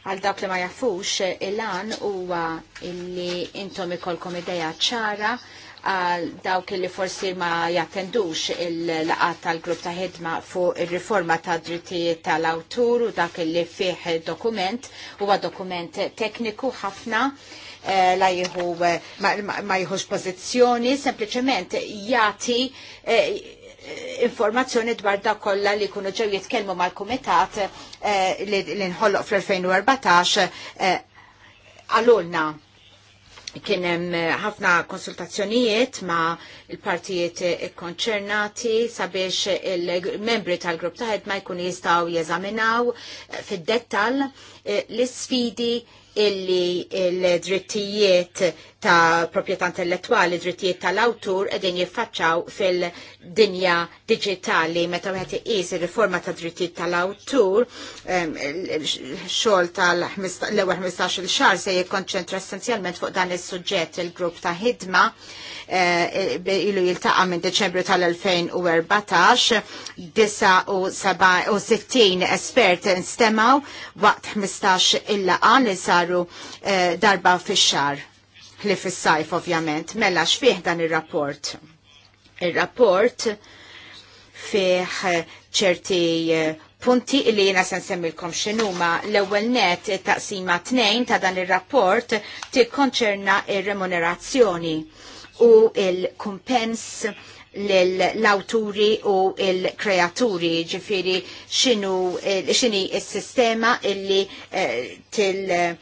Għal dawk li ma jafux il-għan huwa illi intom ikolkom ideja ċara għal dawk li forsi ma jattendux il-laqat tal-grupp ta' ħidma fuq il-riforma ta' drittijiet tal-awtur u dak li fih dokument huwa dokument tekniku ħafna eh, la jihu eh, ma, jihux pozizjoni jieħux pożizzjoni, sempliċement jati eh, informazzjoni dwar da kolla li kunu ġew jitkellmu mal-kumitat eh, li nħolloq fl-2014 eh, għalulna kien hemm eh, ħafna konsultazzjonijiet ma' il-partijiet konċernati sabiex il-membri tal-grupp ta' ma jkun jistgħu jeżaminaw fid-dettall l-isfidi illi l-drittijiet ta' proprjetà intellettuali, drittijiet tal-awtur edin jiffaċċaw fil-dinja digitali meta wieħed iqis ir-riforma ta' drittijiet tal-awtur xogħol tal-ewwel 15-il xahar se jikkonċentra essenzjalment fuq dan is-suġġett il-grupp ta' ħidma eh, ilu jiltaqa' minn Deċembru tal-2014 69 espert nstemaw waqt 15 il-laqa li saru eh, darba fix-xar li fis-sajf ovvjament. Mela x'fih dan ir-rapport? Ir-rapport fih eh, ċerti eh, punti li jena sen semmilkom xinuma l ewwel net eh, taqsima tnejn ta' dan il-rapport ti konċerna il-remunerazzjoni u il-kumpens l-awturi u il-kreaturi ġifiri xinu, xini il-sistema illi eh, til eh,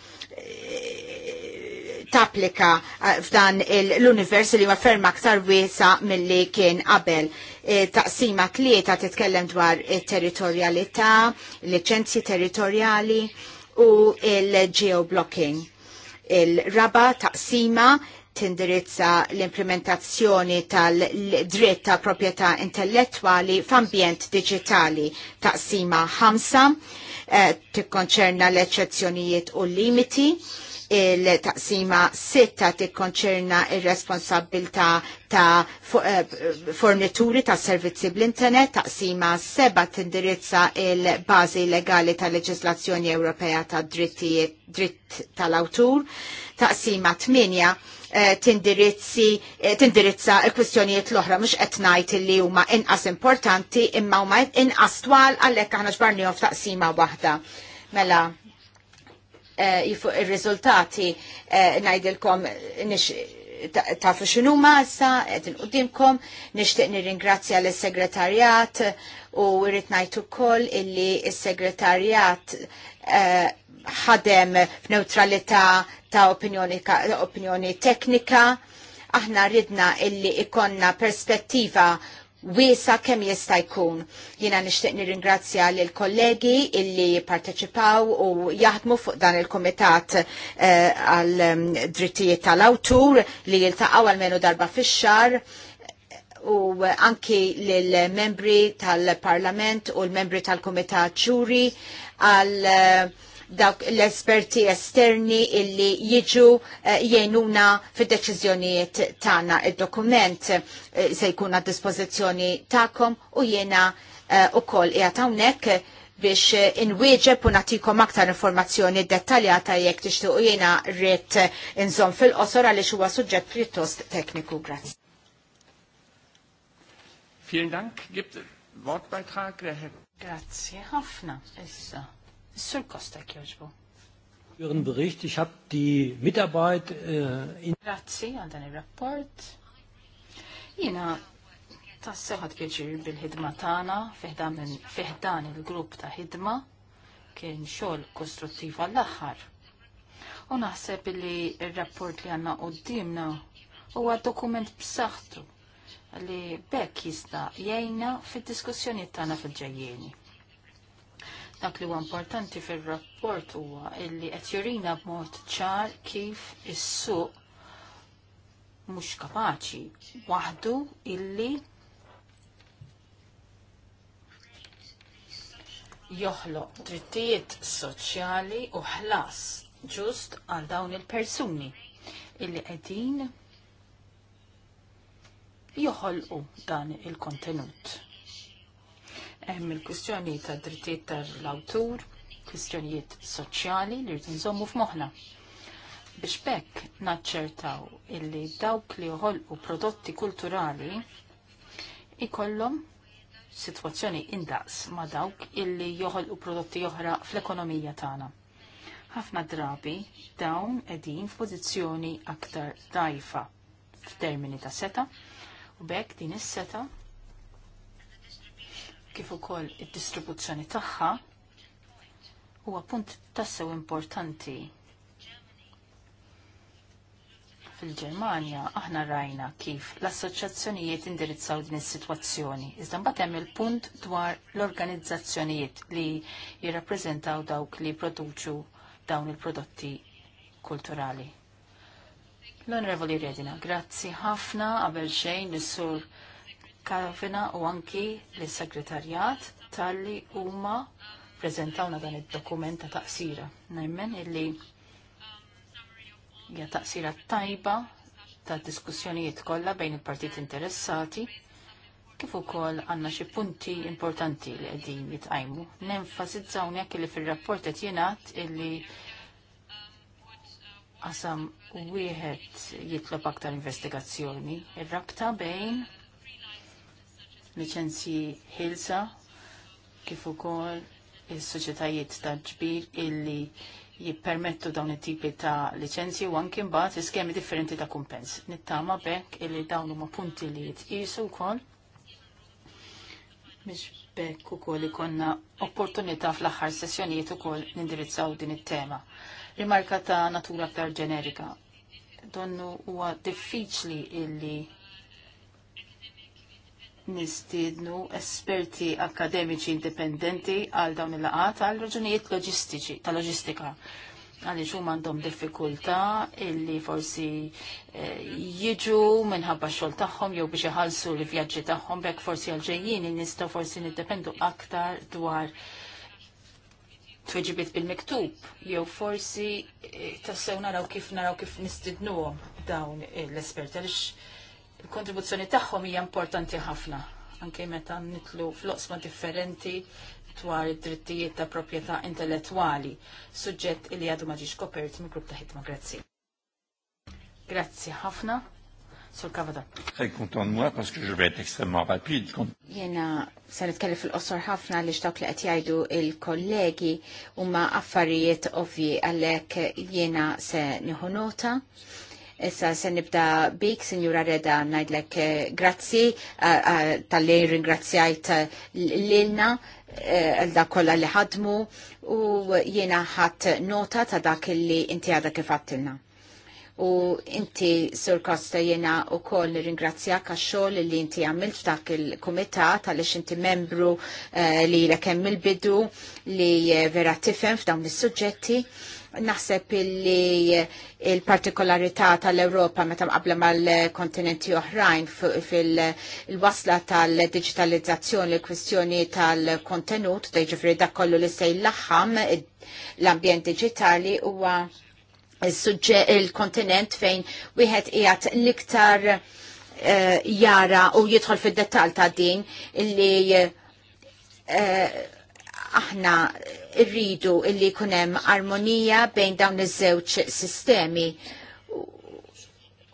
tapplika eh, f'dan l-univers li ma ferma aktar wiesa milli kien qabel. E, taqsima tlieta titkellem dwar territorjalità, liċenzji territorjali u il-geoblocking. Il-raba taqsima tindirizza l-implementazzjoni tal-dritt ta' proprjetà intellettwali f'ambjent digitali taqsima ħamsa eh, tikkonċerna l-eċċezzjonijiet u limiti il-taqsima sitta tikkonċerna il responsabilta ta' eh, fornituri ta' servizzi bl-internet, taqsima seba tindirizza il-bazi legali ta' leġislazzjoni Ewropea ta' dritti, dritt tal-awtur, taqsima 8 eh, eh, tindirizza il-kwistjonijiet l-oħra mux etnajt li huma inqas importanti imma huma inqas twal għalhekk aħna ġbarnihom taqsima waħda. Mela, Eh, il-rizultati eh, najdilkom tafu xinu massa, edin u dimkom, nishtiq nir-ingrazzja l-segretarjat u rritnajtu koll illi il-segretarjat eh, ħadem f'neutralità ta' opinjoni teknika. Aħna ridna illi ikonna perspettiva wiesa kemm jista' jkun. Jiena nixtieq nirringrazzja lil kollegi illi parteċipaw u jaħdmu fuq dan il-Kumitat eh, għal eh, drittijiet tal-awtur li jiltaqgħu għal menu darba fix-xar u anki lil membri tal-Parlament u l-membri tal-Kumitat ċuri għal eh, dawk l-esperti esterni illi jiġu eh, jgħinuna fid-deċiżjonijiet tagħna. Id-dokument eh, se jkun għad dispożizzjoni tagħkom u jiena eh, ukoll qiegħed hawnhekk biex inwieġeb u natikom aktar informazzjoni dettaljata jekk u jiena rrit inżom fil-qosor għaliex huwa suġġett pritost tekniku. Grazie. Vielen Dank. Gibt Wortbeitrag? Grazie ħafna issa. Sur Costa kjoġbu. Ihren Bericht, ich habe die Mitarbeit äh, in... Grazzi għal dan il-rapport. Jina tasseħat pjaċir bil-ħidma tagħna fiħdan il-grupp ta' ħidma kien xogħol kostruttiv għall-aħħar. U naħseb li r-rapport li għandna qudiemna huwa dokument b'saħħtu li bekk jista' jgħinna fid diskussjoni tagħna fil-ġejjieni. Dak li huwa importanti fir-rapport huwa illi qed jurina b'mod ċar kif is-suq mhux kapaċi waħdu illi joħloq drittijiet soċjali u ħlas ġust għal dawn il-persuni illi qegħdin joħolqu dan il-kontenut. Hemm il-kwistjoni ta' drittijiet tal-awtur, kwistjonijiet soċjali li rridu nżommu f'moħħna. Biex bekk naċċertaw illi dawk li joħolqu prodotti kulturali ikollhom sitwazzjoni indaqs ma' dawk illi joħolqu prodotti oħra fl-ekonomija tagħna. Ħafna drabi dawn qegħdin f'pożizzjoni aktar dajfa f'termini ta' seta' u bekk din is-seta' kif ukoll id-distribuzzjoni tagħha huwa punt tassew importanti fil-Ġermanja aħna rajna kif l-assoċjazzjonijiet indirizzaw din is-sitwazzjoni. Iżda mbagħad hemm il-punt dwar l-organizzazzjonijiet li jirrappreżentaw dawk li jipproduċu dawn il-prodotti kulturali. L-Onorevoli Redina, grazzi ħafna qabel xejn is-sur Kavina u anki l-segretarjat tal-li huma prezentawna dan id-dokument ta' taqsira. Najmen illi hija taqsira tajba ta' diskussjonijiet kollha bejn il-partit interessati kif ukoll għandna xi punti importanti li qegħdin jitqajmu. Nenfasizza hawnhekk li fir-rapport qed jingħad illi qasam wieħed jitlob aktar investigazzjoni. Ir-rabta bejn liċenzji ħilsa kif ukoll is-soċjetajiet ta' ġbir illi jippermettu dawn it-tipi ta' liċenzji u anki mbagħad iskemi differenti ta' kumpens. Nittama bekk illi dawn huma punti li jitqisu wkoll biex bekk ukoll ikonna opportunità fl-aħħar sessjonijiet ukoll nindirizzaw din it-tema. Rimarka ta' natura aktar ġenerika. Donnu huwa diffiċli illi nistiednu esperti akademiċi indipendenti għal dawn il-laqat għal raġunijiet loġistiċi, ta' loġistika. Għaliex huma għandhom diffikulta illi forsi eh, jiġu minħabba xogħol tagħhom jew biex iħallsu li vjaġġi tagħhom bekk forsi għalġejjien nista' forsi niddependu aktar dwar tweġibiet bil-miktub jew forsi eh, tassew naraw kif naraw kif nistidnuhom dawn l-esperti għaliex il-kontribuzzjoni tagħhom hija importanti ħafna anke meta nitlu fl-oqsma differenti dwar id-drittijiet ta' proprjetà intellettwali, suġġett li għadu ma ġiex kopert minn grupp ta' ħitma. Grazzi. Grazzi ħafna. Sur Kavada. Très content mwa, moi parce ekstremma je Jena se nitkellem fil-qosor ħafna li xtok li qed jgħidu il-kollegi huma affarijiet ovvi għalhekk jiena se nieħu nota Issa se nibda bik, Sinjura Reda, najdlek eh, grazzi eh, eh, tal-li ringrazzjajt l-ilna għal-da kolla li ħadmu u jiena ħat nota ta' dak li inti għada kif għattilna. U inti, Sur Kosta, jiena u koll ringrazzjak għaxxol li inti għamilt f'dak il tal għalix inti membru li l-ekem il-bidu li vera tifem f'dawn is-suġġetti Naħseb illi il-partikolarità tal-Europa meta qabla mal-kontinenti oħrajn fil-wasla tal-digitalizzazzjoni, l-kwistjoni tal-kontenut, jiġifieri dak kollu li sej l l-ambjent digitali huwa il-kontinent fejn wieħed qiegħed l-iktar eh, jara u jidħol fid-dettall ta' din illi eh, aħna rridu illi kunem armonija bejn dawn iż-żewġ sistemi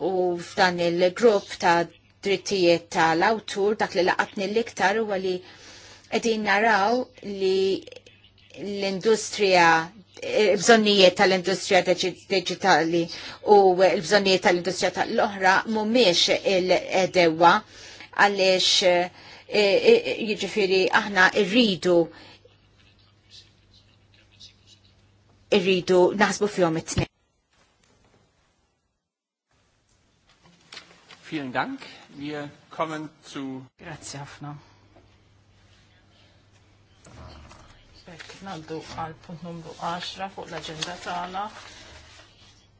u f'dan il-grupp ta' drittijiet tal-awtur dak li laqatni l-iktar huwa li qegħdin naraw li l-industrija bżonnijiet tal-industrija digitali u l-bżonnijiet tal-industrija tal-oħra mumiex il-edewa għaliex eh, eh, eh, jiġifieri aħna rridu. irridu naħsbu fjom it-tnejn. Vielen Dank. Wir kommen zu... Grazie, Hafna. Bek, naddu għal punt numru 10 fuq l-agenda tagħna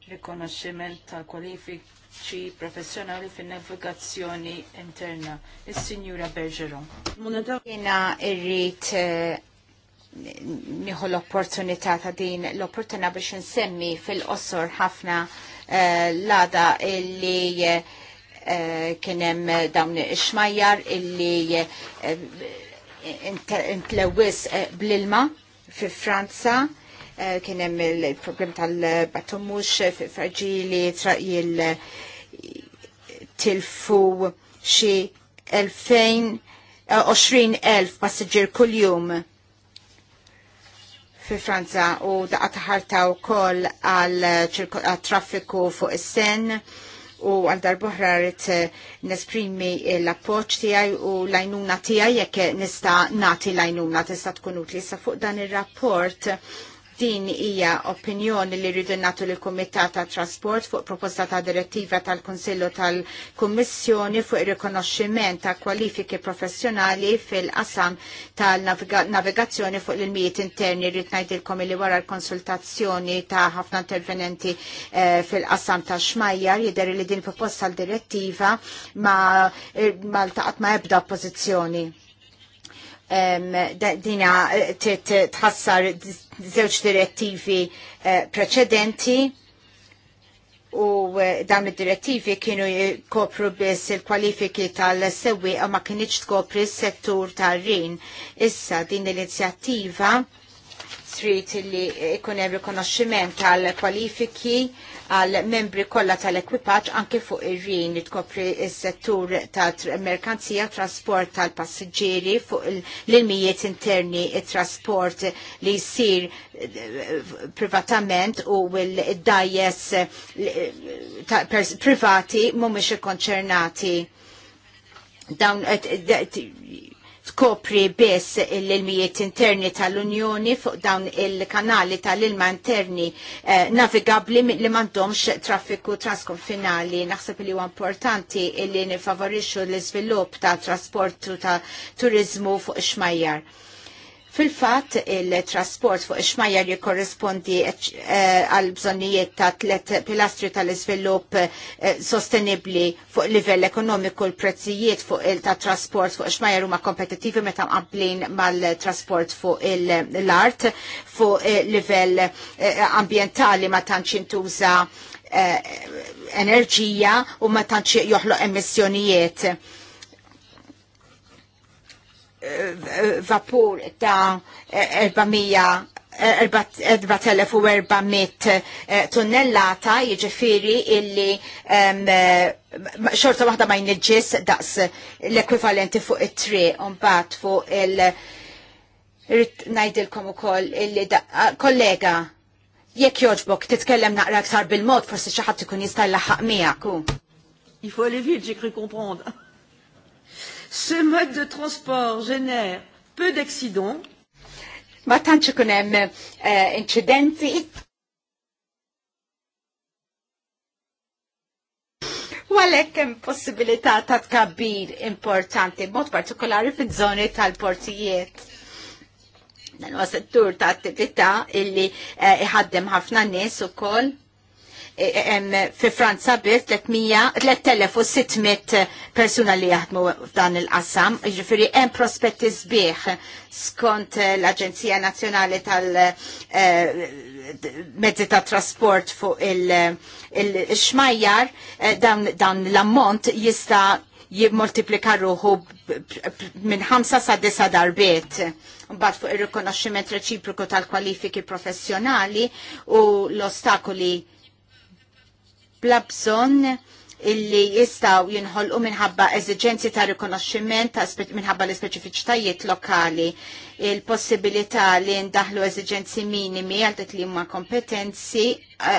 rikonoxximent tal-kwalifiċi professjonali fin-navigazzjoni interna. Is-Sinjura Bergeron. Jiena irrid eh, nieħu l-opportunità ta' din l-opportunità biex nsemmi fil-qossor ħafna eh, l-għada illi eh, kienem dawn ixmajjar illi eh, intlewis bl-ilma fi Franza kienem il-problem tal-batumux fi fragili il tilfu xie 2000 20.000 passiġir kull-jum fi Franza u daqqa taħarta u koll għal traffiku fuq is-sen u għal darbohra rrit eh, nesprimi l-appoċ tijaj u lajnuna tijaj jekk nista nati lajnuna tista tkun utli sa fuq dan il-rapport Din hija opinjoni li rridu nagħtu lill kumitat tat Trasport fuq proposta ta' direttiva tal-Kunsillu tal-Kummissjoni fuq ir-rikonoxximent ta' kwalifiki professjonali fil-qasam tal-navigazzjoni fuq l-mijiet interni rrid ngħidilkom li wara l-konsultazzjoni ta' ħafna intervenenti eh, fil-qasam ta' xmajjar jidher li din proposta l-direttiva ma, eh, l-taqat ma ebda oppożizzjoni dina eh, tħassar żewġ direttivi eh, preċedenti u eh, dawn id-direttivi kienu kopru biss il-kwalifiki tal-sewi ma kienieċ tkopri s-settur tal-rin. Issa din l-inizjattiva Street li jkun hemm rikonoxximent tal-kwalifiki għal membri kollha tal-ekwipaġġ anke fuq ir-rin li tkopri s-settur tal-merkanzija, trasport tal-passiġġieri fuq l-ilmijiet interni, trasport li jsir eh, privatament u l-dajjes eh, privati mhumiex ikkonċernati dawn eh, skopri biss l-ilmijiet interni tal-Unjoni fuq dawn il-kanali tal-ilma interni eh, navigabli li mandomx traffiku transkonfinali. Naħseb li huwa importanti li nifavorixxu l-iżvilupp ta' trasportu ta' turizmu fuq xmajjar Fil-fat, il-trasport fuq li korrespondi eh, għal bżonnijiet ta' tlet pilastri tal-izvilup eh, sostenibli fuq livell ekonomiku l-prezzijiet fuq il-trasport fuq ixmajjar huma kompetitivi meta mqamplin mal-trasport fuq l-art fuq eh, livell ambientali ma tantx intuża enerġija u ma tantx joħloq emissjonijiet vapur ta' 4400 eh, tonnellata jiġifieri illi eh, xorta waħda ma jniġġis daqs l-ekwivalenti fuq it-tri un fuq il- Rrit najdilkom u koll illi ah, kollega, jekk joġbok titkellem naqra aktar bil-mod, forsi xaħat ikun jista' laħħaq miegħek. Il faut aller vite, j'ai cru comprendre. Ce mode de transport génère peu d'accidents. Ma tantx ikun hemm eh, incidenti. inċidenti. Għalhekk hemm possibilità ta' tkabbir importanti, b'mod partikolari fiż-żoni tal-portijiet dan huwa settur ta' attività illi eh, iħaddem ħafna nies ukoll fi Franza biss 3600 persuna li jaħdmu f'dan il-qassam, ġifiri hemm prospetti sbieħ skont l-Aġenzija Nazzjonali tal-Mezzi eh, ta' Trasport fuq il-xmajjar eh, dan l-ammont jista' jimmultiplika ruħu minn 5 sa 10 darbiet. Mbagħad fuq ir-rikonoxximent reċiproku tal-kwalifiki professjonali u l-ostakoli bla bżonn illi jistaw jinħolqu minħabba eżigenzi ta' rikonoxximent minħabba l speċifiċtajiet lokali, il-possibilità li ndaħlu eżigenzi minimi għal dak li huma kompetenzi uh,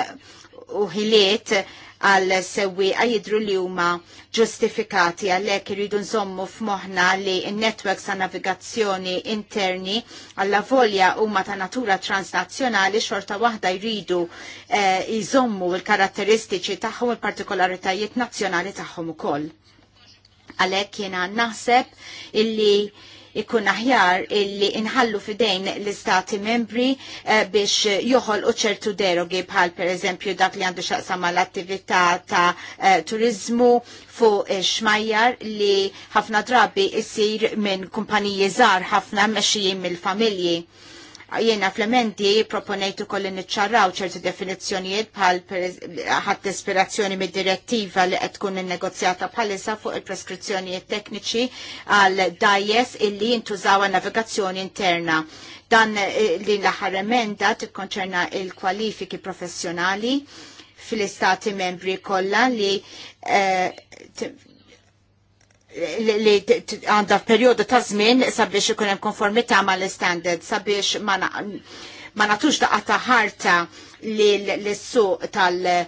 u ħiliet għal sewwieqa għajidru li huma ġustifikati għalhekk iridu nżommu f'moħħna li n-netwerks ta' navigazzjoni interni għalla volja huma ta' natura transnazzjonali xorta waħda jridu eh, jżommu eh, l-karatteristiċi tagħhom u l-partikolaritajiet nazzjonali tagħhom ukoll. Għalhekk jiena naħseb illi ikun aħjar illi inħallu fidejn l-istati membri eh, biex joħol u ċertu derogi bħal per eżempju dak li għandu xaqsam l attività ta' eh, turizmu fuq xmajjar li ħafna drabi jisir minn kumpaniji żgħar ħafna mexxijin mill-familji Jiena fl-emendi proponejtu kolli niċċarraw ċertu definizzjonijiet bħal ħadd ispirazzjoni mid-direttiva li qed tkun innegozjata bħalissa fuq il-preskrizzjonijiet tekniċi għal dajes illi jintużaw navigazzjoni interna. Dan eh, li l-aħħar emenda tikkonċerna il-kwalifiki professjonali fil-istati membri kollha li eh, li għandha periodu ta' żmien sabiex ikun hemm konformità mal-standard sabiex ma nagħtux daqqa ta' ħarta li l-suq tal- eh,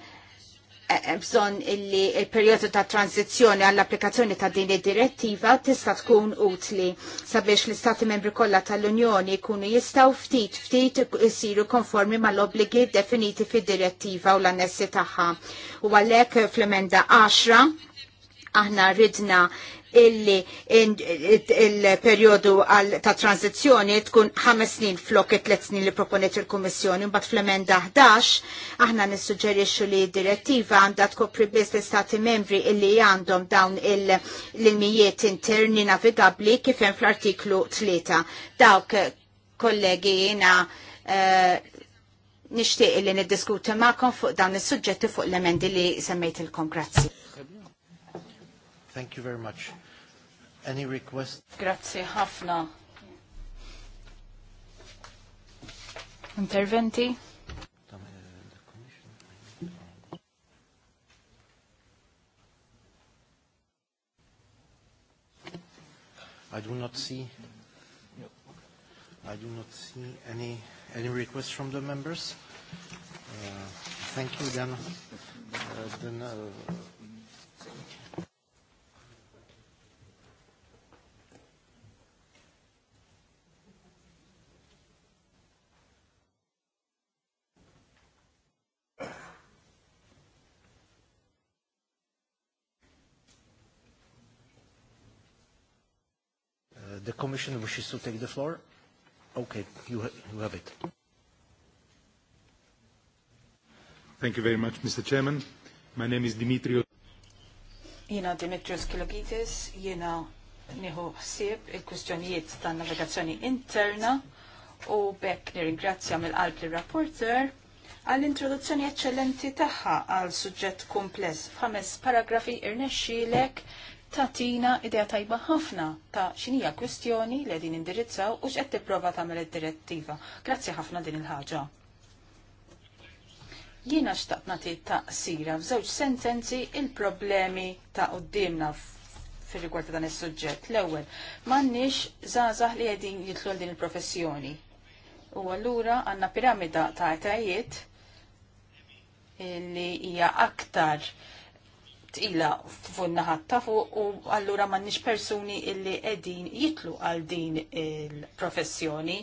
eh, bżon illi il-periodu ta' tranzizjoni għall-applikazzjoni ta' din id-direttiva tista' tkun utli sabiex l-Istati membri kollha tal-Unjoni jkunu jistgħu ftit ftit isiru konformi mal-obbligi definiti fid-direttiva u l-annessi tagħha. U għalhekk fl-emenda 10 aħna ridna illi il-periodu ta' tranzizjoni tkun ħames snin flok 3 snin li proponiet il-Kummissjoni mbagħad fl-emenda 11 aħna nissuġġerixxu li direttiva għandha tkopri biss l-istati membri illi għandhom dawn il ilmijiet interni navigabbli kif hemm fl-artiklu 3. Dawk eh, kollegi jina eh, nishtiq li niddiskuti ma'kom fuq dawn is-suġġetti fuq l-emendi li semmejt il-kongrazzi. Thank you very much. Any request? Grazie Hafna. Interventi? I do not see I do not see any any requests from the members. Uh, thank you then. Uh, then uh, Uh, the Commission wishes to take the floor. Okay, you, ha you have it. Thank you very much, Mr. Chairman. My name is Dimitrios. Jena Dimitrios Kilogidis, jena nieħu ħsieb il-kwistjonijiet ta' navigazzjoni interna u bekk nirringrazzja mill-qalb l-rapporter għall-introduzzjoni eccellenti tagħha għal suġġett kumpless f'ħames paragrafi irnexxielek tatina idea tajba ħafna ta' xinija kwestjoni li għedin indirizzaw u x'qed tipprova tagħmel id-direttiva. Grazzi ħafna din il-ħaġa. Jiena xtaqt nagħti taqsira f'żewġ sentenzi il-problemi ta' qudiemna fir-rigward ta' dan is-suġġett. L-ewwel, m'għandniex żgħażagħ li qegħdin jidħlu din il-professjoni. U allura għandna piramida ta' etajiet li hija aktar tqila naħat ta' fuq u allura m'għandniex persuni illi qegħdin jitlu għal din il-professjoni.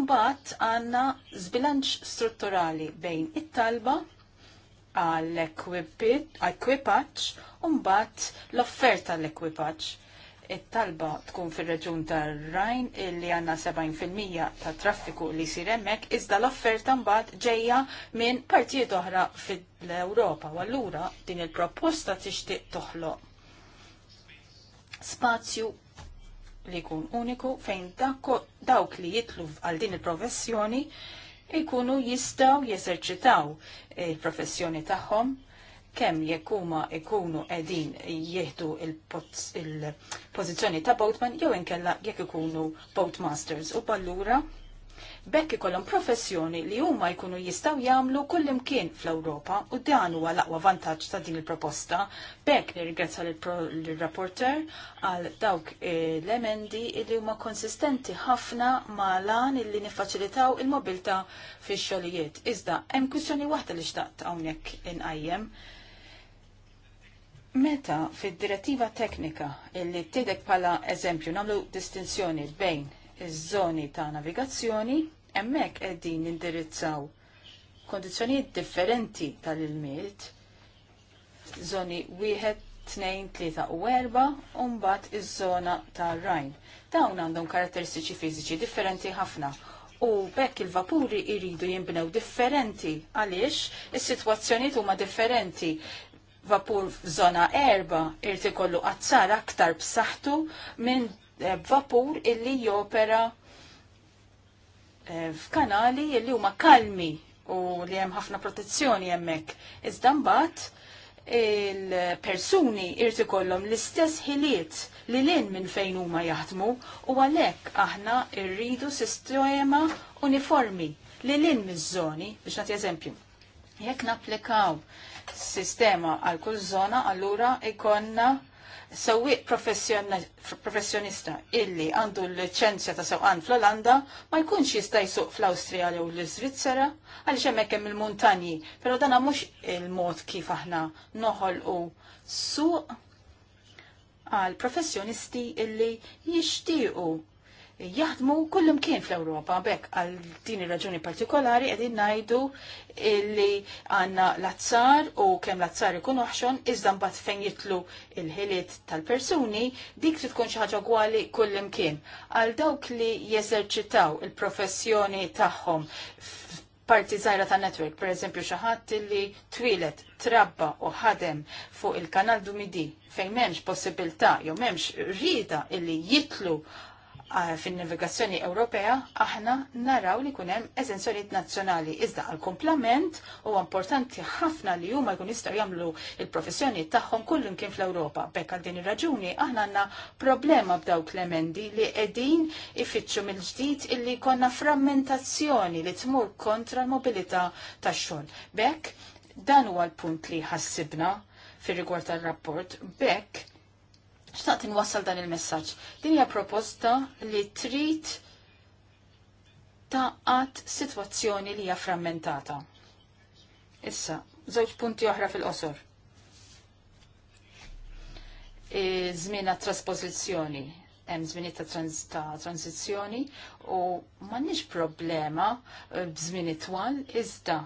mbagħad għandna żbilanċ strutturali bejn it-talba għall-ekwipaġġ u mbagħad l-offerta l-ekwipaġġ it-talba tkun fil-reġun tar-Rajn illi għanna 70% ta' traffiku li jsir hemmhekk iżda l-offerta mbagħad ġejja minn partijiet oħra fil-Ewropa u allura din il-proposta tixtieq toħloq spazju li jkun uniku fejn dawk li jitlu għal din il-professjoni jkunu jistaw jeserċitaw il-professjoni tagħhom kemm jekk huma ikunu qegħdin jieħdu il-pożizzjoni ta' boatman jew inkella jekk ikunu boatmasters u ballura bekk ikollhom professjoni li huma jkunu jistgħu jagħmlu kullimkien fl-Ewropa u dan huwa l-aqwa vantaġġ ta' din il-proposta. Bekk nirringrazzja l-rapporter għal dawk l-emendi li huma konsistenti ħafna ma' lan illi niffaċilitaw il-mobilta fix-xogħlijiet. Iżda hemm kwistjoni waħda li xtaqt hawnhekk inqajjem Meta fid-direttiva teknika illi tidek pala eżempju namlu distinzjoni bejn iż-żoni ta' navigazzjoni, emmek qegħdin indirizzaw kondizzjonijiet differenti tal-ilmiet, żoni wieħed, tnejn, tlieta u erba, u mbagħad iż-żona ta' rajn Dawn għandhom karatteristiċi fiżiċi differenti ħafna u bekk il-vapuri iridu jimbnew differenti għaliex is-sitwazzjonijiet huma differenti vapur f'żona erba irti kollu qazzar aktar b'saħħtu minn eh, vapur illi jopera eh, f'kanali illi huma kalmi u li hemm ħafna protezzjoni hemmhekk. Iżda mbagħad il-persuni irti kollhom l-istess ħiliet li lin minn fejn huma jaħdmu u għalhekk aħna rridu sistema uniformi li lin miż-żoni biex nagħti eżempju. Jekk napplikaw sistema għal kull zona, allura ikonna sewwieq professjonista illi għandu l-licenzja ta' sewqan fl-Olanda ma jkunx jista' jsuq fl-Awstrija jew l-Iżvizzera għaliex hemmhekk hemm il-muntanji, però dana mhux il-mod kif aħna noħolqu suq għal professjonisti illi jixtiequ jaħdmu kullum kien fl-Europa, bekk għal din raġuni partikolari għedin najdu illi għanna l-azzar u kem l-azzar ikun uħxon, iżda mbagħad fejn jitlu il-ħiliet tal-persuni, dik trid tkun xaħġa gwali kullum kien. Għal dawk li jeżerċitaw il-professjoni tagħhom parti zaħra ta' network, per eżempju xaħat li twilet, trabba u ħadem fuq il-kanal Dumidi fejn memx possibilta, jew memx rida illi jitlu Ah, fin-navigazzjoni Ewropea aħna naraw li kunem eżenzjonijiet nazzjonali. Iżda għal komplament u importanti ħafna li huma jkun jistgħu jagħmlu il-professjoni tagħhom kullum kien fl-Ewropa. Bekk għal din ir-raġuni aħna għandna problema b'dawk l-emendi li qegħdin ifittxu mill-ġdid illi konna frammentazzjoni li tmur kontra l-mobilità tax-xogħol. Bekk dan huwa l-punt li ħassibna fir-rigward tal-rapport. Bekk Xtaqt inwassal dan il-messaġġ. Din hija proposta li trid taqat sitwazzjoni li hija frammentata. Issa, żewġ punti oħra fil-qosor. Żmien għat-trasposizzjoni hemm żminiet ta' tranzizzjoni u m'għandniex problema b'żmien itwal iżda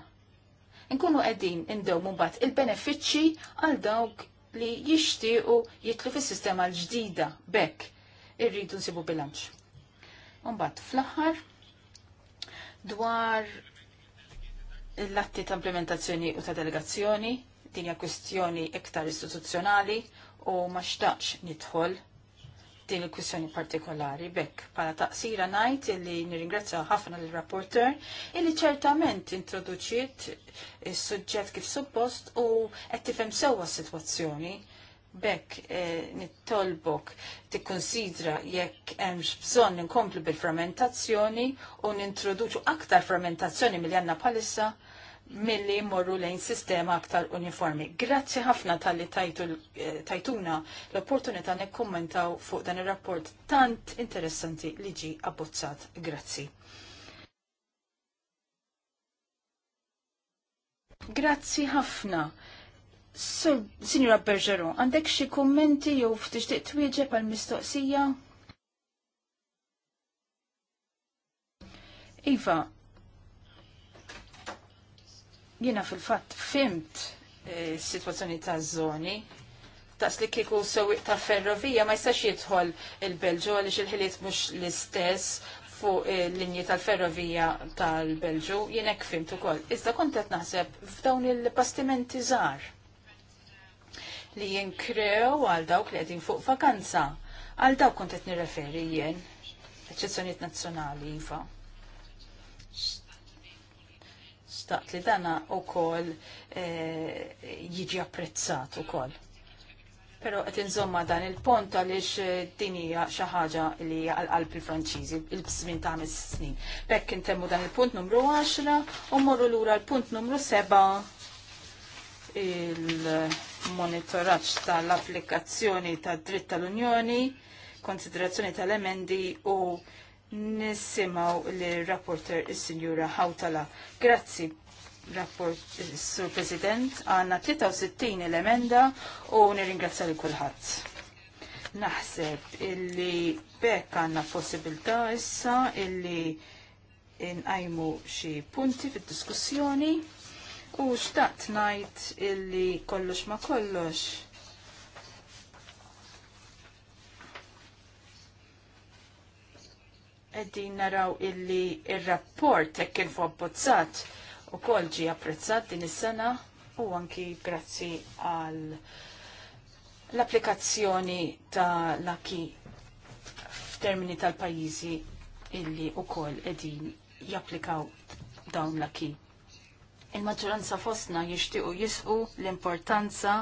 nkunu qegħdin indew mbagħad il-benefiċċji għal dawk li jixtiequ jitlu fis-sistema l-ġdida bekk irridu nsibu bilanċ. Umbat, fl-aħħar dwar l-atti ta' implementazzjoni u ta' delegazzjoni, din hija kwestjoni iktar istituzzjonali u ma nitħol nidħol din il-kwissjoni partikolari. Bekk, pala taqsira najt illi nirringrazzja ħafna l-rapporter illi ċertament introduċiet il-sujġet kif suppost u qed tifhem sewwa s-sitwazzjoni. Bekk, eh, nittolbok tikkonsidra jekk hemmx bżonn inkomplu bil-fermentazzjoni u nintroduċu aktar fermentazzjoni mill-għanna palissa milli morru lejn sistema aktar uniformi. Grazzi ħafna tal-li eh, tajtuna l-opportunità nekkommentaw fuq dan il-rapport tant interessanti li ġi abbozzat. Grazzi. Grazzi ħafna. Signora Bergeron, għandek xi kummenti jew ftixtieq twieġeb għal mistoqsija? Iva, Jiena fil-fatt fimt eh, situazzjoni sitwazzjoni taż-żoni li kieku sewi ta' ferrovija ma jistax jidħol il-Belġu għaliex il-ħiliet mhux l-istess fuq eh, linji tal-ferrovija tal-Belġu jina hekk fimt ukoll. Iżda kont qed naħseb f'dawn il-bastimenti żgħar li jinkrew għal dawk li qegħdin fuq vakanza. Għal dawk kontet qed nirreferi jien, eċċezzjonijiet nazzjonali jifa xtaqt li dana u kol eh, jiġi apprezzat u kol. Pero qed inżomma dan il-pont għaliex eh, din hija xi ħaġa li hija għall-qalb il-Franċiżi il-żmien ta' mis snin. Bekk intemmu dan il-punt numru 10 u morru lura l-punt numru 7 il-monitoraġġ tal-applikazzjoni tad dritt tal-Unjoni, konsiderazzjoni tal-emendi u nisimaw l-rapporter il-Sinjura Hawtala. Grazzi, rapport Sur President, għanna 63 il emenda u nirringrazza li kulħadd. Naħseb illi bekk għanna possibilità issa illi inqajmu xi punti fid-diskussjoni u xtaqt ngħid illi kollox ma kollox għeddin naraw illi il-rapport hekk kien fu abbozzat u kol ġi apprezzat din is-sena u anki grazzi għal l-applikazzjoni ta' laki f'termini tal pajjiżi illi u kol edin japplikaw dawn laki. Il-maġġoranza fostna jixtiqu jisqu l-importanza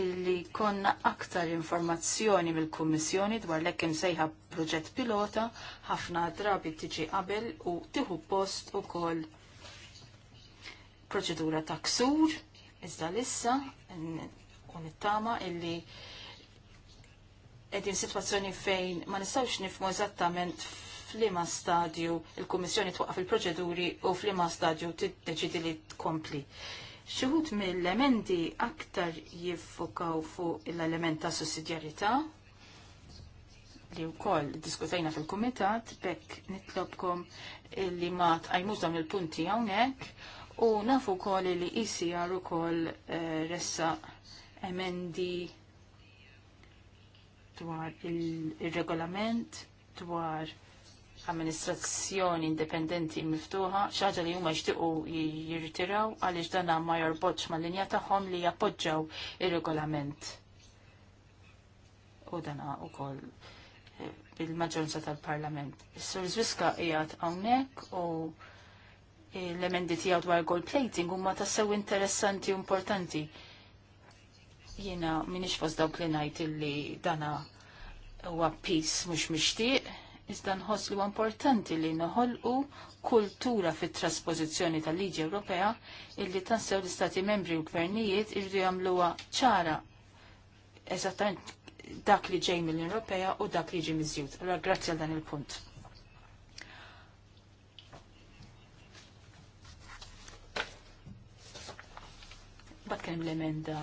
illi konna aktar informazzjoni mill-Kummissjoni dwar l sejħab proġett pilota ħafna drabi tiġi qabel u tiħu post ukoll proċedura ta' ksur iżda lissa u nittama illi qegħdin sitwazzjoni fejn ma nistgħux nifmu eżattament f'liema stadju il-Kummissjoni twaqqaf il-proċeduri u f'liema stadju tiddeċidi li tkompli xuħut mill-elementi aktar jiffokaw fuq l-element ta' sussidjarità li wkoll diskutejna fil-kumitat bekk nitlobkom li ma tqajmux dawn il-punti hawnhekk u nafu wkoll li ICR e ukoll eh, ressa emendi dwar il-regolament dwar amministrazzjoni indipendenti miftuħa, xaġa li huma jixtiequ jirritiraw għaliex dan ma jorbotx mal-linja tagħhom li jappoġġaw ir-regolament. U dan ukoll bil-maġġoranza tal-Parlament. Is-Sur Zwiska qiegħed hawnhekk u l-emendi tiegħu dwar gold plating huma tassew interessanti u importanti. Jiena minix fost dawk li ngħid illi dana huwa peace mhux mixtieq, iżda nħoss li huwa importanti li noħolqu kultura fit trasposizzjoni tal-liġi Ewropea illi tassew l-Istati membri u gvernijiet irridu jagħmluha ċara eżattament dak li ġej mill Ewropea u dak li ġej miżjud. Allora grazzi għal dan il-punt. Bat kemm l-emenda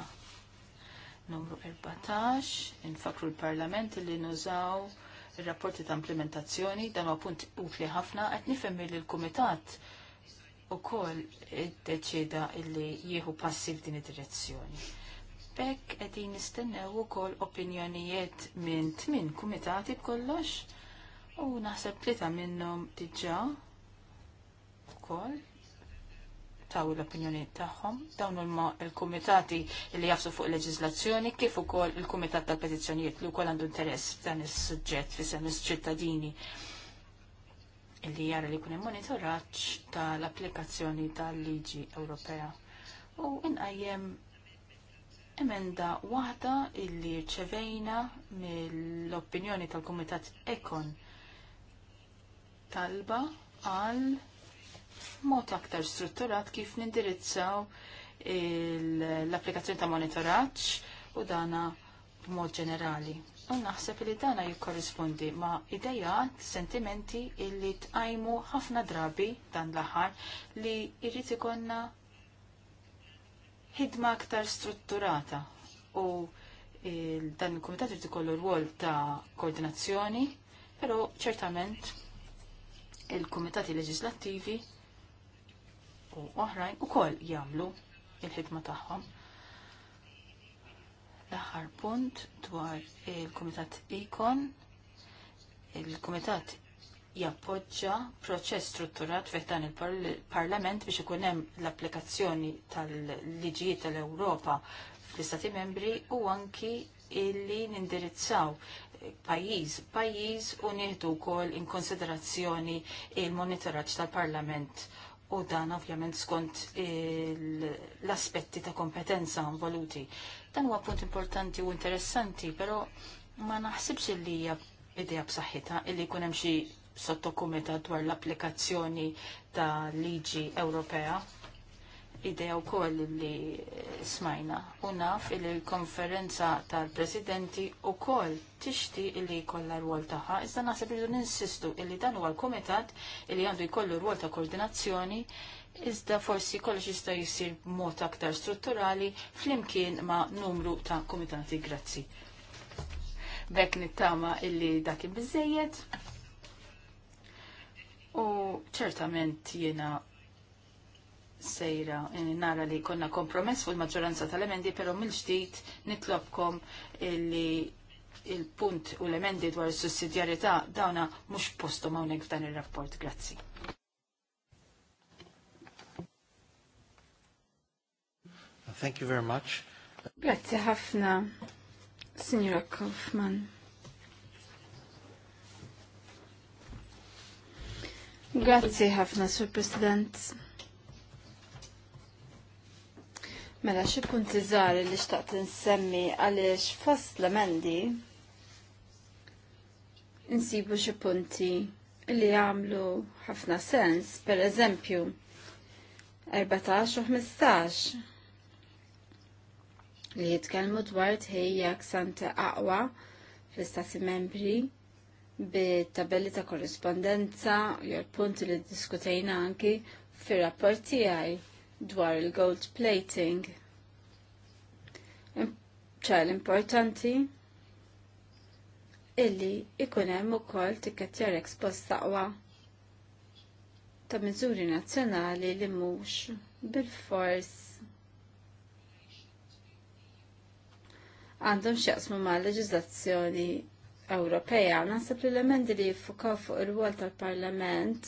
numru 14, infakru l-Parlament li nużaw il-rapporti ta' implementazzjoni, dan huwa punt utli ħafna, qed nifhem li l-Kumitat ukoll deċeda li jieħu passi f'din id-direzzjoni bekk qegħdin nistennew ukoll opinjonijiet minn tmien kumitati b'kollox u naħseb tlieta minnhom diġà ukoll taw l-opinjonijiet tagħhom dawn huma l-kumitati li jafsu fuq leġiżlazzjoni kif ukoll il-kumitat tal-petizzjonijiet li wkoll għandu interess f'dan is-suġġett fis-sem ċittadini illi jara li kunem monitoraċ tal-applikazzjoni tal-liġi Ewropea. U inqajjem emenda waħda illi rċevejna mill-opinjoni tal-Kumitat Ekon talba għal mod aktar strutturat kif nindirizzaw l-applikazzjoni ta' monitoraġġ u dana b'mod ġenerali. U naħseb li dana jikkorrispondi ma' idejat, sentimenti illi tqajmu ħafna drabi dan l-aħħar li irrid ikonna ħidma aktar strutturata u il dan il-komitat irid ikollu rwol ta' koordinazzjoni, però ċertament il-komitati leġislattivi u oħrajn ukoll jagħmlu il-ħidma tagħhom. L-aħħar punt dwar il-Kumitat Ikon, il-Kumitat jappoġġa proċess strutturat fejn dan il-Parlament biex ikun hemm l-applikazzjoni tal-liġijiet tal-Ewropa fl-Istati membri u anki illi nindirizzaw pajjiż pajjiż u nieħdu wkoll in konsiderazzjoni il-monitoraġġ tal-Parlament u dan ovvjament skont l-aspetti ta' kompetenza involuti. Dan huwa punt importanti u interessanti, però ma naħsibx li hija idea b'saħħitha illi jkun hemm xi sottokumita dwar l-applikazzjoni ta' liġi Ewropea. Idea u koll li smajna. U naf il-konferenza tal-presidenti u koll tixti li kolla rwol taħħa. Iżda nasib li ninsistu illi dan huwa l-komitat illi għandu jkollu rwol ta' koordinazzjoni iżda forsi kollox jista' jisir mod aktar strutturali flimkien ma' numru ta' komitati. Grazzi. Bek nittama illi dakin bizzejiet. U ċertament jiena sejra nara li konna kompromess fuq il-maġġoranza tal-emendi, pero mill ġdijt nitlobkom li il-punt u l-emendi dwar is-sussidjarjetà dawna mhux postom hawnhekk f'dan ir-rapport. Grazzi. Thank you very much. Grazzi ħafna, Signora Kaufman. Grazzi ħafna, Sur President. Mela, xie punti zaħri li xtaqt nsemmi għaliex fost l-emendi nsibu xie punti li għamlu ħafna sens, per eżempju, 14 u 15 li jitkelmu dwar tħejjak ksanta aqwa fl-istati membri bit-tabelli ta' korrispondenza jew punti li diskutejna anki fir-rapport tiegħi dwar il-gold plating. ċar l-importanti illi ikun hemm ukoll tikketjar ekspost taqwa ta' miżuri nazzjonali li mhux bil-fors għandhom x'jaqsmu ma' leġiżlazzjoni Ewropeja. Naħseb li l-emendi li jiffukaw fuq ir wol tal-Parlament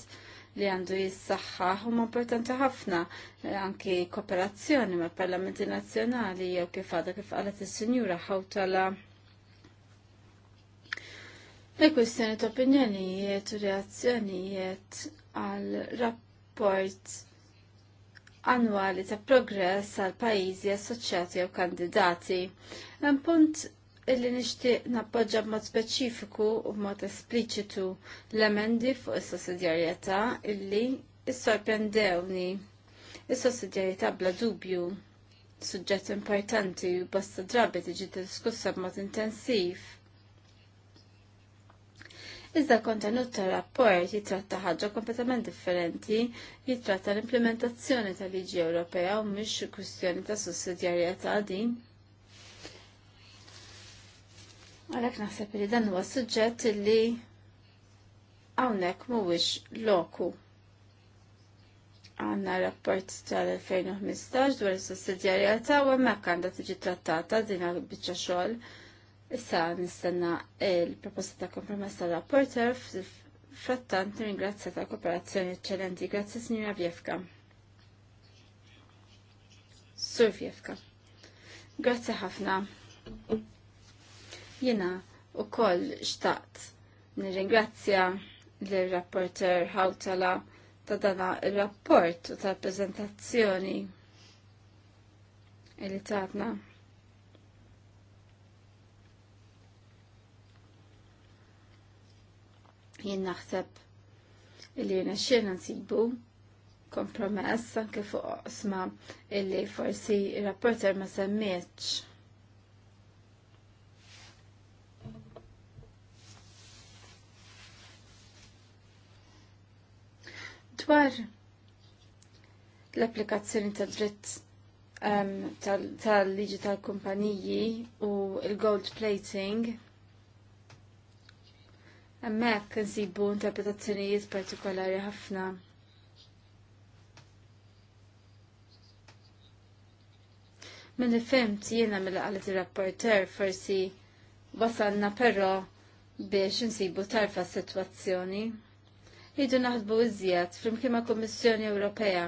li għandu jissaxħa huma importanti ħafna eh, anki kooperazzjoni mal parlamenti nazzjonali jew kif għadha kif qalet is-sinjura ħawtala Le kwistjoni ta' opinjonijiet u reazzjonijiet għal rapport annwali ta' progress għal pajjiżi assoċjati jew kandidati. Hemm punt illi nixtieq nappoġġa b'mod speċifiku u b'mod espliċitu l-emendi fuq is-sussidjarjetà illi issorprendewni. Is-sussidjarjetà bla dubju suġġett importanti u basta drabi tiġi diskussa b'mod intensiv. Iżda kontenut tar-rapport jitratta ħaġa kompletament differenti, jitratta l-implementazzjoni tal-liġi Ewropea u mhix kwistjoni ta' sussidjarjetà din. Għalhekk naħseb li dan huwa suġġett li hawnhekk mhuwiex loku. Għanna rapport tal-2015 dwar is-sussidjarjetà u hemmhekk għandha tiġi trattata din biċċa xogħol. Issa nistenna il-proposta ta' kompromess tal-rapporter frattant ringrazzja ta' kooperazzjoni eccellenti. Grazzi signora Vjefka. Sur Vjefka. Grazzi ħafna jina u koll xtaqt nirringrazzja l-rapporter Hawtala ta' dana il-rapport u ta' prezentazzjoni il tatna. jien naħseb illi jina xena nsibu kompromess anke fuq osma illi forsi il-rapporter ma semmietx. dwar l-applikazzjoni ta' dritt um, tal-liġi tal-kumpaniji u l-gold plating. Emmek nsibu interpretazzjonijiet partikolari ħafna. Min fimt jiena mill-għalet il-rapporter forsi wasanna però biex nsibu tarfa s-situazzjoni jidu naħdbu iżjed flimkien ma' Kummissjoni Ewropea.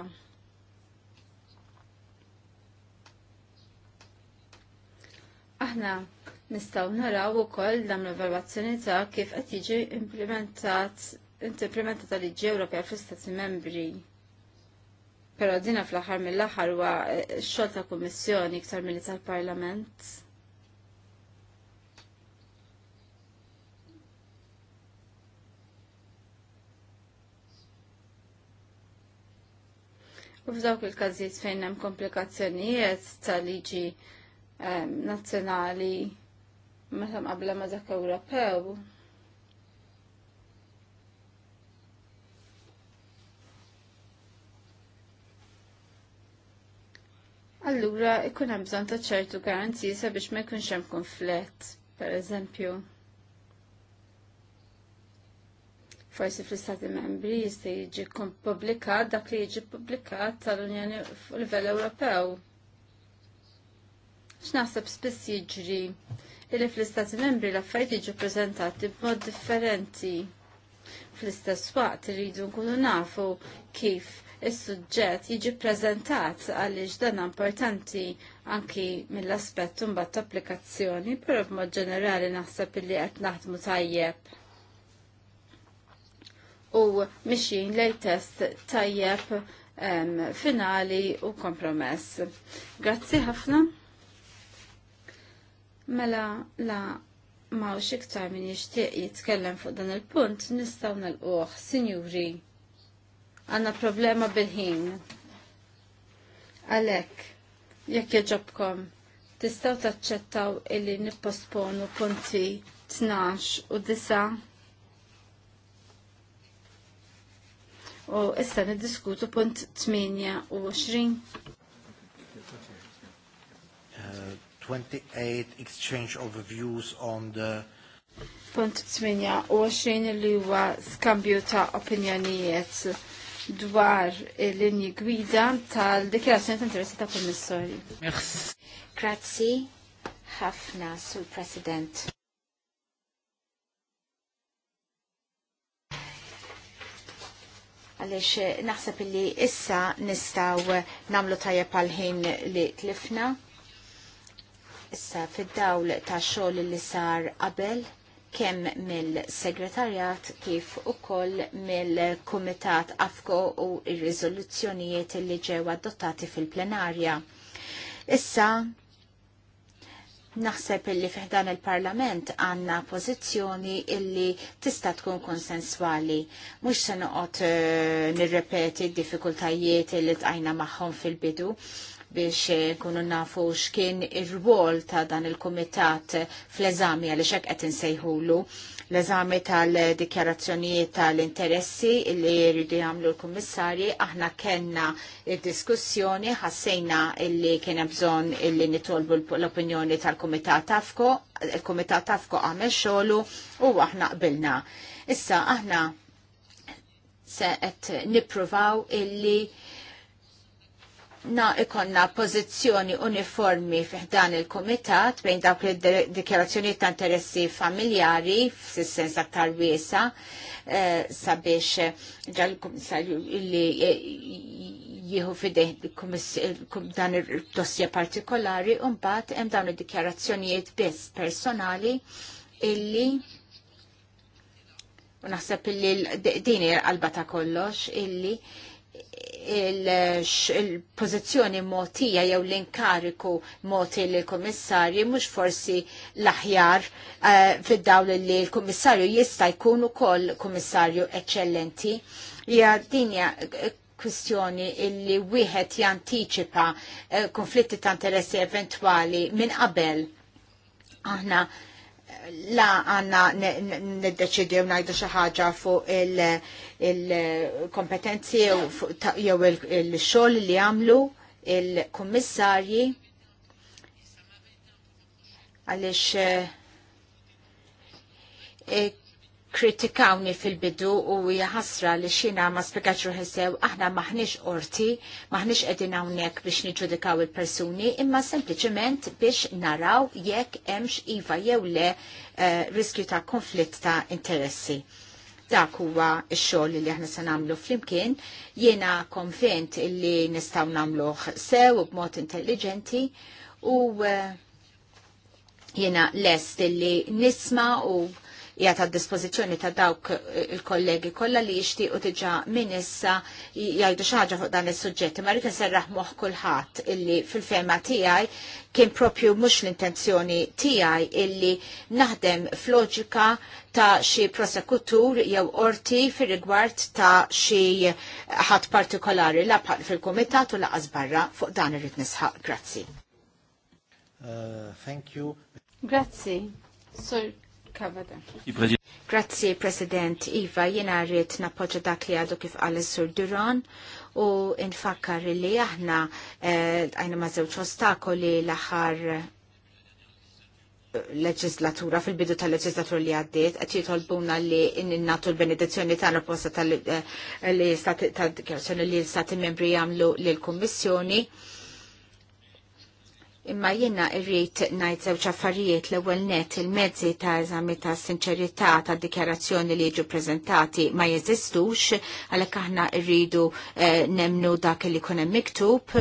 Aħna nistgħu naraw ukoll dam l-evalwazzjoni ta' kif qed jiġi implementat ta' liġi Ewropea fl-Istati Membri. Però dina fl-aħħar mill-aħħar huwa eh, x-xogħol ta' Kummissjoni iktar milli tal-Parlament. u f'dawk il-każijiet fejn hemm komplikazzjonijiet tal-liġi nazzjonali meta qabla ma' dak Ewropew. Allura ikun hemm bżonn ta' ċertu garanzija sabiex ma jkunx hemm konflett, pereżempju. forsi fl-Istati membri jista' jiġi pubblikat dak li jiġi pubblikat tal-Unjoni fuq livell Ewropew. X'naħseb spiss jiġri illi fl-Istati membri l-affarijiet jiġu preżentati b'mod differenti. Fl-istess waqt irridu nkunu nafu kif is-suġġett jiġi preżentat għaliex dan importanti anki mill-aspett mbagħad applikazzjoni, però b'mod ġenerali naħseb illi qed naħdmu tajjeb u mixin lej test tajjeb finali u kompromess. Grazzi ħafna. Mela la mawx iktar min jixtieq jitkellem fuq dan il-punt nistgħu uħ sinjuri. Għandna problema bil-ħin. Għalhekk, jekk jaġobkom, tistgħu taċċettaw illi nipposponu punti 12 u 10. u issa niddiskutu punt 28. Uh, 28 exchange of views on the Punt 28 li huwa skambju ta' opinjonijiet dwar linji gwida tal-dikjarazzjoni ta' interessi ta' kommissori. Grazzi ħafna, Sur President. għalix eh, naħseb illi issa nistaw eh, namlu tajja pal-ħin li tlifna. Issa fid-dawl ta' xogħol li sar qabel kemm mill-segretarjat kif ukoll mill-kumitat Afko u r-riżoluzzjonijiet li ġew adottati fil-plenarja. Issa Naħseb illi fiħdan il-Parlament għanna pozizjoni illi tista tkun konsensuali. Mux se noqot eh, nirrepeti d-diffikultajiet illi tqajna maħħom fil-bidu biex eh, kunu nafu x'kien ir-rwol ta' dan il-komitat fl-eżami għal xek qed insejħulu l-eżami tal-dikjarazzjonijiet tal-interessi li jridu jagħmlu l-kummissarji aħna kellna diskussjoni ħassejna illi kien hemm bżonn illi nitolbu l-opinjoni tal-Kumitat Tafko, il-Kumitat Tafko għamel xogħlu u aħna qbilna. Issa aħna se qed nippruvaw illi na ikonna pozizjoni uniformi fiħdan il-komitat bejn dawk li dikjarazzjoni ta' interessi familjari fis-sens aktar wiesa eh, sabiex eh, ġal-komissarju li eh, jieħu fideh dan il-dossja partikolari un bat hemm dawn id-dikjarazzjonijiet biss personali illi u naħseb illi dini qalba ta' kollox illi il-pozizjoni motija jew l-inkariku moti l komissarju mhux forsi l-aħjar eh, fid-dawl li l-komissarju jista' jkun ukoll komissarju eċċellenti. Ja dinja kwistjoni illi wieħed jantiċipa eh, konflitti ta' interessi eventwali minn qabel. Aħna la għanna niddeċidiju najdu xaħġa fuq il-kompetenzi jew il-xol li għamlu il-kommissarji għalix eh, kritikawni fil-bidu u jħasra li xina ma spiegax ruħisew aħna maħnix orti, maħnix edin hawnhekk biex niġudikaw il-persuni, imma sempliċement biex naraw jekk hemmx iva jew le eh, riskju ta' konflitt ta' interessi. Dak huwa x-xogħol li aħna se nagħmlu flimkien, jiena konvent li nistgħu nagħmluh sew b'mod intelligenti u eh, jiena lest illi nisma' u jgħat għad dispożizzjoni ta' dawk eh, il-kollegi kollha li jixtiequ u minn issa jgħidu xi ħaġa fuq dan is sujġetti ma rrid moħ moħħ kulħadd illi fil-fema tiegħi kien propju mhux l-intenzjoni tiegħi illi naħdem f'loġika ta' xi prosekutur jew orti fir rigward ta' xi ħadd partikolari la fil-kumitat u la' barra fuq dan irrid nisħaq. Grazzi. Uh, thank you. Grazzi. So, Grazie Grazzi, President. Iva, jena rrit napoġa dak li għadu kif għal sur Duran u nfakkar li aħna eh, għajna ma zewċ ostakoli l-axar eh, leġislatura, fil-bidu tal-leġislatura li għaddiet, qed jitolbuna li innatu l-benedizzjoni ta' proposta tal eh, li stati membri jagħmlu l-Kommissjoni. Imma jiena irrit ngħid żewġ affarijiet l-ewwel net il-mezzi ta' eżami ta' sinċerità ta' dikjarazzjoni li jiġu prezentati ma jeżistux għalhekk aħna rridu eh, nemnu dak li jkun hemm miktub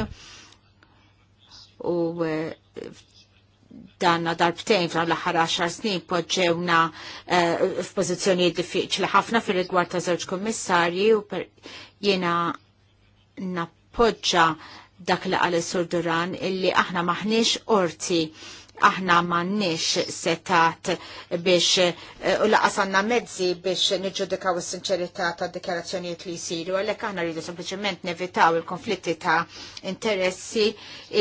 u eh, danna darbtejn fl l-aħħar 10 snin poġġewna eh, f'pożizzjoni diffiċli ħafna fir-rigward ta' żewġ kummissarji u jiena nappoġġa dak li għal Surduran illi aħna maħniex orti aħna maħniex setat biex eh, u laqasanna mezzi biex nġudikaw is-sinċerità ta' dikjarazzjonijiet li jisiru, għalhekk aħna rridu sempliċement nevitaw il-konflitti ta' interessi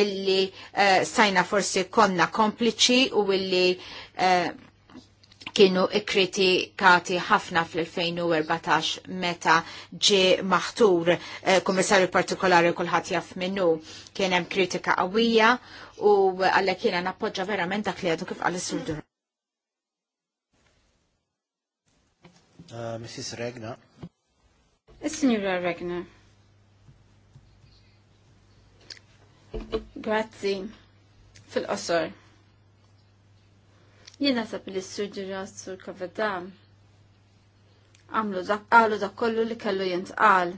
illi eh, sajna forsi konna kompliċi u illi uh, kienu kritikati ħafna fl-2014 meta ġi maħtur eh, kummissarju partikolari kullħat jaff minnu kien hemm kritika qawwija u għallek kiena nappoġġa verament dak li għadu kif għal surdur uh, Mrs. Regna. Signora Regna. Grazzi. Fil-qosor. Jien naħseb li s-surġira s-sur kavada għamlu dak għalu dak kollu li kellu jintqal.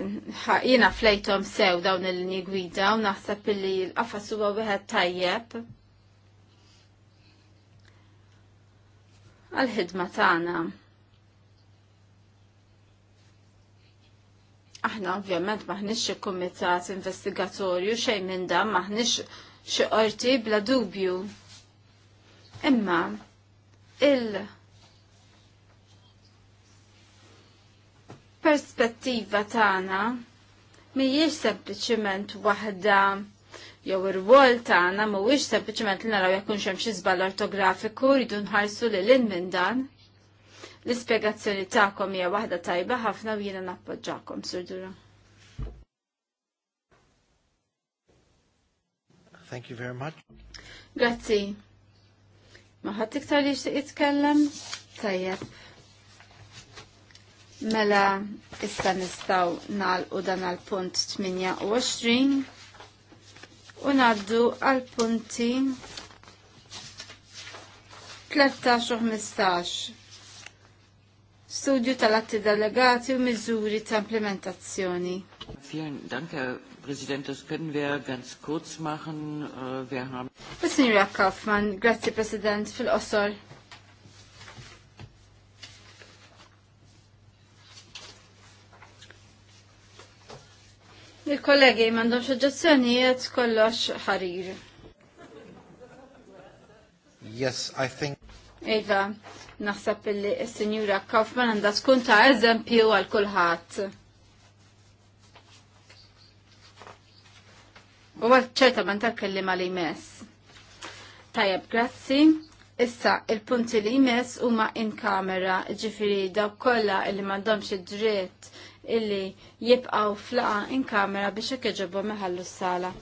Jiena flejtom sew dawn il-linji gwida u naħseb li l-qafas huwa wieħed tajjeb. Għal-ħidma tagħna. aħna ovvjament maħniex xi kumitat investigatorju xejn minn dan maħniex xi qorti bla dubju. Imma il perspettiva tagħna mhijiex sempliciment waħda jew ir-wol tagħna mhuwiex sempliċement li naraw jekk hemm xi żball ortografiku jridu nħarsu lil minn dan l-ispjegazzjoni tagħkom hija waħda tajba ħafna u jiena nappoġġakom, surdura. Thank you very much. Grazzi. Ma ħadd iktar li jitkellem? Tajjeb. Mela issa nistgħu nagħlqu dan għall punt 28 u ngħaddu għall punti 13 u 15 studju tal-atti delegati u mizuri ta' implementazzjoni. Vielen Dank, Herr Präsident. Das können wir ganz kurz machen. Äh, wir haben... Das Signora Kaufmann, grazie President, fil-qosor. Il-kollegi mandom xoġġazzjonijiet kollox ħarir. Yes, I think. Eva, Naħseb illi s-Sinjura Kaufman għandha tkun ta' eżempju għal kulħadd. U għal ċerta ma' tal-kellim għal jmess. Tajab, grazzi. Issa, il-punti li jmess huma in kamera, ġifiri daw kolla illi mandomx id-dritt illi jibqaw flaqa in kamera biex ikkeġobu meħallu s-sala.